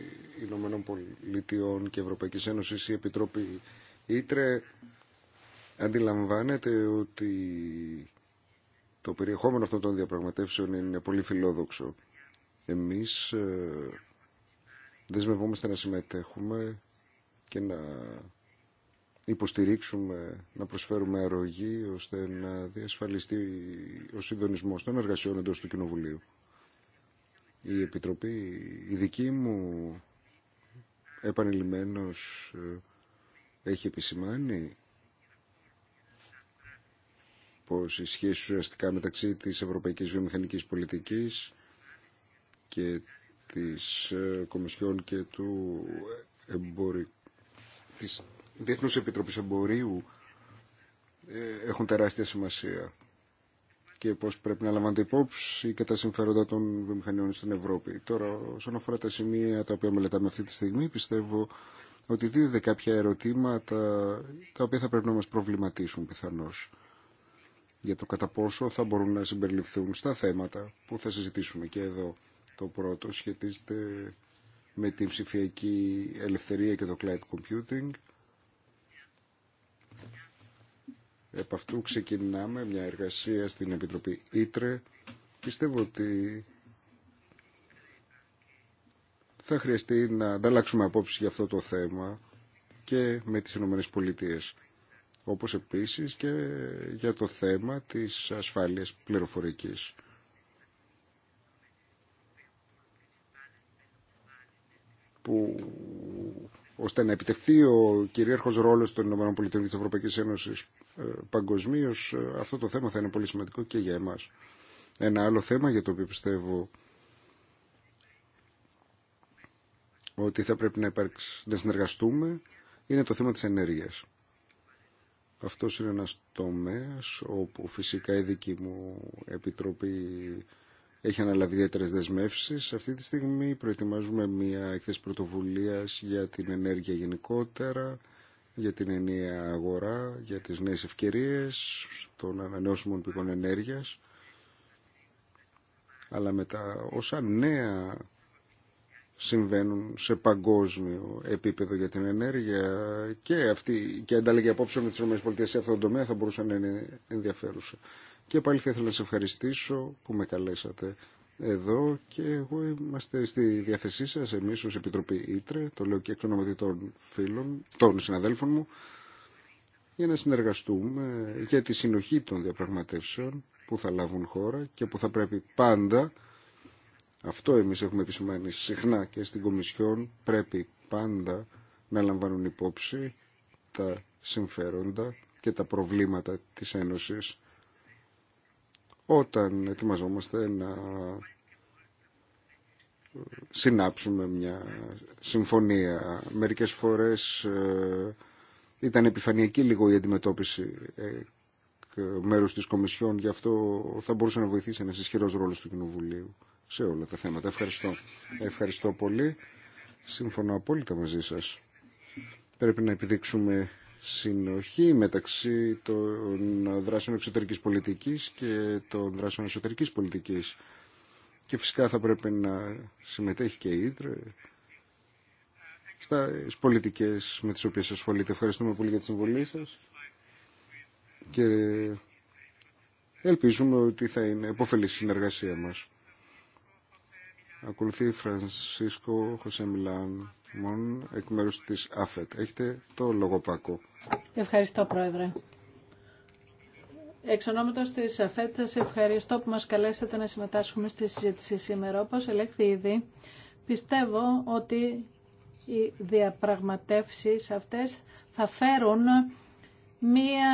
Ηνωμένων Πολιτειών και Ευρωπαϊκής Ένωσης. Η Επιτροπή ΙΤΡΕ αντιλαμβάνεται ότι το περιεχόμενο αυτών των διαπραγματεύσεων είναι πολύ φιλόδοξο. Εμείς ε, δεσμευόμαστε να συμμετέχουμε και να υποστηρίξουμε, να προσφέρουμε αρρωγή ώστε να διασφαλιστεί ο συντονισμός των εργασιών εντός του Κοινοβουλίου. Η Επιτροπή, η δική μου επανειλημμένος ε, έχει επισημάνει πως η σχέση ουσιαστικά μεταξύ της Ευρωπαϊκής Βιομηχανικής Πολιτικής και της ε, Κομισιόν και του εμπορικού της Διεθνούς Επιτροπής Εμπορίου ε, έχουν τεράστια σημασία και πώς πρέπει να λαμβάνονται υπόψη και τα συμφέροντα των βιομηχανιών στην Ευρώπη. Τώρα, όσον αφορά τα σημεία τα οποία μελετάμε αυτή τη στιγμή, πιστεύω ότι δίδεται κάποια ερωτήματα τα οποία θα πρέπει να μας προβληματίσουν πιθανώς για το κατά πόσο θα μπορούν να συμπεριληφθούν στα θέματα που θα συζητήσουμε και εδώ. Το πρώτο σχετίζεται με την ψηφιακή ελευθερία και το cloud computing Επ' αυτού ξεκινάμε μια εργασία στην Επιτροπή Ήτρε. Πιστεύω ότι θα χρειαστεί να ανταλλάξουμε απόψεις για αυτό το θέμα και με τις Ηνωμένες Πολιτείες. Όπως επίσης και για το θέμα της ασφάλειας πληροφορικής. που ώστε να επιτευχθεί ο κυριαρχό ρόλος των ΗΠΑ και τη ευρωπαϊκή ε, παγκοσμίω, ε, αυτό το θέμα θα είναι πολύ σημαντικό και για εμάς. Ένα άλλο θέμα για το οποίο πιστεύω ότι θα πρέπει να, υπάρξει, να συνεργαστούμε είναι το θέμα της ενέργειας. Αυτό είναι ένας τομέας όπου φυσικά η δική μου επιτροπή έχει αναλάβει ιδιαίτερε δεσμεύσει. Αυτή τη στιγμή προετοιμάζουμε μια έκθεση πρωτοβουλία για την ενέργεια γενικότερα, για την ενιαία αγορά, για τις νέες ευκαιρίε των ανανεώσιμων πηγών ενέργειας. Αλλά μετά όσα νέα συμβαίνουν σε παγκόσμιο επίπεδο για την ενέργεια και αυτή και ανταλλαγή απόψε με τις ΗΠΑ σε αυτόν τον τομέα θα μπορούσε να είναι ενδιαφέρουσα. Και πάλι θα να σας ευχαριστήσω που με καλέσατε εδώ και εγώ είμαστε στη διάθεσή σας, εμείς ως Επιτροπή Ήτρε, το λέω και εκ φίλων, των συναδέλφων μου, για να συνεργαστούμε για τη συνοχή των διαπραγματεύσεων που θα λάβουν χώρα και που θα πρέπει πάντα, αυτό εμείς έχουμε επισημάνει συχνά και στην Κομισιόν, πρέπει πάντα να λαμβάνουν υπόψη τα συμφέροντα και τα προβλήματα της Ένωσης όταν ετοιμαζόμαστε να συνάψουμε μια συμφωνία. Μερικές φορές ε, ήταν επιφανειακή λίγο η αντιμετώπιση μέρους της Κομισιόν. Γι' αυτό θα μπορούσε να βοηθήσει ένα ισχυρό ρόλο του Κοινοβουλίου σε όλα τα θέματα. Ευχαριστώ. Ευχαριστώ πολύ. Σύμφωνα απόλυτα μαζί σας. Πρέπει να επιδείξουμε συνοχή μεταξύ των δράσεων εξωτερικής πολιτικής και των δράσεων εσωτερικής πολιτικής. Και φυσικά θα πρέπει να συμμετέχει και η Ήτρε στις πολιτικές με τις οποίες ασχολείται. Ευχαριστούμε πολύ για τη συμβολή σας και ελπίζουμε ότι θα είναι επωφελή η συνεργασία μας. Ακολουθεί Φρανσίσκο Χωσέ Μιλάν. Μον εκ ΑΦΕΤ. Έχετε το λογοπακό. Ευχαριστώ Πρόεδρε. Εξ ονόματος της ΑΦΕΤ σας ευχαριστώ που μας καλέσατε να συμμετάσχουμε στη συζήτηση σήμερα. Όπως ελέγχθη ήδη, πιστεύω ότι οι διαπραγματεύσεις αυτές θα φέρουν μία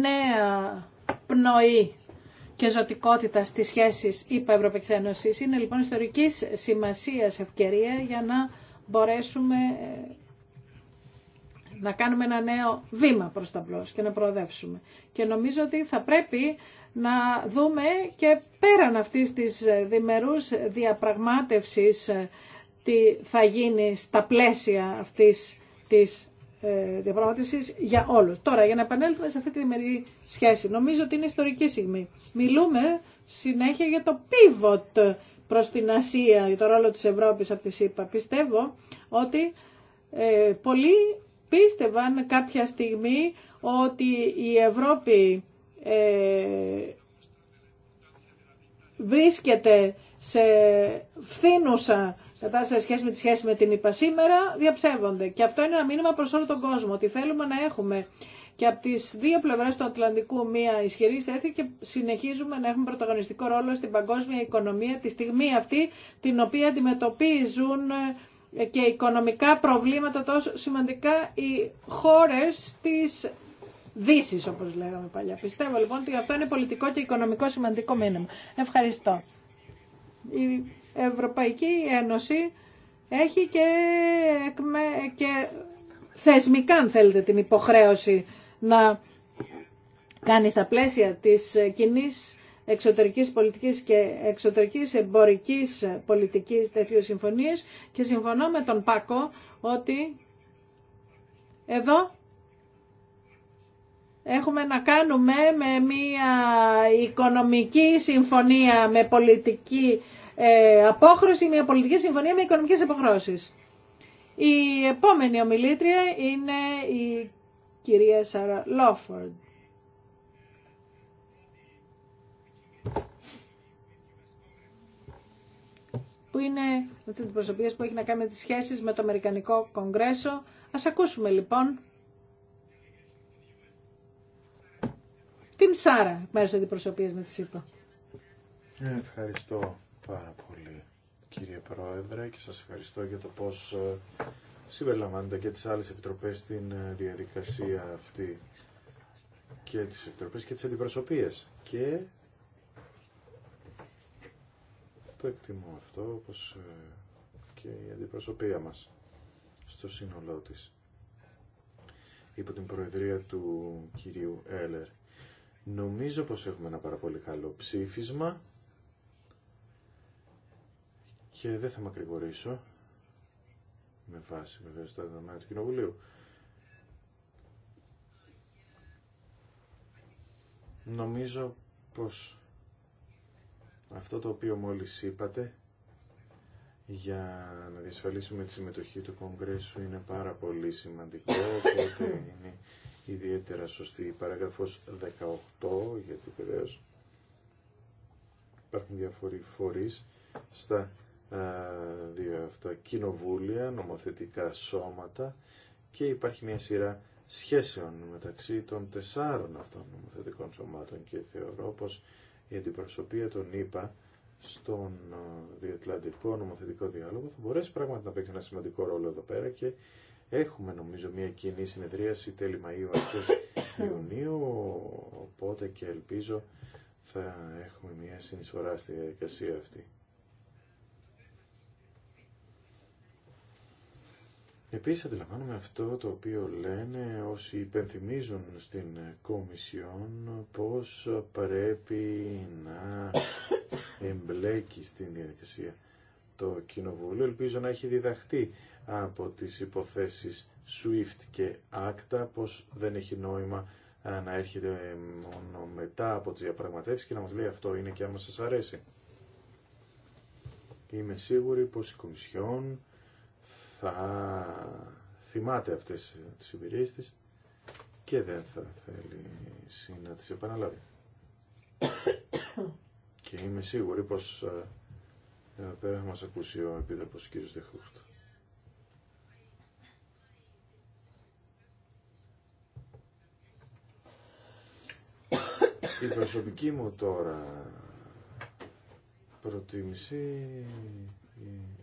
νέα πνοή και ζωτικότητα στις σχέσεις ΕΕ. Είναι λοιπόν ιστορικής σημασίας ευκαιρία για να μπορέσουμε ε, να κάνουμε ένα νέο βήμα προς τα μπλος και να προοδεύσουμε. Και νομίζω ότι θα πρέπει να δούμε και πέραν αυτής της ε, διμερούς διαπραγμάτευσης ε, τι θα γίνει στα πλαίσια αυτής της διαπραγμάτευσης για όλους. Τώρα, για να επανέλθουμε σε αυτή τη διμερή σχέση, νομίζω ότι είναι ιστορική στιγμή. Μιλούμε συνέχεια για το pivot προς την Ασία, το ρόλο της Ευρώπης από τη ΣΥΠΑ. Πιστεύω ότι ε, πολλοί πίστευαν κάποια στιγμή ότι η Ευρώπη ε, βρίσκεται σε φθήνουσα κατάσταση σχέση με τη σχέση με την ΥΠΑ σήμερα, διαψεύονται. Και αυτό είναι ένα μήνυμα προς όλο τον κόσμο, ότι θέλουμε να έχουμε και από τις δύο πλευρές του Ατλαντικού μία ισχυρή στέθη και συνεχίζουμε να έχουμε πρωταγωνιστικό ρόλο στην παγκόσμια οικονομία τη στιγμή αυτή την οποία αντιμετωπίζουν ε, και οικονομικά προβλήματα τόσο σημαντικά οι χώρες της δύση, όπως λέγαμε παλιά. Πιστεύω λοιπόν ότι αυτό είναι πολιτικό και οικονομικό σημαντικό μήνυμα. Ευχαριστώ. Η Ευρωπαϊκή Ένωση έχει και, και θεσμικά αν θέλετε την υποχρέωση να κάνει στα πλαίσια της κοινή εξωτερικής πολιτικής και εξωτερικής εμπορικής πολιτικής τέτοιου συμφωνίες και συμφωνώ με τον Πάκο ότι εδώ έχουμε να κάνουμε με μια οικονομική συμφωνία με πολιτική ε, απόχρωση, μια πολιτική συμφωνία με οικονομικές αποχρώσεις. Η επόμενη ομιλήτρια είναι η κυρία Σάρα Λόφορντ. που είναι αυτή την προσωπία που έχει να κάνει με τις σχέσεις με το Αμερικανικό Κογκρέσο. Ας ακούσουμε λοιπόν την Σάρα, μέρος αντιπροσωπείας με τη ΣΥΠΑ. Ευχαριστώ πάρα πολύ κύριε Πρόεδρε και σας ευχαριστώ για το πώς ε, συμπεριλαμβάνονται και τις άλλες επιτροπές στην ε, διαδικασία αυτή και τις επιτροπές και τις αντιπροσωπείες. Και το εκτιμώ αυτό όπως ε, και η αντιπροσωπεία μας στο σύνολό της υπό την προεδρία του κυρίου Έλερ. Νομίζω πως έχουμε ένα πάρα πολύ καλό ψήφισμα και δεν θα μακρηγορήσω με βάση βέβαια τα δεδομένα του Κοινοβουλίου. Νομίζω πως αυτό το οποίο μόλις είπατε για να διασφαλίσουμε τη συμμετοχή του Κογκρέσου είναι πάρα πολύ σημαντικό, οπότε είναι ιδιαίτερα σωστή η παράγραφος 18, γιατί βεβαίω υπάρχουν διαφοροί φορείς στα δύο αυτά κοινοβούλια, νομοθετικά σώματα και υπάρχει μια σειρά σχέσεων μεταξύ των τεσσάρων αυτών νομοθετικών σωμάτων και θεωρώ πως η αντιπροσωπεία των ΗΠΑ στον διατλαντικό νομοθετικό διάλογο θα μπορέσει πράγματι να παίξει ένα σημαντικό ρόλο εδώ πέρα και έχουμε νομίζω μια κοινή συνεδρίαση τέλη Μαΐου αρχές Ιουνίου οπότε και ελπίζω θα έχουμε μια συνεισφορά στη διαδικασία αυτή. Επίσης αντιλαμβάνομαι αυτό το οποίο λένε όσοι υπενθυμίζουν στην Κομισιόν πως πρέπει να εμπλέκει στην διαδικασία το Κοινοβούλιο. Ελπίζω να έχει διδαχτεί από τις υποθέσεις SWIFT και ACTA πως δεν έχει νόημα ε, να έρχεται ε, μόνο μετά από τις διαπραγματεύσεις και να μας λέει αυτό είναι και άμα σας αρέσει. Είμαι σίγουρη πως η Κομισιόν θα θυμάται αυτές τις εμπειρίες της και δεν θα θέλει να τις επαναλάβει. και είμαι σίγουρη πως ε, εδώ πέρα μας ακούσει ο Επίτροπος κ. Δεχούχτ. Η προσωπική μου τώρα προτίμηση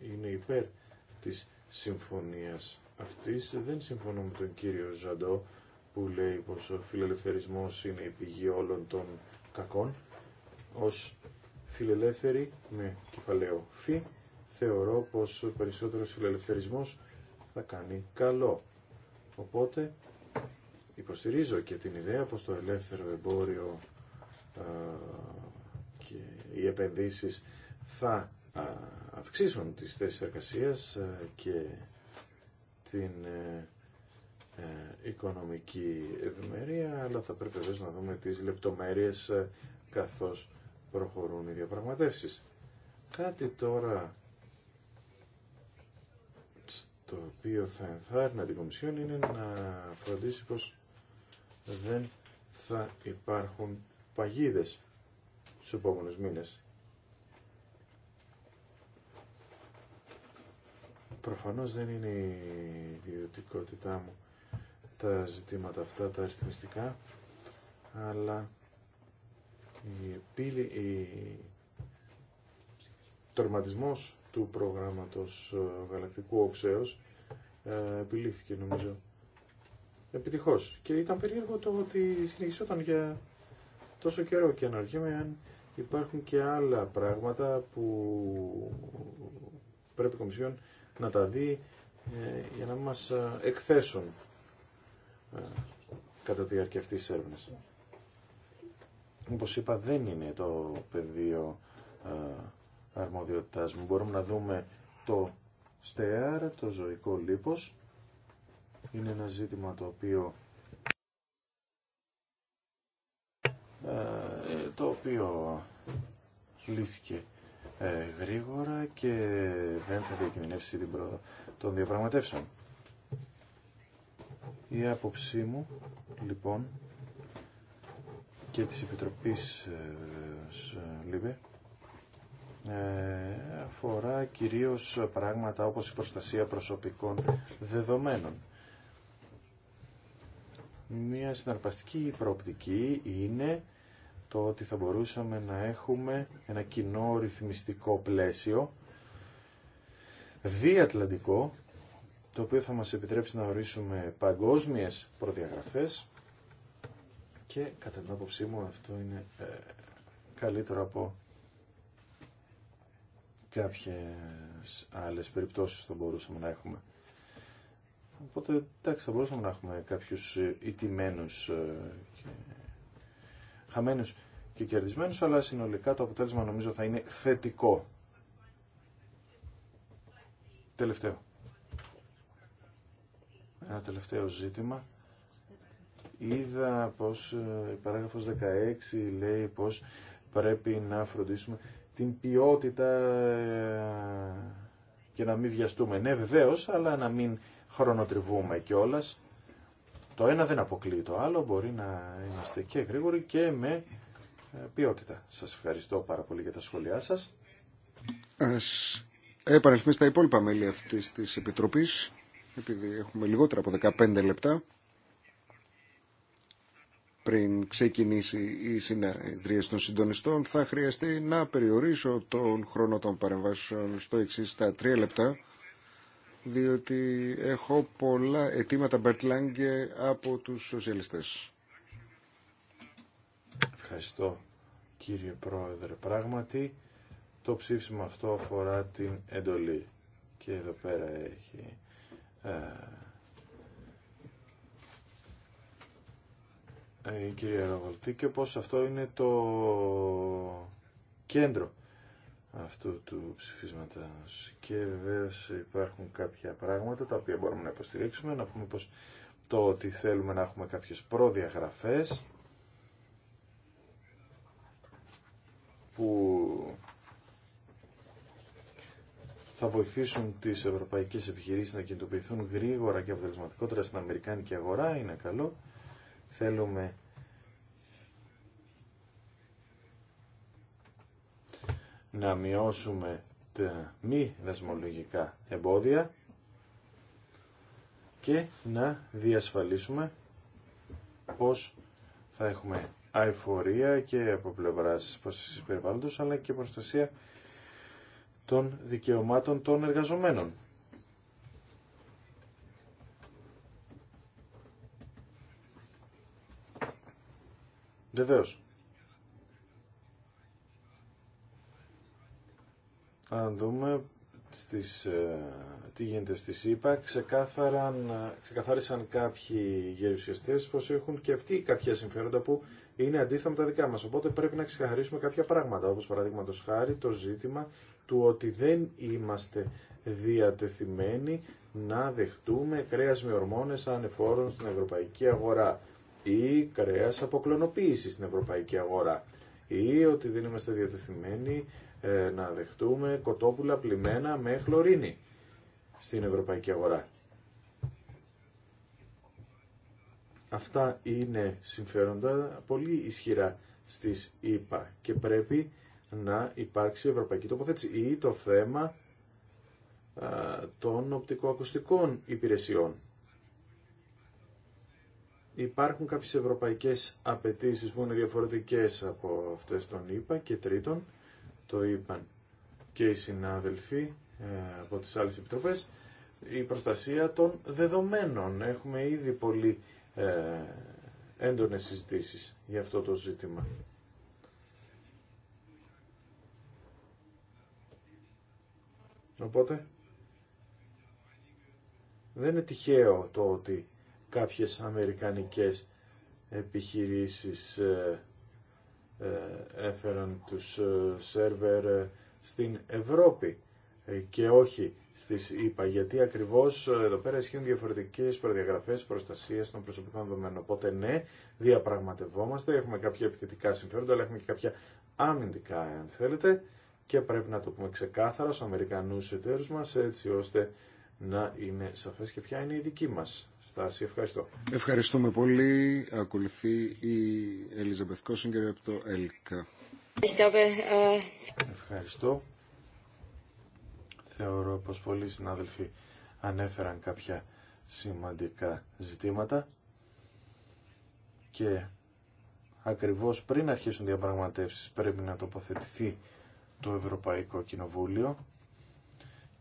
είναι υπέρ της συμφωνίας αυτής. Δεν συμφωνώ με τον κύριο Ζαντό που λέει πως ο φιλελευθερισμός είναι η πηγή όλων των κακών. Ως φιλελεύθερη με κεφαλαίο φι θεωρώ πως ο περισσότερος φιλελευθερισμός θα κάνει καλό. Οπότε υποστηρίζω και την ιδέα πως το ελεύθερο εμπόριο ε, και οι επενδύσεις θα αυξήσουν τις θέσεις εργασίας ε, και την ε, ε, οικονομική ευημερία, αλλά θα πρέπει βέβαια να δούμε τις λεπτομέρειες καθώς προχωρούν οι διαπραγματεύσεις. Κάτι τώρα στο οποίο θα ενθάρρυνε την Κομισιόν είναι να φροντίσει πως δεν θα υπάρχουν παγίδες στους επόμενους μήνες. Προφανώς δεν είναι η ιδιωτικότητά μου τα ζητήματα αυτά, τα αριθμιστικά, αλλά η επίλη, η... τερματισμός του προγράμματος ε, γαλακτικού οξέως ε, επιλήθηκε νομίζω επιτυχώς. Και ήταν περίεργο το ότι συνεχισόταν για τόσο καιρό και αναρωτιέμαι αν υπάρχουν και άλλα πράγματα που πρέπει η Κομισιόν να τα δει ε, για να μας ε, εκθέσουν ε, κατά τη διάρκεια αυτής της έρευνας. Όπως είπα δεν είναι το πεδίο αρμοδιότητάς μου. Μπορούμε να δούμε το στεάρ, το ζωικό λίπος. Είναι ένα ζήτημα το οποίο το οποίο λύθηκε ε, γρήγορα και δεν θα διακινδυνεύσει την προ... των διαπραγματεύσεων. Η άποψή μου, λοιπόν, και της Επιτροπής ε, ΛΥΜΕ ε, αφορά κυρίως πράγματα όπως η προστασία προσωπικών δεδομένων. Μια συναρπαστική προοπτική είναι το ότι θα μπορούσαμε να έχουμε ένα κοινό ρυθμιστικό πλαίσιο διατλαντικό, το οποίο θα μας επιτρέψει να ορίσουμε παγκόσμιες προδιαγραφές και κατά την άποψή μου αυτό είναι ε, καλύτερο από κάποιες άλλες περιπτώσεις που θα μπορούσαμε να έχουμε. Οπότε εντάξει θα μπορούσαμε να έχουμε κάποιους ε, ιτημένους ε, και χαμένους και κερδισμένους, αλλά συνολικά το αποτέλεσμα νομίζω θα είναι θετικό. Τελευταίο. Ένα τελευταίο ζήτημα. Είδα πως ε, η παράγραφος 16 λέει πως πρέπει να φροντίσουμε την ποιότητα ε, και να μην βιαστούμε. Ναι βεβαίως, αλλά να μην χρονοτριβούμε κιόλας. Το ένα δεν αποκλείει το άλλο, μπορεί να είμαστε και γρήγοροι και με ε, ποιότητα. Σας ευχαριστώ πάρα πολύ για τα σχόλιά σας. Ας επανελθούμε στα υπόλοιπα μέλη αυτής της Επιτροπής, επειδή έχουμε λιγότερα από 15 λεπτά πριν ξεκινήσει η συνεδρία των συντονιστών, θα χρειαστεί να περιορίσω τον χρόνο των παρεμβάσεων στο εξή στα τρία λεπτά, διότι έχω πολλά αιτήματα Μπερτλάνγκε από τους σοσιαλιστές. Ευχαριστώ κύριε Πρόεδρε. Πράγματι το ψήφισμα αυτό αφορά την εντολή και εδώ πέρα έχει ε, η κυρία Ροβολτή και πως αυτό είναι το κέντρο αυτού του ψηφίσματος και βεβαίω υπάρχουν κάποια πράγματα τα οποία μπορούμε να υποστηρίξουμε να πούμε πως το ότι θέλουμε να έχουμε κάποιες προδιαγραφές που θα βοηθήσουν τις ευρωπαϊκές επιχειρήσεις να κινητοποιηθούν γρήγορα και αποτελεσματικότερα στην Αμερικάνικη αγορά είναι καλό. Θέλουμε να μειώσουμε τα μη δασμολογικά εμπόδια και να διασφαλίσουμε πως θα έχουμε αεφορία και από πλευρά προστασία περιβάλλοντο, αλλά και προστασία των δικαιωμάτων των εργαζομένων. Βεβαίω, Αν δούμε στις, ε, τι γίνεται στη ΣΥΠΑ, ε, ξεκαθάρισαν κάποιοι γερουσιαστές πως έχουν και αυτοί κάποια συμφέροντα που είναι αντίθετα με τα δικά μας. Οπότε πρέπει να ξεκαθαρίσουμε κάποια πράγματα, όπως παραδείγματο χάρη το ζήτημα του ότι δεν είμαστε διατεθειμένοι να δεχτούμε κρέας με ορμόνες ανεφόρων στην ευρωπαϊκή αγορά ή κρέας αποκλωνοποίηση στην ευρωπαϊκή αγορά ή ότι δεν είμαστε διατεθειμένοι ε, να δεχτούμε κοτόπουλα πλημμένα με χλωρίνη στην ευρωπαϊκή αγορά. Αυτά είναι συμφέροντα πολύ ισχυρά στις ΗΠΑ και πρέπει να υπάρξει ευρωπαϊκή τοποθέτηση ή το θέμα α, των οπτικοακουστικών υπηρεσιών. Υπάρχουν κάποιες ευρωπαϊκές απαιτήσεις που είναι διαφορετικές από αυτές των ΗΠΑ και τρίτον, το είπαν και οι συνάδελφοι ε, από τις άλλες επιτροπές, η προστασία των δεδομένων. Έχουμε ήδη πολύ ε, έντονες συζητήσεις για αυτό το ζήτημα. Οπότε, δεν είναι τυχαίο το ότι κάποιες αμερικανικές επιχειρήσεις ε, ε, έφεραν τους ε, σερβερ ε, στην Ευρώπη και όχι στις ΗΠΑ, γιατί ακριβώς εδώ πέρα ισχύουν διαφορετικές προδιαγραφές προστασίας των προσωπικών δεδομένων. Οπότε ναι, διαπραγματευόμαστε, έχουμε κάποια επιθετικά συμφέροντα, αλλά έχουμε και κάποια αμυντικά, αν θέλετε, και πρέπει να το πούμε ξεκάθαρα στους Αμερικανούς εταίρους μας, έτσι ώστε να είναι σαφές και ποια είναι η δική μας στάση. Ευχαριστώ. Ευχαριστούμε πολύ. Ακολουθεί η Ελίζα Μπεθκόσιγκερ από το ΕΛΚΑ. Ευχαριστώ. Θεωρώ πως πολλοί συνάδελφοι ανέφεραν κάποια σημαντικά ζητήματα και ακριβώς πριν αρχίσουν διαπραγματεύσεις πρέπει να τοποθετηθεί το Ευρωπαϊκό Κοινοβούλιο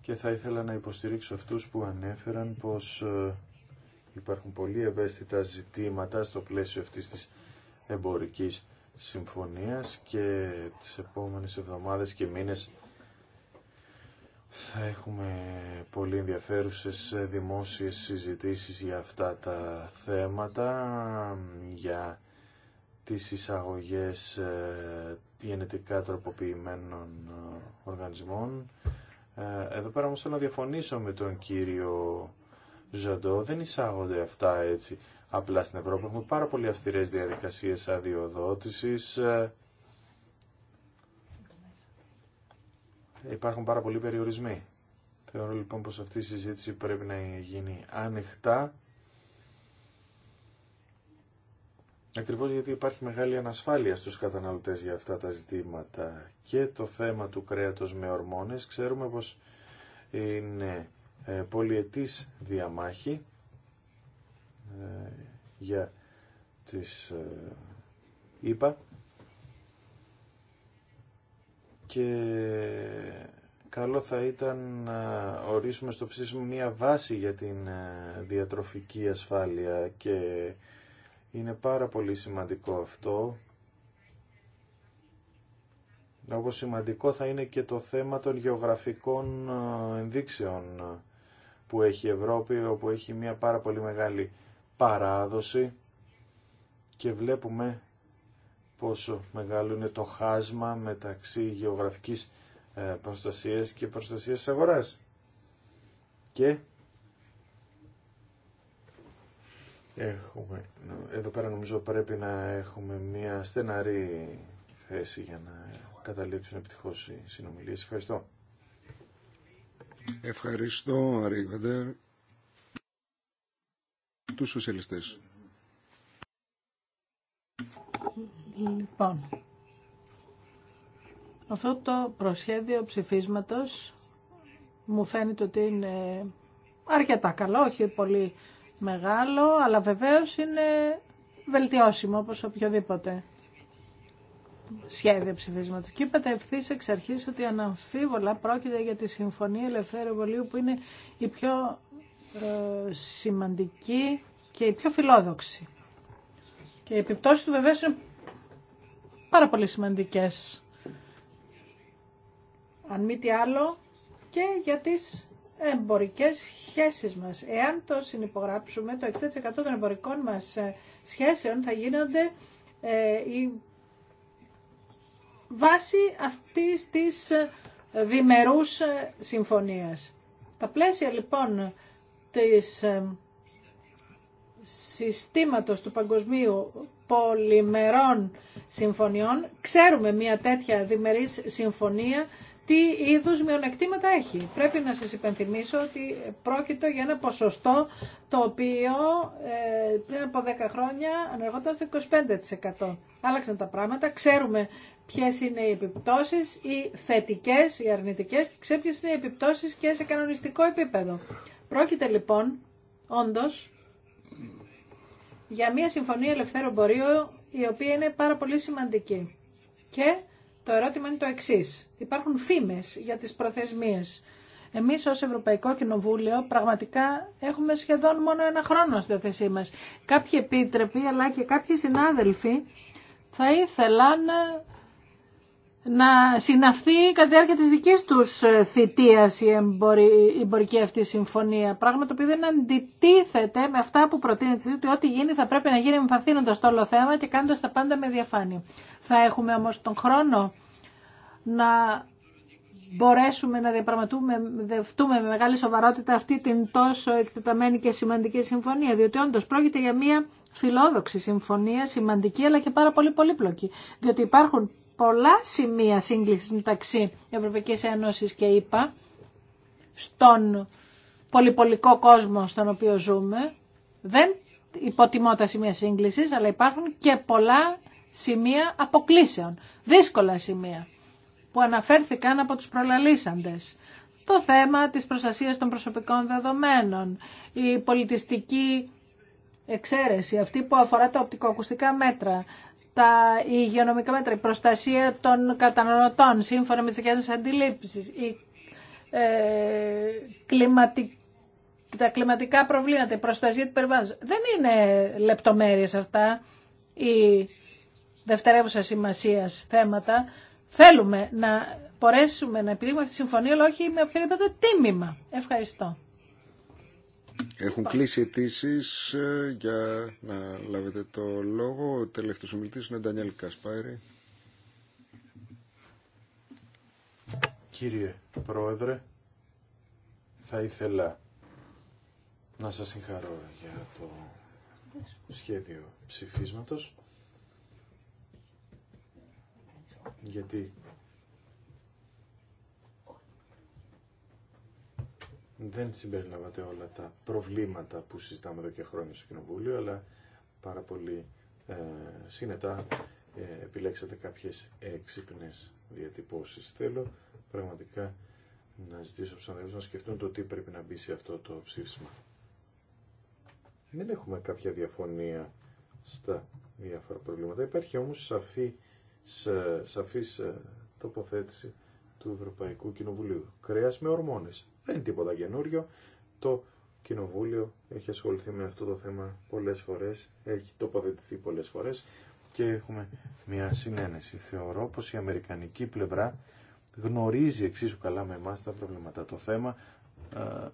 και θα ήθελα να υποστηρίξω αυτούς που ανέφεραν πως ε, υπάρχουν πολύ ευαίσθητα ζητήματα στο πλαίσιο αυτής της εμπορικής συμφωνίας και τις επόμενες εβδομάδες και μήνες θα έχουμε πολύ ενδιαφέρουσες δημόσιες συζητήσεις για αυτά τα θέματα, για τις εισαγωγές ε, γενετικά τροποποιημένων ε, οργανισμών ε, εδώ πέρα όμως θέλω να διαφωνήσω με τον κύριο Ζαντό. Δεν εισάγονται αυτά έτσι απλά στην Ευρώπη. Έχουμε πάρα πολύ αυστηρές διαδικασίες αδειοδότησης. Ε, υπάρχουν πάρα πολλοί περιορισμοί. Θεωρώ λοιπόν πως αυτή η συζήτηση πρέπει να γίνει ανοιχτά Ακριβώς γιατί υπάρχει μεγάλη ανασφάλεια στους καταναλωτές για αυτά τα ζητήματα και το θέμα του κρέατος με ορμόνες ξέρουμε πως είναι ε, πολυετής διαμάχη ε, για τις ε, ΙΠΑ και καλό θα ήταν να ορίσουμε στο ψήσιμο μία βάση για την διατροφική ασφάλεια και είναι πάρα πολύ σημαντικό αυτό. Όπω σημαντικό θα είναι και το θέμα των γεωγραφικών ε, ενδείξεων ε, που έχει η Ευρώπη, όπου έχει μια πάρα πολύ μεγάλη παράδοση και βλέπουμε πόσο μεγάλο είναι το χάσμα μεταξύ γεωγραφικής ε, προστασίας και προστασίας της Και Έχουμε, εδώ πέρα νομίζω πρέπει να έχουμε μια στεναρή θέση για να καταλήξουν επιτυχώς οι συνομιλίες. Ευχαριστώ. Ευχαριστώ, Αρίβεντερ. Τους σοσιαλιστές. Λοιπόν, αυτό το προσχέδιο ψηφίσματος μου φαίνεται ότι είναι αρκετά καλό, όχι πολύ μεγάλο, αλλά βεβαίως είναι βελτιώσιμο όπως οποιοδήποτε σχέδιο ψηφίσματος. Και είπατε ευθύ εξ αρχής ότι αναμφίβολα πρόκειται για τη Συμφωνία Ελευθέρου Βολίου που είναι η πιο ε, σημαντική και η πιο φιλόδοξη. Και οι επιπτώσεις του βεβαίως είναι πάρα πολύ σημαντικές. Αν μη τι άλλο και για τις εμπορικές σχέσεις μας. Εάν το συνυπογράψουμε, το 60% των εμπορικών μας ε, σχέσεων θα γίνονται ε, η βάση αυτής της ε, διμερούς συμφωνίας. Τα πλαίσια λοιπόν της συστήματος του παγκοσμίου πολυμερών συμφωνιών. Ξέρουμε μια τέτοια διμερής συμφωνία τι είδους μειονεκτήματα έχει. Πρέπει να σας υπενθυμίσω ότι πρόκειται για ένα ποσοστό το οποίο ε, πριν από 10 χρόνια ανεργόταν στο 25%. Άλλαξαν τα πράγματα, ξέρουμε ποιες είναι οι επιπτώσεις, οι θετικές, οι αρνητικές και ξέρουμε ποιες είναι οι επιπτώσεις και σε κανονιστικό επίπεδο. Πρόκειται λοιπόν, όντως, για μια συμφωνία ελευθέρου εμπορίου η οποία είναι πάρα πολύ σημαντική. Και το ερώτημα είναι το εξή. Υπάρχουν φήμε για τι προθεσμίε. Εμεί ω Ευρωπαϊκό Κοινοβούλιο πραγματικά έχουμε σχεδόν μόνο ένα χρόνο στη θέση μα. Κάποιοι επίτρεποι αλλά και κάποιοι συνάδελφοι θα ήθελαν να συναυθεί κατά τη διάρκεια της δικής τους ε, θητείας η εμπορική αυτή συμφωνία. Πράγμα το οποίο δεν αντιτίθεται με αυτά που προτείνεται. ότι ό,τι γίνει θα πρέπει να γίνει εμφανθύνοντας το όλο θέμα και κάνοντας τα πάντα με διαφάνεια. Θα έχουμε όμως τον χρόνο να μπορέσουμε να διαπραγματευτούμε με μεγάλη σοβαρότητα αυτή την τόσο εκτεταμένη και σημαντική συμφωνία. Διότι όντω πρόκειται για μια φιλόδοξη συμφωνία, σημαντική αλλά και πάρα πολύ πολύπλοκη. Διότι υπάρχουν πολλά σημεία σύγκλησης μεταξύ Ευρωπαϊκής Ένωσης και ΕΠΑ στον πολυπολικό κόσμο στον οποίο ζούμε. Δεν υποτιμώ τα σημεία σύγκλησης, αλλά υπάρχουν και πολλά σημεία αποκλήσεων, δύσκολα σημεία που αναφέρθηκαν από τους προλαλήσαντες. Το θέμα της προστασίας των προσωπικών δεδομένων, η πολιτιστική εξαίρεση, αυτή που αφορά τα οπτικοακουστικά μέτρα, τα υγειονομικά μέτρα, η προστασία των καταναλωτών σύμφωνα με τις δικές αντιλήψεις, ε, τα κλιματικά προβλήματα, η προστασία του περιβάλλοντος. Δεν είναι λεπτομέρειες αυτά ή δευτερεύουσα σημασία θέματα. Θέλουμε να μπορέσουμε να επιδείξουμε αυτή τη συμφωνία, αλλά όχι με οποιαδήποτε τίμημα. Ευχαριστώ. Έχουν κλείσει αιτήσει ε, για να λάβετε το λόγο. Ο τελευταίο ομιλητή είναι ο Ντανιέλ Κασπάρη. Κύριε Πρόεδρε, θα ήθελα να σας συγχαρώ για το σχέδιο ψηφίσματος γιατί δεν συμπεριλάβατε όλα τα προβλήματα που συζητάμε εδώ και χρόνια στο Κοινοβούλιο, αλλά πάρα πολύ ε, συνετά ε, επιλέξατε κάποιες έξυπνες διατυπώσεις. Θέλω πραγματικά να ζητήσω στους να σκεφτούν το τι πρέπει να μπει σε αυτό το ψήφισμα. Δεν έχουμε κάποια διαφωνία στα διάφορα προβλήματα. Υπάρχει όμως σαφή, σαφής ε, τοποθέτηση του Ευρωπαϊκού Κοινοβουλίου. Κρέας με ορμόνες. Δεν είναι τίποτα καινούριο. Το Κοινοβούλιο έχει ασχοληθεί με αυτό το θέμα πολλές φορές, έχει τοποθετηθεί πολλές φορές και έχουμε μια συνένεση. Θεωρώ πως η Αμερικανική πλευρά γνωρίζει εξίσου καλά με εμάς τα προβλήματα, το θέμα ε,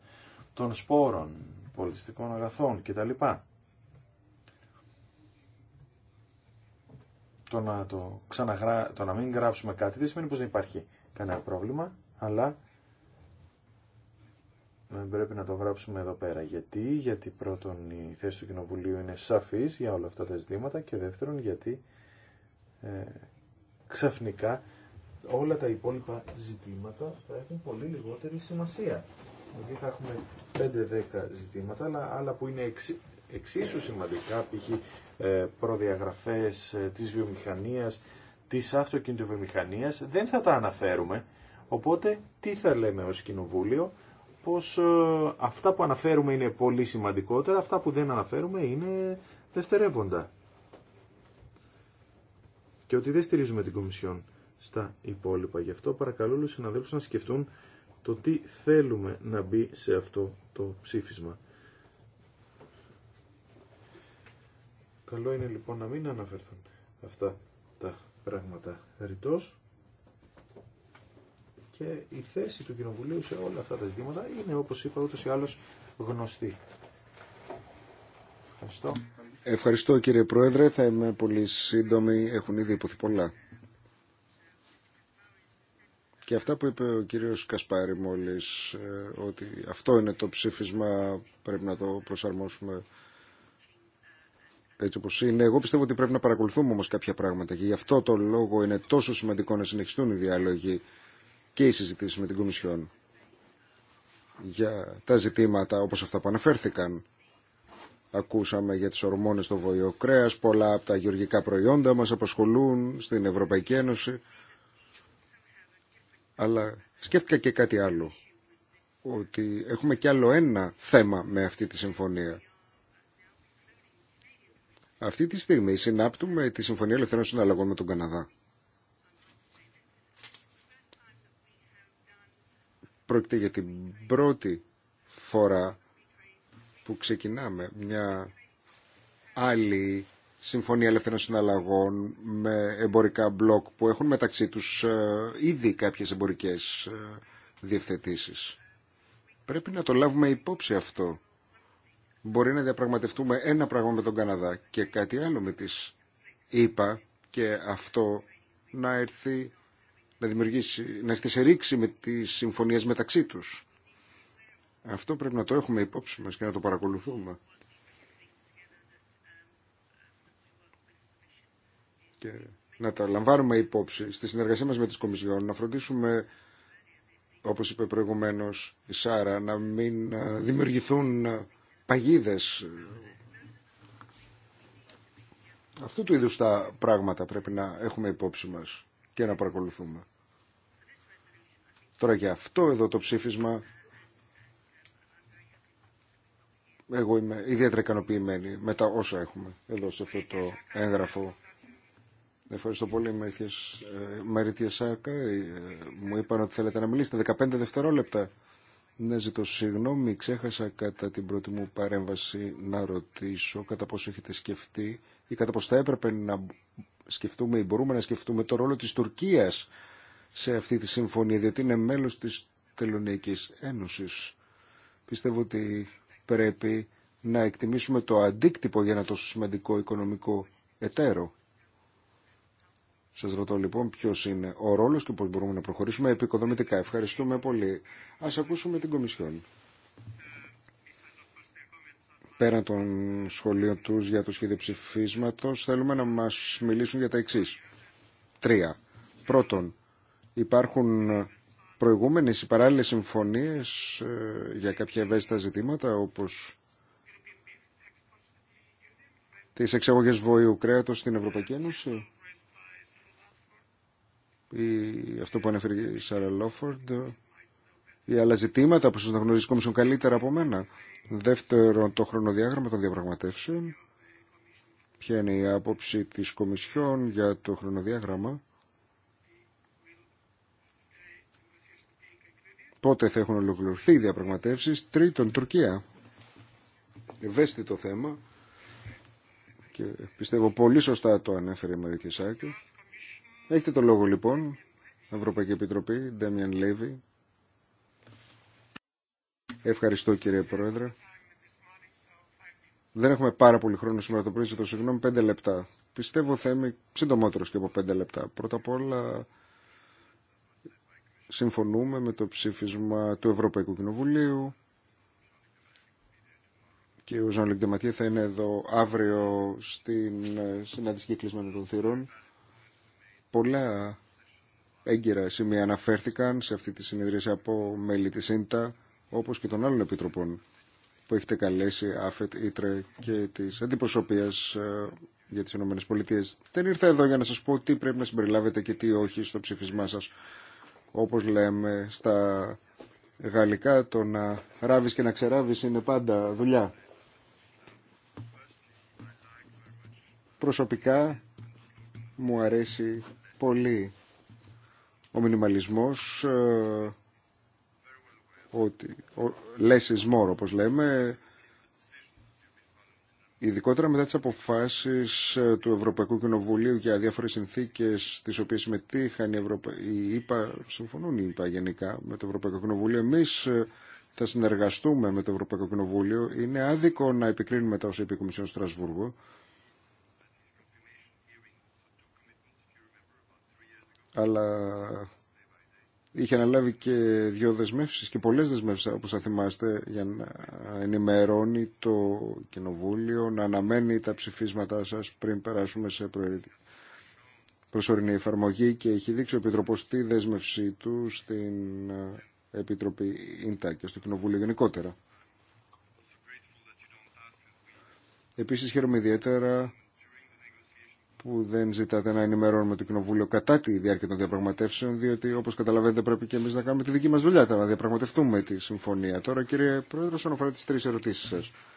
των σπόρων, πολιτιστικών αγαθών κτλ. Το να, το, ξαναγρά... το να μην γράψουμε κάτι δεν σημαίνει πως δεν υπάρχει κανένα πρόβλημα, αλλά ε, πρέπει να το γράψουμε εδώ πέρα. Γιατί, γιατί πρώτον η θέση του Κοινοβουλίου είναι σαφής για όλα αυτά τα ζητήματα και δεύτερον γιατί ε, ξαφνικά όλα τα υπόλοιπα ζητήματα θα έχουν πολύ λιγότερη σημασία. Δηλαδή θα έχουμε 5-10 ζητήματα, αλλά άλλα που είναι εξ, εξίσου σημαντικά, π.χ. Ε, προδιαγραφές ε, της βιομηχανίας, της αυτοκινητοβιομηχανίας, δεν θα τα αναφέρουμε. Οπότε τι θα λέμε ως Κοινοβούλιο, πως ε, αυτά που αναφέρουμε είναι πολύ σημαντικότερα, αυτά που δεν αναφέρουμε είναι δευτερεύοντα. Και ότι δεν στηρίζουμε την Κομισιόν στα υπόλοιπα. Γι' αυτό παρακαλώ όλους συναδέλφους να σκεφτούν το τι θέλουμε να μπει σε αυτό το ψήφισμα. Καλό είναι λοιπόν να μην αναφερθούν αυτά τα πράγματα ρητός και η θέση του Κοινοβουλίου σε όλα αυτά τα ζητήματα είναι, όπως είπα, ούτως ή άλλως γνωστή. Ευχαριστώ. Ευχαριστώ κύριε Πρόεδρε. Θα είμαι πολύ σύντομη. Έχουν ήδη υποθεί πολλά. Και αυτά που είπε ο κύριος Κασπάρη μόλις, ε, ότι αυτό είναι το ψήφισμα, πρέπει να το προσαρμόσουμε έτσι όπως είναι. Εγώ πιστεύω ότι πρέπει να παρακολουθούμε όμως κάποια πράγματα και γι' αυτό το λόγο είναι τόσο σημαντικό να συνεχιστούν οι διάλογοι και οι συζητήσει με την Κομισιόν για τα ζητήματα όπως αυτά που αναφέρθηκαν. Ακούσαμε για τις ορμόνες στο βόλιο πολλά από τα γεωργικά προϊόντα μας απασχολούν στην Ευρωπαϊκή Ένωση. Αλλά σκέφτηκα και κάτι άλλο, ότι έχουμε κι άλλο ένα θέμα με αυτή τη συμφωνία. Αυτή τη στιγμή συνάπτουμε τη Συμφωνία Ελευθερών Συναλλαγών με τον Καναδά. Πρόκειται για την πρώτη φορά που ξεκινάμε μια άλλη συμφωνία ελεύθερων συναλλαγών με εμπορικά μπλοκ που έχουν μεταξύ τους ε, ήδη κάποιες εμπορικές ε, διευθετήσεις. Πρέπει να το λάβουμε υπόψη αυτό. Μπορεί να διαπραγματευτούμε ένα πράγμα με τον Καναδά και κάτι άλλο με τις ΗΠΑ και αυτό να έρθει να, δημιουργήσει, να έρθει σε με τις συμφωνίες μεταξύ τους. Αυτό πρέπει να το έχουμε υπόψη μας και να το παρακολουθούμε. Και να τα λαμβάνουμε υπόψη στη συνεργασία μας με τις Κομισιόν, να φροντίσουμε, όπως είπε προηγουμένως η Σάρα, να μην ε, δημιουργηθούν ε, παγίδες. Αυτού του είδους τα πράγματα πρέπει να έχουμε υπόψη μας και να παρακολουθούμε. Τώρα για αυτό εδώ το ψήφισμα εγώ είμαι ιδιαίτερα ικανοποιημένη με τα όσα έχουμε εδώ σε αυτό το έγγραφο. Ευχαριστώ πολύ, Μαρίτια ε, Σάκα. Ε, μου είπαν ότι θέλετε να μιλήσετε. 15 δευτερόλεπτα. Ναι, ζητώ συγγνώμη. Ξέχασα κατά την πρώτη μου παρέμβαση να ρωτήσω κατά πόσο έχετε σκεφτεί ή κατά πόσο θα έπρεπε να σκεφτούμε, μπορούμε να σκεφτούμε το ρόλο της Τουρκίας σε αυτή τη συμφωνία, διότι είναι μέλος της Τελωνιακής Ένωσης. Πιστεύω ότι πρέπει να εκτιμήσουμε το αντίκτυπο για ένα τόσο σημαντικό οικονομικό εταίρο. Σας ρωτώ λοιπόν ποιος είναι ο ρόλος και πώς μπορούμε να προχωρήσουμε επικοδομητικά. Ευχαριστούμε πολύ. Ας ακούσουμε την Κομισιόν πέραν των σχολείων τους για το σχέδιο ψηφίσματος, θέλουμε να μας μιλήσουν για τα εξής. Τρία. Πρώτον, υπάρχουν προηγούμενες ή παράλληλες συμφωνίες ε, για κάποια ευαίσθητα ζητήματα, όπως τις εξαγωγές βοήου κρέατος στην Ευρωπαϊκή Ένωση ή αυτό που ανέφερε η Σάρα Λόφορντ ή ε, άλλα ζητήματα που ίσως να γνωρίζει η Κομισιόν καλύτερα από μένα. Δεύτερον, το χρονοδιάγραμμα των διαπραγματεύσεων. Ποια είναι η άποψη της Κομισιόν για το χρονοδιάγραμμα. Πότε θα έχουν ολοκληρωθεί οι διαπραγματεύσεις. Τρίτον, Τουρκία. Ευαίσθητο θέμα. Και πιστεύω πολύ σωστά το ανέφερε η Μαρία Σάκη. Έχετε το λόγο λοιπόν, Ευρωπαϊκή Επιτροπή, Ντέμιαν Λέβη, Ευχαριστώ κύριε Πρόεδρε. Δεν έχουμε πάρα πολύ χρόνο σήμερα το πρωί, ζητώ συγγνώμη, πέντε λεπτά. Πιστεύω θα είμαι συντομότερο και από πέντε λεπτά. Πρώτα απ' όλα συμφωνούμε με το ψήφισμα του Ευρωπαϊκού Κοινοβουλίου και ο Ζαν Ντεματία θα είναι εδώ αύριο στην ε, συνάντηση κλεισμένη των θύρων. Πολλά έγκυρα σημεία αναφέρθηκαν σε αυτή τη συνεδρίαση από μέλη της ΣΥΝΤΑ όπως και των άλλων επιτροπών που έχετε καλέσει, ΑΦΕΤ, ΙΤΡΕ και της αντιπροσωπείας ε, για τις ΗΠΑ. Πολιτείες. Δεν ήρθα εδώ για να σας πω τι πρέπει να συμπεριλάβετε και τι όχι στο ψηφισμά σας. Όπως λέμε στα γαλλικά, το να ράβεις και να ξεράβεις είναι πάντα δουλειά. Προσωπικά μου αρέσει πολύ ο μινιμαλισμός, ε, ότι less is more, όπως λέμε, ειδικότερα μετά τις αποφάσεις ε, του Ευρωπαϊκού Κοινοβουλίου για διάφορες συνθήκες στις οποίες συμμετείχαν οι Ευρωπα... συμφωνούν οι ΕΠΑ γενικά με το Ευρωπαϊκό Κοινοβούλιο, εμείς ε, θα συνεργαστούμε με το Ευρωπαϊκό Κοινοβούλιο. Είναι άδικο να επικρίνουμε τα όσα είπε η Κομισιόν Στρασβούργο. Αλλά είχε αναλάβει και δύο δεσμεύσεις και πολλές δεσμεύσεις όπως θα θυμάστε για να ενημερώνει το κοινοβούλιο, να αναμένει τα ψηφίσματά σας πριν περάσουμε σε προσωρινή εφαρμογή και έχει δείξει ο Επιτροπό δέσμευσή του στην Επιτροπή ΙΝΤΑ και στο Κοινοβούλιο γενικότερα. Επίσης χαίρομαι ιδιαίτερα που δεν ζητάτε να ενημερώνουμε το Κοινοβούλιο κατά τη διάρκεια των διαπραγματεύσεων, διότι όπω καταλαβαίνετε πρέπει και εμεί να κάνουμε τη δική μα δουλειά, να διαπραγματευτούμε τη συμφωνία. Τώρα, κύριε Πρόεδρε, όσον αφορά τι τρει ερωτήσει σα.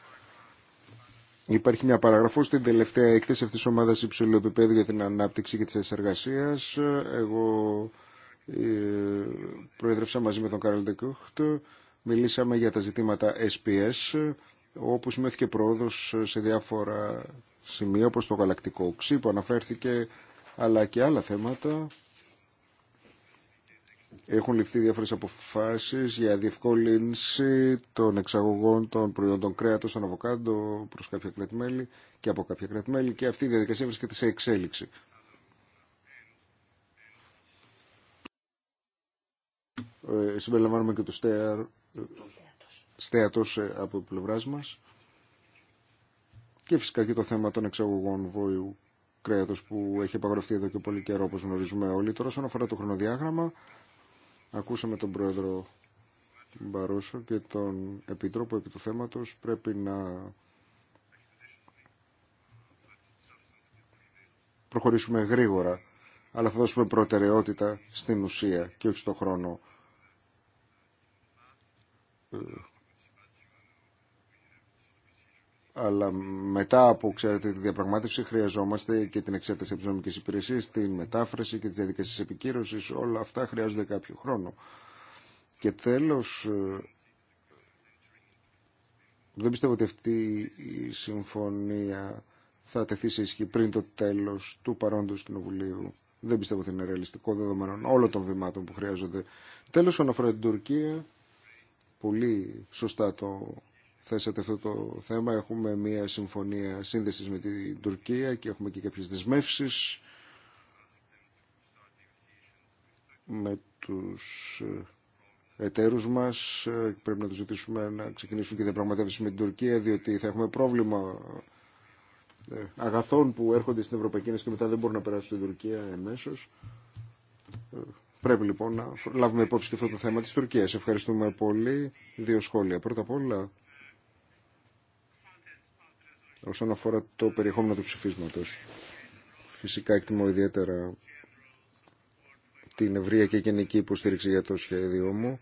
Υπάρχει μια παραγραφό στην τελευταία έκθεση αυτή τη ομάδα υψηλού επίπεδου για την ανάπτυξη και τη εργασία. Εγώ ε, προέδρευσα μαζί με τον Κάρλ Ντεκούχτ. Μιλήσαμε για τα ζητήματα SPS, όπου σημειώθηκε πρόοδο σε διάφορα σημείο όπως το γαλακτικό οξύ που αναφέρθηκε αλλά και άλλα θέματα έχουν ληφθεί διάφορες αποφάσεις για διευκόλυνση των εξαγωγών των προϊόντων κρέατος των αβοκάντο προς κάποια κρατημέλη και από κάποια κρατημέλη και αυτή η διαδικασία βρίσκεται σε εξέλιξη. Ε, συμπεριλαμβάνουμε και το στέατο στέατος ε, ε, από πλευράς μας και φυσικά και το θέμα των εξαγωγών βόηου κρέατος που έχει απαγορευτεί εδώ και πολύ καιρό όπως γνωρίζουμε όλοι. Τώρα όσον αφορά το χρονοδιάγραμμα, ακούσαμε τον πρόεδρο Μπαρούσο και τον Επίτροπο επί του θέματος πρέπει να προχωρήσουμε γρήγορα αλλά θα δώσουμε προτεραιότητα στην ουσία και όχι στο χρόνο ε, αλλά μετά από ξέρετε, τη διαπραγμάτευση χρειαζόμαστε και την εξέταση από υπηρεσίας, υπηρεσία, την μετάφραση και τις διαδικασίες επικύρωση. Όλα αυτά χρειάζονται κάποιο χρόνο. Και τέλος, ε, δεν πιστεύω ότι αυτή η συμφωνία θα τεθεί σε ισχύ πριν το τέλος του παρόντος κοινοβουλίου. Δεν πιστεύω ότι είναι ρεαλιστικό δεδομένων όλων των βημάτων που χρειάζονται. Τέλος, όσον την Τουρκία, πολύ σωστά το θέσατε αυτό το θέμα. Έχουμε μια συμφωνία σύνδεσης με την Τουρκία και έχουμε και κάποιες δεσμεύσεις με τους ε, εταίρους μας. Ε, πρέπει να τους ζητήσουμε να ξεκινήσουν και διαπραγματεύσει με την Τουρκία, διότι θα έχουμε πρόβλημα ε, αγαθών που έρχονται στην Ευρωπαϊκή Ένωση και μετά δεν μπορούν να περάσουν στην Τουρκία εμέσως. Πρέπει λοιπόν να λάβουμε υπόψη και αυτό το θέμα της Τουρκίας. Ευχαριστούμε πολύ. Δύο σχόλια. Πρώτα απ' όλα, όσον αφορά το περιεχόμενο του ψηφίσματος. Φυσικά εκτιμώ ιδιαίτερα την ευρεία και γενική υποστήριξη για το σχέδιό μου,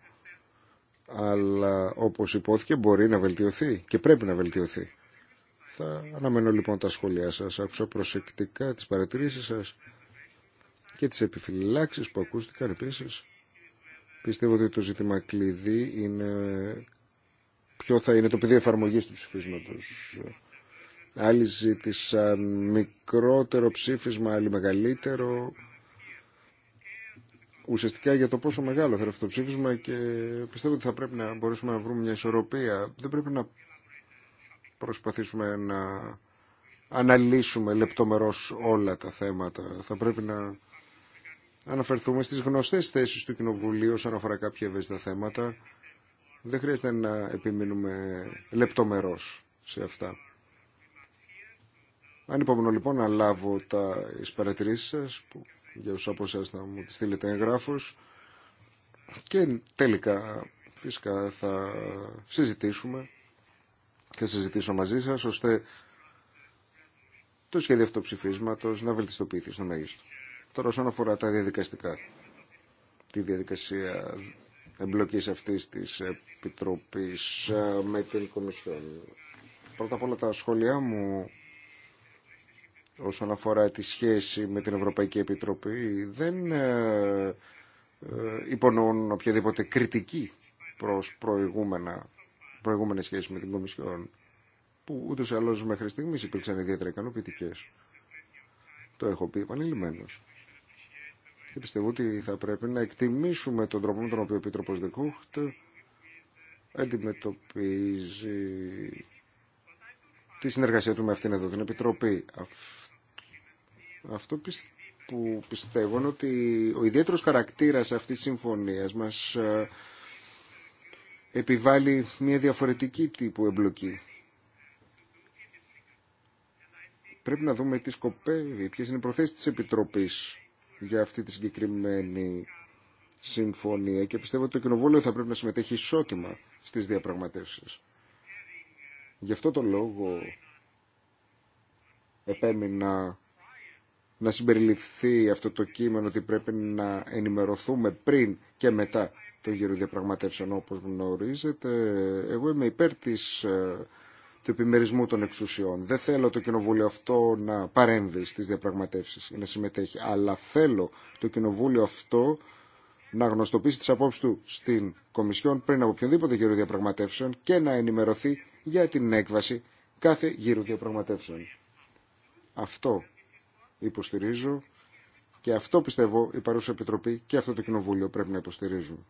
αλλά όπως υπόθηκε μπορεί να βελτιωθεί και πρέπει να βελτιωθεί. Θα αναμένω λοιπόν τα σχόλιά σας, άκουσα προσεκτικά τις παρατηρήσεις σας και τις επιφυλάξεις που ακούστηκαν επίσης. Πιστεύω ότι το ζήτημα κλειδί είναι ποιο θα είναι το πεδίο εφαρμογής του ψηφίσματος Άλλοι ζήτησαν μικρότερο ψήφισμα, άλλοι μεγαλύτερο. Ουσιαστικά για το πόσο μεγάλο θα αυτό το ψήφισμα και πιστεύω ότι θα πρέπει να μπορέσουμε να βρούμε μια ισορροπία. Δεν πρέπει να προσπαθήσουμε να αναλύσουμε λεπτομερώς όλα τα θέματα. Θα πρέπει να αναφερθούμε στις γνωστές θέσεις του Κοινοβουλίου όσον αφορά κάποια ευαίσθητα θέματα. Δεν χρειάζεται να επιμείνουμε λεπτομερώς σε αυτά. Ανυπομονώ λοιπόν να λάβω τα παρατηρήσει σα, που για όσου από εσά να μου τι στείλετε εγγράφο. Και τελικά, φυσικά, θα συζητήσουμε. Θα συζητήσω μαζί σα, ώστε το σχέδιο αυτοψηφίσματο να βελτιστοποιηθεί στο μέγιστο. Τώρα, όσον αφορά τα διαδικαστικά, τη διαδικασία εμπλοκή αυτής της επιτροπή ε, με την Κομισιόν. Πρώτα απ' όλα τα σχόλιά μου όσον αφορά τη σχέση με την Ευρωπαϊκή Επιτροπή δεν ε, ε, υπονοούν οποιαδήποτε κριτική προς προηγούμενα, προηγούμενες σχέσεις με την Κομισιόν που ούτως ή άλλως μέχρι στιγμής υπήρξαν ιδιαίτερα ικανοποιητικέ. Το έχω πει επανειλημμένως. Και πιστεύω ότι θα πρέπει να εκτιμήσουμε τον τρόπο με τον οποίο ο Επίτροπος Δεκούχτ αντιμετωπίζει τη συνεργασία του με αυτήν εδώ την Επιτροπή. Αυτό που πιστεύω είναι ότι ο ιδιαίτερος χαρακτήρας αυτής της συμφωνίας μας ε, επιβάλλει μια διαφορετική τύπου εμπλοκή. Πρέπει να δούμε τι σκοπεύει, ποιες είναι οι προθέσεις της Επιτροπής για αυτή τη συγκεκριμένη συμφωνία και πιστεύω ότι το Κοινοβούλιο θα πρέπει να συμμετέχει ισότιμα στις διαπραγματεύσεις. Γι' αυτό το λόγο επέμεινα να συμπεριληφθεί αυτό το κείμενο ότι πρέπει να ενημερωθούμε πριν και μετά το γύρο διαπραγματεύσεων όπως γνωρίζετε. Εγώ είμαι υπέρ της, ε, του επιμερισμού των εξουσιών. Δεν θέλω το κοινοβούλιο αυτό να παρέμβει στις διαπραγματεύσεις ή να συμμετέχει, αλλά θέλω το κοινοβούλιο αυτό να γνωστοποιήσει τις απόψεις του στην Κομισιόν πριν από οποιονδήποτε γύρο διαπραγματεύσεων και να ενημερωθεί για την έκβαση κάθε γύρου διαπραγματεύσεων. Αυτό υποστηρίζω και αυτό πιστεύω η παρούσα Επιτροπή και αυτό το Κοινοβούλιο πρέπει να υποστηρίζουν.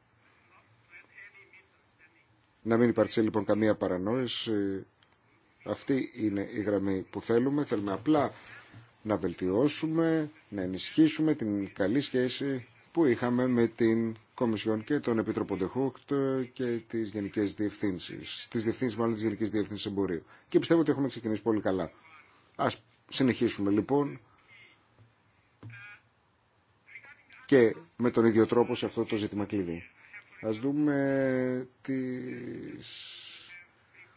Να μην υπάρξει λοιπόν καμία παρανόηση. Αυτή είναι η γραμμή που θέλουμε. Θέλουμε απλά να βελτιώσουμε, να ενισχύσουμε την καλή σχέση που είχαμε με την Κομισιόν και τον Επίτροπο Ντεχούκτ και τις γενικέ διευθύνσει, τις διευθύνσει μάλλον τη Γενική Διευθύνση Εμπορίου. Και πιστεύω ότι έχουμε ξεκινήσει πολύ καλά. Α συνεχίσουμε λοιπόν και με τον ίδιο τρόπο σε αυτό το ζήτημα κλειδί. Ας δούμε τις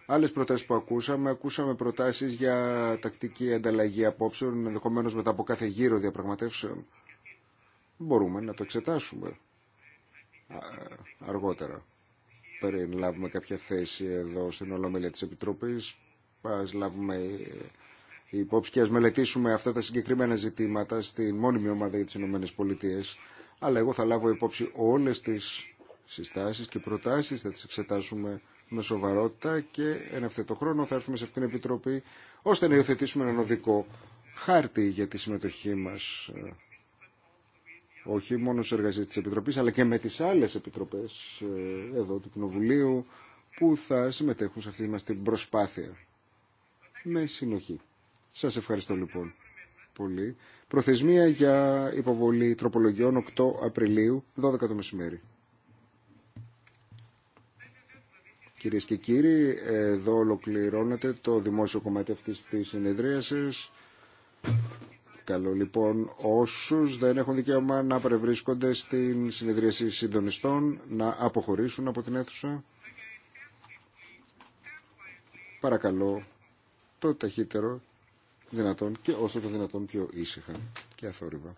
άλλες προτάσεις που ακούσαμε. Ακούσαμε προτάσεις για τακτική ανταλλαγή απόψεων, ενδεχομένω μετά από κάθε γύρο διαπραγματεύσεων. Μπορούμε να το εξετάσουμε αργότερα. Πριν λάβουμε κάποια θέση εδώ στην Ολομέλεια της Επιτροπής, ας λάβουμε ε, υπόψη και ας μελετήσουμε αυτά τα συγκεκριμένα ζητήματα στην μόνιμη ομάδα για τις ΗΠΑ. Αλλά εγώ θα λάβω υπόψη όλες τις συστάσεις και προτάσεις, θα τις εξετάσουμε με σοβαρότητα και εν το χρόνο θα έρθουμε σε αυτήν την Επιτροπή ώστε να υιοθετήσουμε έναν οδικό χάρτη για τη συμμετοχή μας ε, όχι μόνο σε εργασίες της Επιτροπής αλλά και με τις άλλες Επιτροπές ε, εδώ του Κοινοβουλίου που θα συμμετέχουν σε αυτή μας την προσπάθεια με συνοχή. Σας ευχαριστώ λοιπόν πολύ. Προθεσμία για υποβολή τροπολογιών 8 Απριλίου, 12 το μεσημέρι. Κυρίες και κύριοι, εδώ ολοκληρώνεται το δημόσιο κομμάτι αυτής της συνεδρίασης. Καλό λοιπόν όσους δεν έχουν δικαίωμα να παρευρίσκονται στην συνεδρίαση συντονιστών να αποχωρήσουν από την αίθουσα. Παρακαλώ το ταχύτερο δυνατόν και όσο το δυνατόν πιο ήσυχα και αθόρυβα.